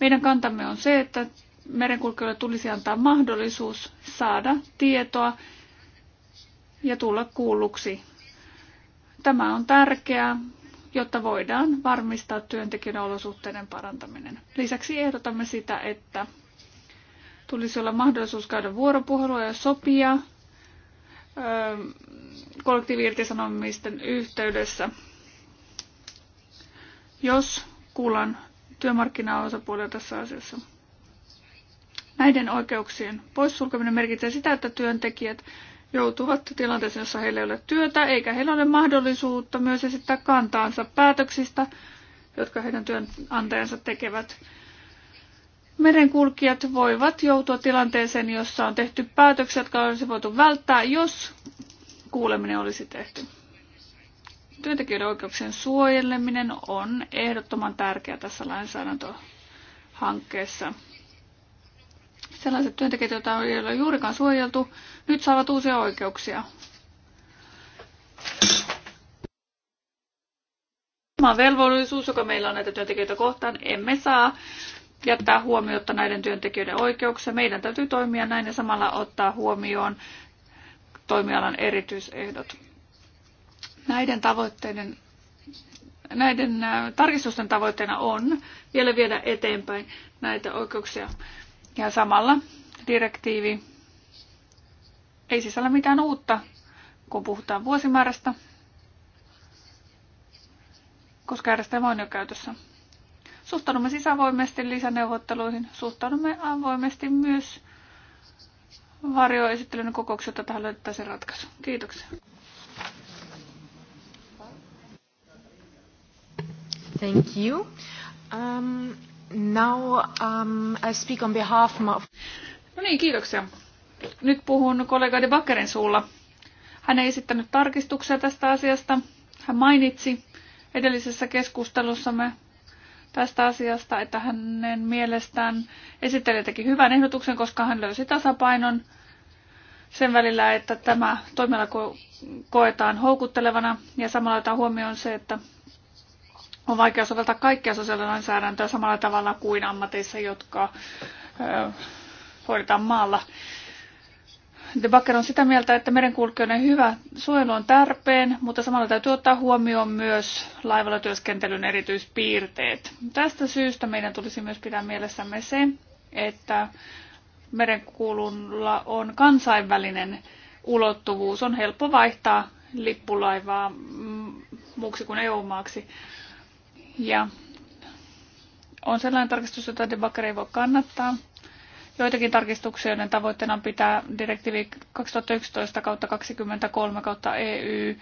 Meidän kantamme on se, että merenkulkijoille tulisi antaa mahdollisuus saada tietoa ja tulla kuulluksi. Tämä on tärkeää, jotta voidaan varmistaa työntekijöiden olosuhteiden parantaminen. Lisäksi ehdotamme sitä, että tulisi olla mahdollisuus käydä vuoropuhelua ja sopia ähm, kollektiiviirtisanomisten yhteydessä, jos kuullaan työmarkkinaosapuolia tässä asiassa. Näiden oikeuksien poissulkeminen merkitsee sitä, että työntekijät joutuvat tilanteeseen, jossa heillä ei ole työtä, eikä heillä ole mahdollisuutta myös esittää kantaansa päätöksistä, jotka heidän työnantajansa tekevät merenkulkijat voivat joutua tilanteeseen, jossa on tehty päätöksiä, jotka olisi voitu välttää, jos kuuleminen olisi tehty. Työntekijöiden oikeuksien suojeleminen on ehdottoman tärkeää tässä lainsäädäntöhankkeessa. Sellaiset työntekijät, joita ei ole juurikaan suojeltu, nyt saavat uusia oikeuksia. Tämä velvollisuus, joka meillä on näitä työntekijöitä kohtaan. Emme saa jättää huomiota näiden työntekijöiden oikeuksia. Meidän täytyy toimia näin ja samalla ottaa huomioon toimialan erityisehdot. Näiden tavoitteiden näiden äh, tarkistusten tavoitteena on vielä viedä eteenpäin näitä oikeuksia. Ja samalla direktiivi ei sisällä mitään uutta, kun puhutaan vuosimäärästä, koska järjestelmä on jo käytössä. Suhtaudumme siis avoimesti lisäneuvotteluihin, suhtaudumme avoimesti myös varjoesittelyn kokouksia, että tähän löydettäisiin ratkaisu. Kiitoksia. Thank you. Um, now um, I speak on behalf of... No niin, kiitoksia. Nyt puhun kollega De Bakkerin suulla. Hän ei esittänyt tarkistuksia tästä asiasta. Hän mainitsi edellisessä keskustelussamme tästä asiasta, että hänen mielestään esittelijä teki hyvän ehdotuksen, koska hän löysi tasapainon sen välillä, että tämä toimiala koetaan houkuttelevana ja samalla otetaan huomioon se, että on vaikea soveltaa kaikkia sosiaalilainsäädäntöä samalla tavalla kuin ammateissa, jotka hoidetaan maalla. De Backer on sitä mieltä, että merenkulkijoiden hyvä suojelu on tarpeen, mutta samalla täytyy ottaa huomioon myös laivalla työskentelyn erityispiirteet. Tästä syystä meidän tulisi myös pitää mielessämme se, että merenkululla on kansainvälinen ulottuvuus. On helppo vaihtaa lippulaivaa mm, muuksi kuin EU-maaksi. Ja on sellainen tarkistus, jota debakkeri ei voi kannattaa joitakin tarkistuksia, joiden tavoitteena on pitää direktiivi 2011 kautta 23 EY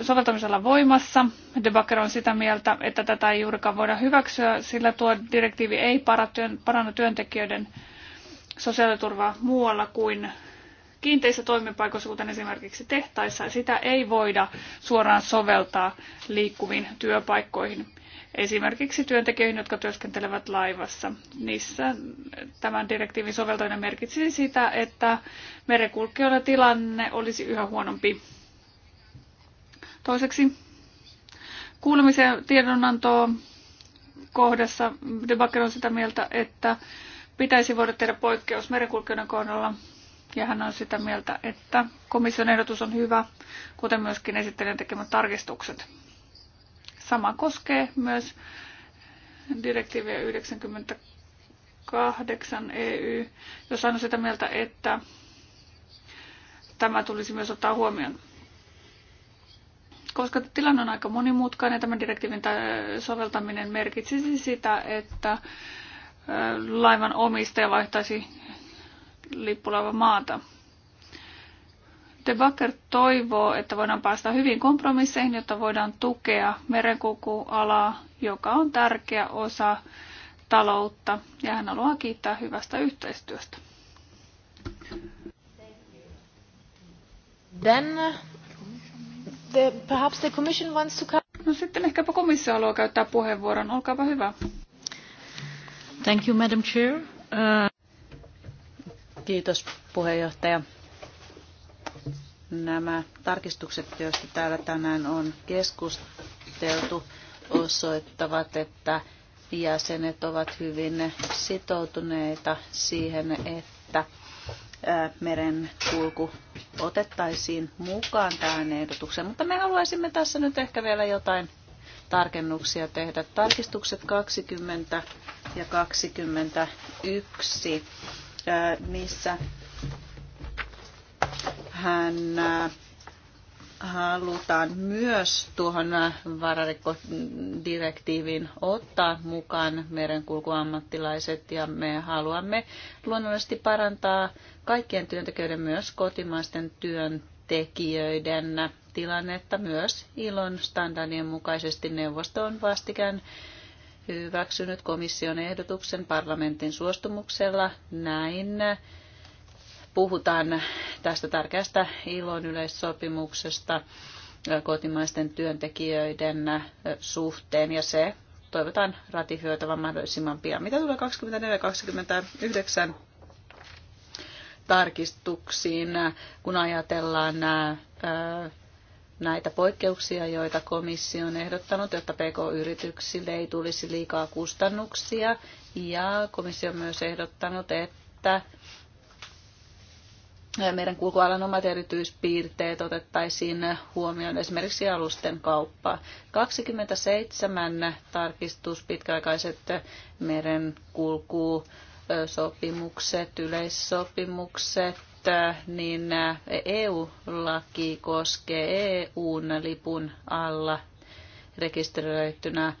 soveltamisella voimassa. Debakker on sitä mieltä, että tätä ei juurikaan voida hyväksyä, sillä tuo direktiivi ei paranna työntekijöiden sosiaaliturvaa muualla kuin kiinteissä toimipaikoissa, kuten esimerkiksi tehtaissa. Sitä ei voida suoraan soveltaa liikkuviin työpaikkoihin esimerkiksi työntekijöihin, jotka työskentelevät laivassa. Niissä tämän direktiivin soveltaminen merkitsisi sitä, että merenkulkijoilla tilanne olisi yhä huonompi. Toiseksi kuulemisen tiedonantoa kohdassa Debakker on sitä mieltä, että pitäisi voida tehdä poikkeus merenkulkijoiden kohdalla. Ja hän on sitä mieltä, että komission ehdotus on hyvä, kuten myöskin esittelijän tekemät tarkistukset. Sama koskee myös direktiiviä 98 EU, jos on sitä mieltä, että tämä tulisi myös ottaa huomioon. Koska tilanne on aika monimutkainen, tämän direktiivin soveltaminen merkitsisi sitä, että laivan omistaja vaihtaisi lippulaiva maata. De Backer toivoo, että voidaan päästä hyvin kompromisseihin, jotta voidaan tukea merenkulkualaa, joka on tärkeä osa taloutta, ja hän haluaa kiittää hyvästä yhteistyöstä. Then uh, the, perhaps the commission wants to come. No sitten ehkäpä komissio haluaa käyttää puheenvuoron. Olkaapa hyvä. Thank you, Madam Chair. Uh... Kiitos puheenjohtaja nämä tarkistukset, joista täällä tänään on keskusteltu, osoittavat, että jäsenet ovat hyvin sitoutuneita siihen, että meren kulku otettaisiin mukaan tähän ehdotukseen. Mutta me haluaisimme tässä nyt ehkä vielä jotain tarkennuksia tehdä. Tarkistukset 20 ja 21, missä tähän äh, halutaan myös tuohon vararikkodirektiiviin ottaa mukaan merenkulkuammattilaiset ja me haluamme luonnollisesti parantaa kaikkien työntekijöiden, myös kotimaisten työntekijöiden tilannetta myös ilon standardien mukaisesti. Neuvosto on vastikään hyväksynyt komission ehdotuksen parlamentin suostumuksella näin puhutaan tästä tärkeästä ilon yleissopimuksesta kotimaisten työntekijöiden suhteen ja se toivotaan ratifioitavan mahdollisimman pian. Mitä tulee 24-29 tarkistuksiin, kun ajatellaan näitä poikkeuksia, joita komissio on ehdottanut, jotta PK-yrityksille ei tulisi liikaa kustannuksia. Ja komissio on myös ehdottanut, että meidän kulkualan omat erityispiirteet otettaisiin huomioon esimerkiksi alusten kauppa. 27 tarkistus, pitkäaikaiset merenkulkusopimukset, yleissopimukset, niin EU-laki koskee EUn lipun alla rekisteröitynä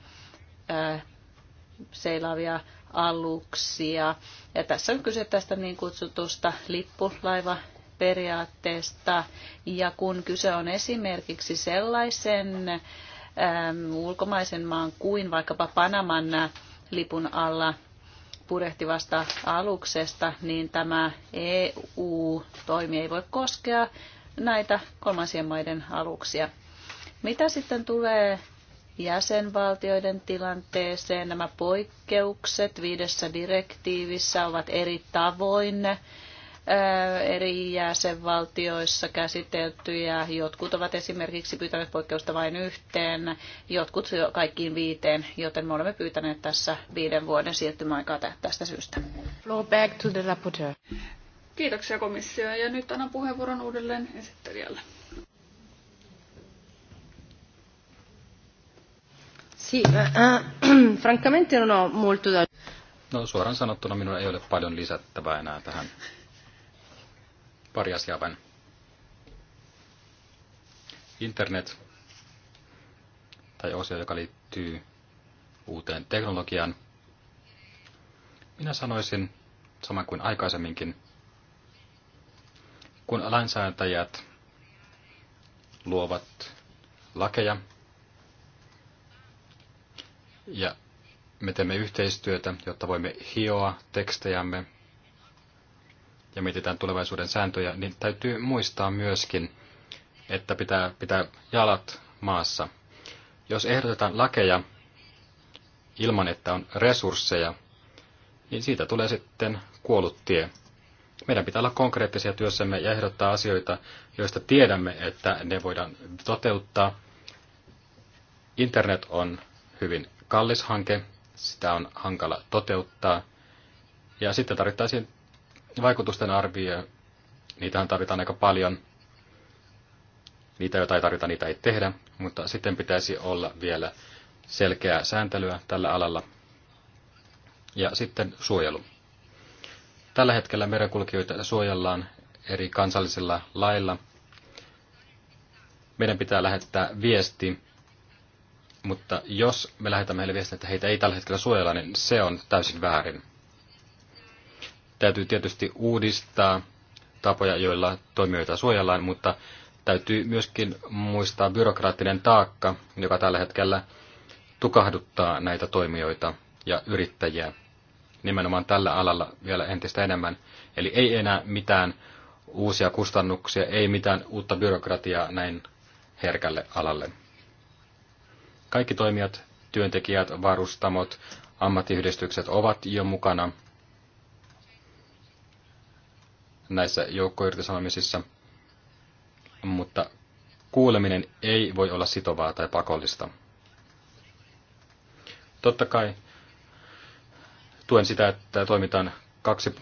seilaavia aluksia. Ja tässä on kyse tästä niin kutsutusta lippulaiva periaatteesta. Ja kun kyse on esimerkiksi sellaisen äm, ulkomaisen maan kuin vaikkapa Panaman lipun alla purehtivasta aluksesta, niin tämä EU-toimi ei voi koskea näitä kolmansien maiden aluksia. Mitä sitten tulee jäsenvaltioiden tilanteeseen. Nämä poikkeukset viidessä direktiivissä ovat eri tavoin eri jäsenvaltioissa käsiteltyjä. Jotkut ovat esimerkiksi pyytäneet poikkeusta vain yhteen, jotkut kaikkiin viiteen, joten me olemme pyytäneet tässä viiden vuoden siirtymäaikaa tästä syystä. Flow back to the rapporteur. Kiitoksia komissio ja nyt annan puheenvuoron uudelleen esittelijälle. Ah, *clears throat* francamente non ho molto da... No suoraan sanottuna minulla ei ole paljon lisättävää enää tähän. Pari asiaa vain. Internet tai osio, joka liittyy uuteen teknologiaan. Minä sanoisin, sama kuin aikaisemminkin, kun lainsäätäjät luovat lakeja, ja me teemme yhteistyötä, jotta voimme hioa tekstejämme ja mietitään tulevaisuuden sääntöjä, niin täytyy muistaa myöskin, että pitää pitää jalat maassa. Jos ehdotetaan lakeja ilman, että on resursseja, niin siitä tulee sitten kuollut tie. Meidän pitää olla konkreettisia työssämme ja ehdottaa asioita, joista tiedämme, että ne voidaan toteuttaa. Internet on hyvin kallis hanke, sitä on hankala toteuttaa. Ja sitten tarvittaisiin vaikutusten arvio. Niitähän tarvitaan aika paljon. Niitä, joita ei tarvita, niitä ei tehdä. Mutta sitten pitäisi olla vielä selkeää sääntelyä tällä alalla. Ja sitten suojelu. Tällä hetkellä merenkulkijoita suojellaan eri kansallisilla lailla. Meidän pitää lähettää viesti mutta jos me lähetämme heille viestin, että heitä ei tällä hetkellä suojella, niin se on täysin väärin. Täytyy tietysti uudistaa tapoja, joilla toimijoita suojellaan, mutta täytyy myöskin muistaa byrokraattinen taakka, joka tällä hetkellä tukahduttaa näitä toimijoita ja yrittäjiä nimenomaan tällä alalla vielä entistä enemmän. Eli ei enää mitään uusia kustannuksia, ei mitään uutta byrokratiaa näin herkälle alalle. Kaikki toimijat, työntekijät, varustamot, ammattiyhdistykset ovat jo mukana näissä joukkoirtisanomisissa, mutta kuuleminen ei voi olla sitovaa tai pakollista. Totta kai tuen sitä, että toimitaan kaksi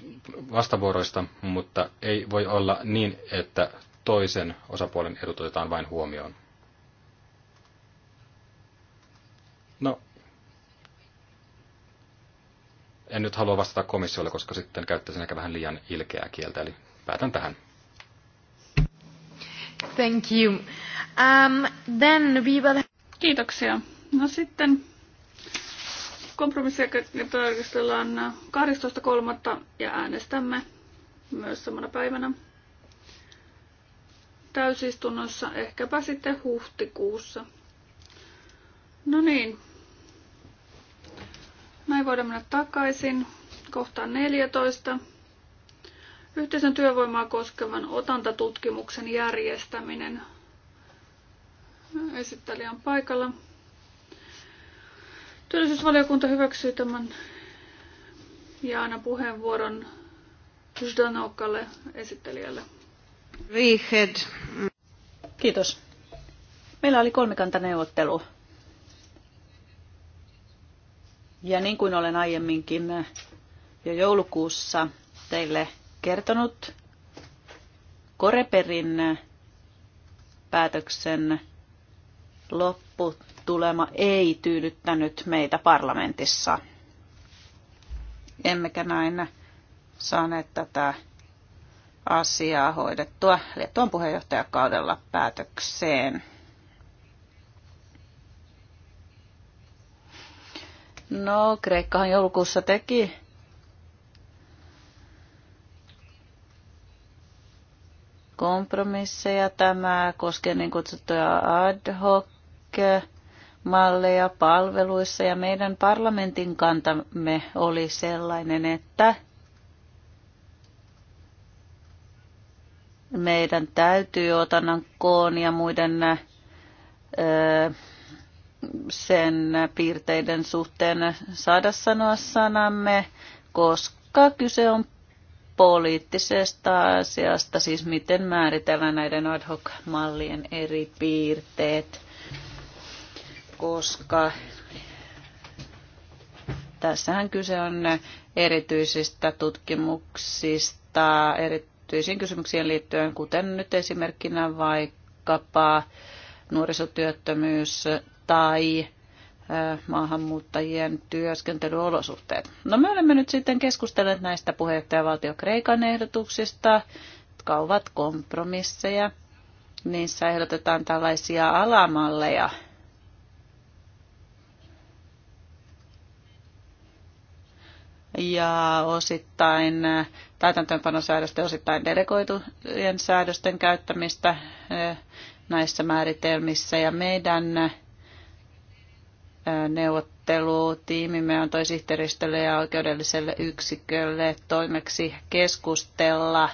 vastavuoroista, mutta ei voi olla niin, että toisen osapuolen edut otetaan vain huomioon. En nyt halua vastata komissiolle, koska sitten käyttäisin ehkä vähän liian ilkeää kieltä, eli päätän tähän. Thank you. Um, then we will... Kiitoksia. No sitten kompromissia tarkistellaan 12.3. ja äänestämme myös samana päivänä täysistunnossa, ehkäpä sitten huhtikuussa. No niin, näin voidaan mennä takaisin kohtaan 14. Yhteisön työvoimaa koskevan otantatutkimuksen järjestäminen. Esittelijä on paikalla. Työllisyysvaliokunta hyväksyy tämän ja anna puheenvuoron Zdanokalle esittelijälle. Vihed, Kiitos. Meillä oli kolmikantaneuvottelu Ja niin kuin olen aiemminkin jo joulukuussa teille kertonut, Koreperin päätöksen lopputulema ei tyydyttänyt meitä parlamentissa. Emmekä näin saaneet tätä asiaa hoidettua Liettuan puheenjohtajakaudella päätökseen. No, Kreikkahan joulukuussa teki kompromisseja. Tämä koskee niin kutsuttuja ad hoc malleja palveluissa ja meidän parlamentin kantamme oli sellainen, että meidän täytyy otanan koon ja muiden ää, sen piirteiden suhteen saada sanoa sanamme, koska kyse on poliittisesta asiasta, siis miten määritellään näiden ad hoc-mallien eri piirteet, koska tässähän kyse on erityisistä tutkimuksista, erityisiin kysymyksiin liittyen, kuten nyt esimerkkinä vaikkapa nuorisotyöttömyys tai maahanmuuttajien työskentelyolosuhteet. No me olemme nyt sitten keskustelleet näistä puheenjohtajavaltio Kreikan ehdotuksista, jotka ovat kompromisseja. Niissä ehdotetaan tällaisia alamalleja. Ja osittain täytäntöönpanosäädösten, osittain delegoitujen säädösten käyttämistä näissä määritelmissä. Ja meidän neuvottelutiimimme antoi sihteeristölle ja oikeudelliselle yksikölle toimeksi keskustella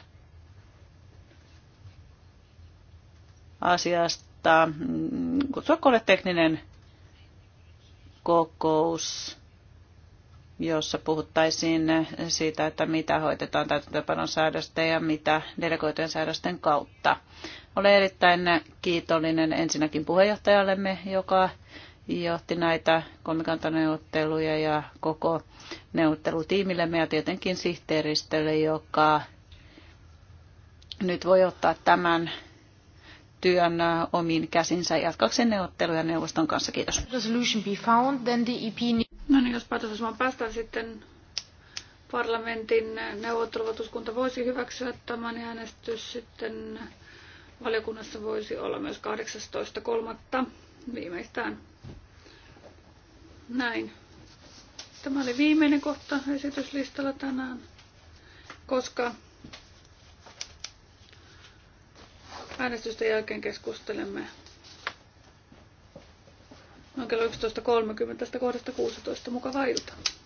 asiasta. Mm, Kutsuakolle tekninen kokous, jossa puhuttaisiin siitä, että mitä hoitetaan täytäntöpanon säädösten ja mitä delegoitujen säädösten kautta. Olen erittäin kiitollinen ensinnäkin puheenjohtajallemme, joka johti näitä kolmikantaneuvotteluja ja koko neuvottelutiimillemme ja tietenkin sihteeristölle, joka nyt voi ottaa tämän työn äh, omiin käsinsä jatkakseen neuvotteluja neuvoston kanssa. Kiitos. E no niin, jos vaan päästään sitten parlamentin neuvotteluvaltuuskunta voisi hyväksyä tämän ja äänestys sitten valiokunnassa voisi olla myös 18.3. viimeistään. Näin. Tämä oli viimeinen kohta esityslistalla tänään, koska äänestysten jälkeen keskustelemme noin kello 11.30 kohdasta 16. Mukavaa iltaa.